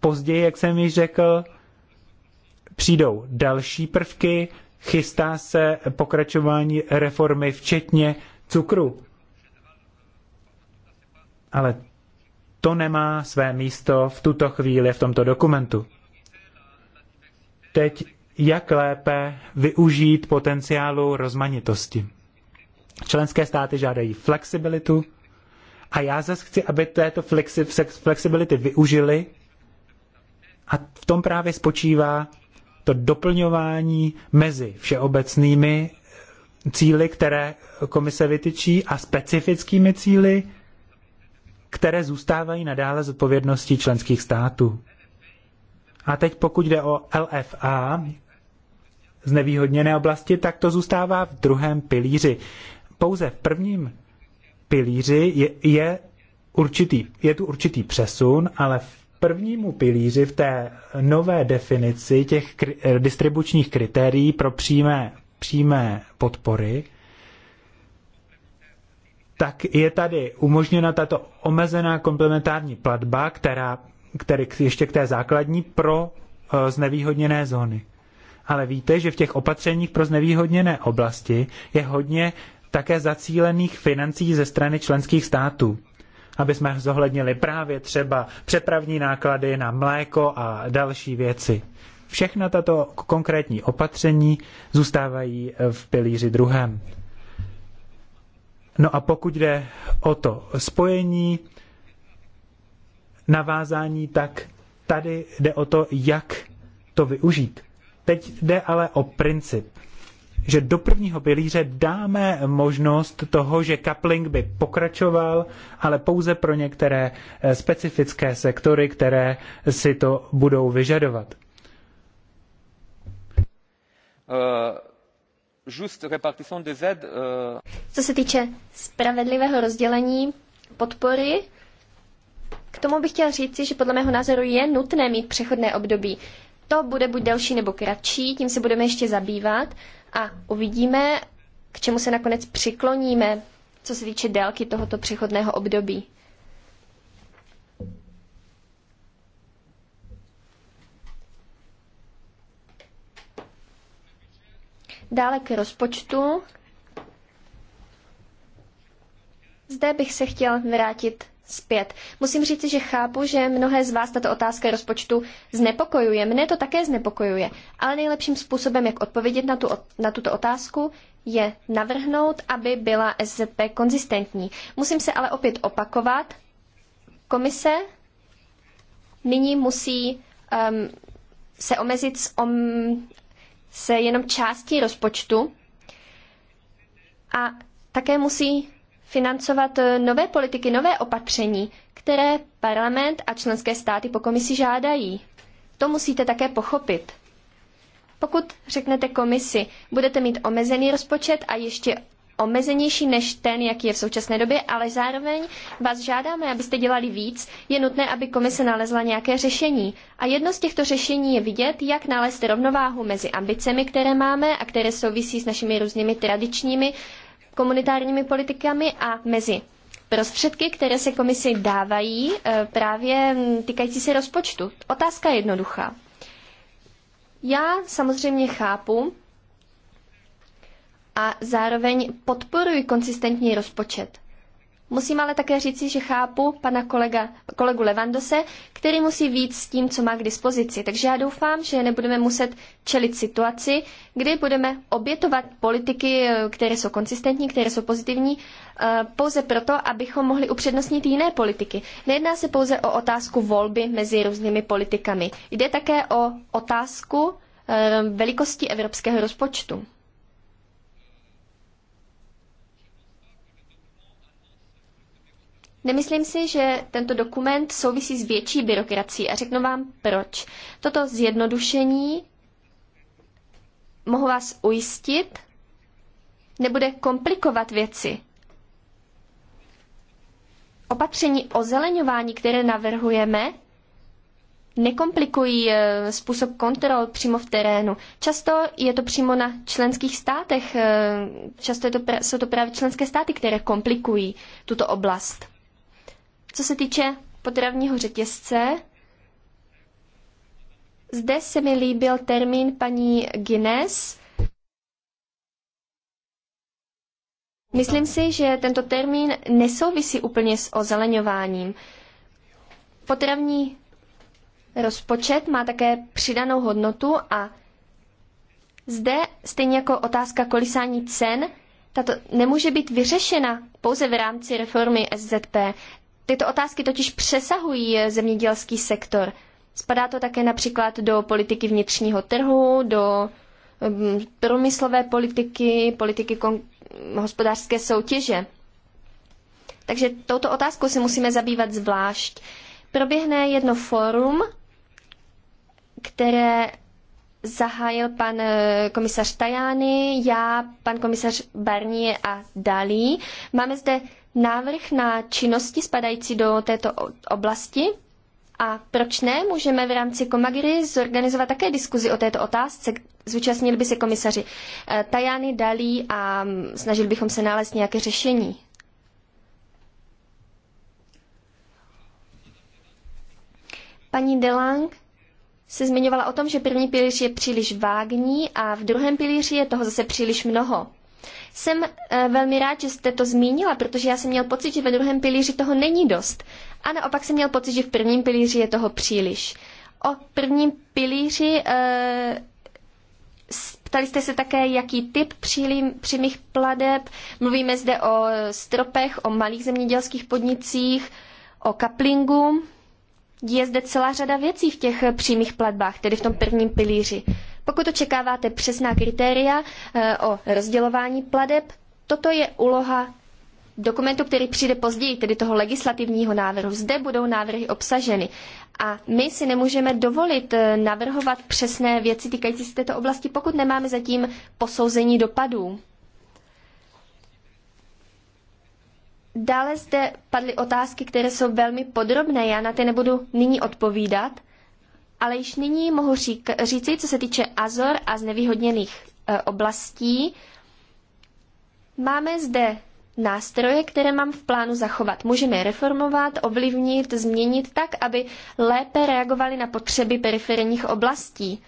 Později, jak jsem již řekl, přijdou další prvky, chystá se pokračování reformy, včetně cukru. Ale to nemá své místo v tuto chvíli v tomto dokumentu. Teď jak lépe využít potenciálu rozmanitosti. Členské státy žádají flexibilitu a já zase chci, aby této flexibility využili a v tom právě spočívá to doplňování mezi všeobecnými cíly, které komise vytyčí a specifickými cíly, které zůstávají nadále zodpovědností členských států. A teď pokud jde o LFA, znevýhodněné oblasti, tak to zůstává v druhém pilíři. Pouze v prvním pilíři je, je, určitý, je tu určitý přesun, ale v prvnímu pilíři v té nové definici těch kri, distribučních kritérií pro přímé, přímé podpory tak je tady umožněna tato omezená komplementární platba, která, který, ještě k té základní, pro e, znevýhodněné zóny. Ale víte, že v těch opatřeních pro znevýhodněné oblasti je hodně také zacílených financí ze strany členských států. Aby jsme zohlednili právě třeba přepravní náklady na mléko a další věci. Všechna tato konkrétní opatření zůstávají v pilíři druhém. No a pokud jde o to spojení, navázání, tak tady jde o to, jak to využít. Teď jde ale o princip, že do prvního pilíře dáme možnost toho, že coupling by pokračoval, ale pouze pro některé eh, specifické sektory, které si to budou vyžadovat. Uh Euh, co se týče spravedlivého rozdělení podpory, k tomu bych chtěla říci, že podle mého názoru je nutné mít přechodné období. To bude buď delší nebo kratší, tím se budeme ještě zabývat a uvidíme, k čemu se nakonec přikloníme, co se týče délky tohoto přechodného období. Dále k rozpočtu. Zde bych se chtěl vrátit zpět. Musím říct, že chápu, že mnohé z vás tato otázka rozpočtu znepokojuje. Mne to také znepokojuje. Ale nejlepším způsobem, jak odpovědět na, tu, na tuto otázku, je navrhnout, aby byla SZP konzistentní. Musím se ale opět opakovat. Komise nyní musí um, se omezit s om, se jenom částí rozpočtu a také musí financovat eh, nové politiky, nové opatření, které parlament a členské státy po komisi žádají. To musíte také pochopit. Pokud řeknete komisi, budete mít omezený rozpočet a ještě omezenější než ten, jaký je v současné době, ale zároveň vás žádáme, abyste dělali víc. Je nutné, aby komise nalezla nějaké řešení. A jedno z těchto řešení je vidět, jak nalézt rovnováhu mezi ambicemi, které máme a které souvisí s našimi různými tradičními komunitárními politikami a mezi prostředky, které se komisi dávají eh, právě týkající se rozpočtu. Otázka je jednoduchá. Já samozřejmě chápu, a zároveň podporuji konsistentní rozpočet. Musím ale také říci, že chápu pana kolega, kolegu Levandose, který musí víc s tím, co má k dispozici. Takže já doufám, že nebudeme muset čelit situaci, kdy budeme obětovat politiky, které jsou konsistentní, které jsou pozitivní, eh, pouze proto, abychom mohli upřednostnit jiné politiky. Nejedná se pouze o otázku volby mezi různými politikami. Jde také o otázku eh, velikosti evropského rozpočtu. Nemyslím si, že tento dokument souvisí s větší byrokracií a řeknu vám proč. Toto zjednodušení, mohu vás ujistit, nebude komplikovat věci. Opatření ozeleňování, které navrhujeme, nekomplikují eh, způsob kontrol přímo v terénu. Často je to přímo na členských státech, eh, často je to, jsou to právě členské státy, které komplikují tuto oblast. Co se týče potravního řetězce, zde se mi líbil termín paní Guinness. Myslím si, že tento termín nesouvisí úplně s ozeleňováním. Potravní rozpočet má také přidanou hodnotu a zde, stejně jako otázka kolisání cen, tato nemůže být vyřešena pouze v rámci reformy SZP. Tyto otázky totiž přesahují zemědělský sektor. Spadá to také například do politiky vnitřního trhu, do mm, průmyslové politiky, politiky hospodářské soutěže. Takže touto otázkou se musíme zabývat zvlášť. Proběhne jedno fórum, které zahájil pan eh, komisař Tajani, já, pan komisař Barnier a Dalí. Máme zde návrh na činnosti spadající do této oblasti? A proč ne? Můžeme v rámci Komagry zorganizovat také diskuzi o této otázce. Zúčastnili by se komisaři eh, Tajany, Dalí a mm, snažili bychom se nalézt nějaké řešení. Paní Delang se zmiňovala o tom, že první pilíř je příliš vágní a v druhém pilíři je toho zase příliš mnoho. Jsem eh, velmi rád, že jste to zmínila, protože já jsem měl pocit, že ve druhém pilíři toho není dost. A naopak jsem měl pocit, že v prvním pilíři je toho příliš. O prvním pilíři eh, Ptali jste se také, jaký typ přímých pladeb. Mluvíme zde o stropech, o malých zemědělských podnicích, o kaplingu. Je zde celá řada věcí v těch eh, přímých platbách, tedy v tom prvním pilíři. Pokud očekáváte přesná kritéria eh, o rozdělování pladeb, toto je úloha dokumentu, který přijde později, tedy toho legislativního návrhu. Zde budou návrhy obsaženy. A my si nemůžeme dovolit eh, navrhovat přesné věci týkající se této oblasti, pokud nemáme zatím posouzení dopadů. Dále zde padly otázky, které jsou velmi podrobné. Já na ty nebudu nyní odpovídat, ale již nyní mohu řík, říci, co se týče Azor a znevýhodněných e, oblastí, máme zde nástroje, které mám v plánu zachovat. Můžeme je reformovat, ovlivnit, změnit tak, aby lépe reagovali na potřeby periferních oblastí.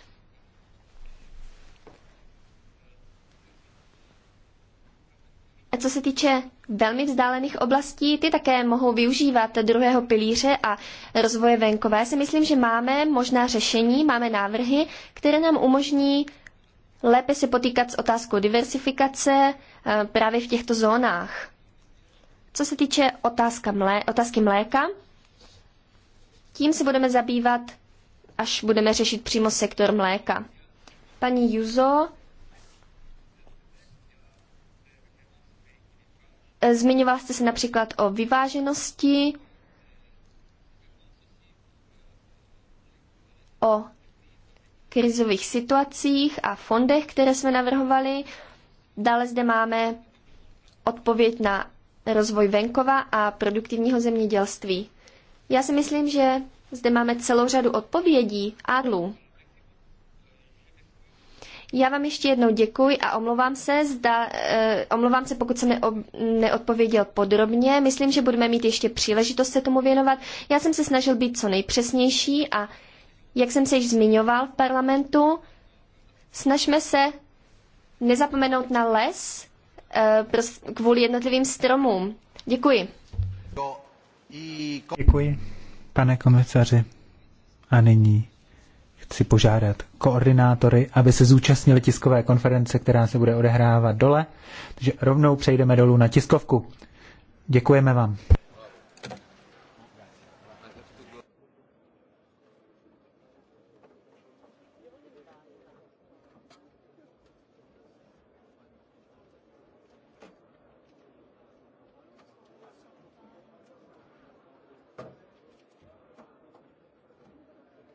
co se týče velmi vzdálených oblastí, ty také mohou využívat druhého pilíře a rozvoje venkové. Já si myslím, že máme možná řešení, máme návrhy, které nám umožní lépe se potýkat s otázkou diversifikace eh, právě v těchto zónách. Co se týče otázka mlé, otázky mléka, tím se budeme zabývat, až budeme řešit přímo sektor mléka. Paní Juzo Eh, Zmiňoval jste se například o vyváženosti, o krizových situacích a fondech, které jsme navrhovali. Dále zde máme odpověď na rozvoj venkova a produktivního zemědělství. Já si myslím, že zde máme celou řadu odpovědí a dlů. Já vám ještě jednou děkuji a omlouvám se, zda, eh, omlouvám se, pokud jsem neob, neodpověděl podrobně. Myslím, že budeme mít ještě příležitost se tomu věnovat. Já jsem se snažil být co nejpřesnější a jak jsem se již zmiňoval v parlamentu, snažme se nezapomenout na les eh, kvůli jednotlivým stromům. Děkuji. Děkuji, pane komisaři. A nyní chci požádat koordinátory, aby se zúčastnili tiskové konference, která se bude odehrávat dole. Takže rovnou přejdeme dolů na tiskovku. Děkujeme vám.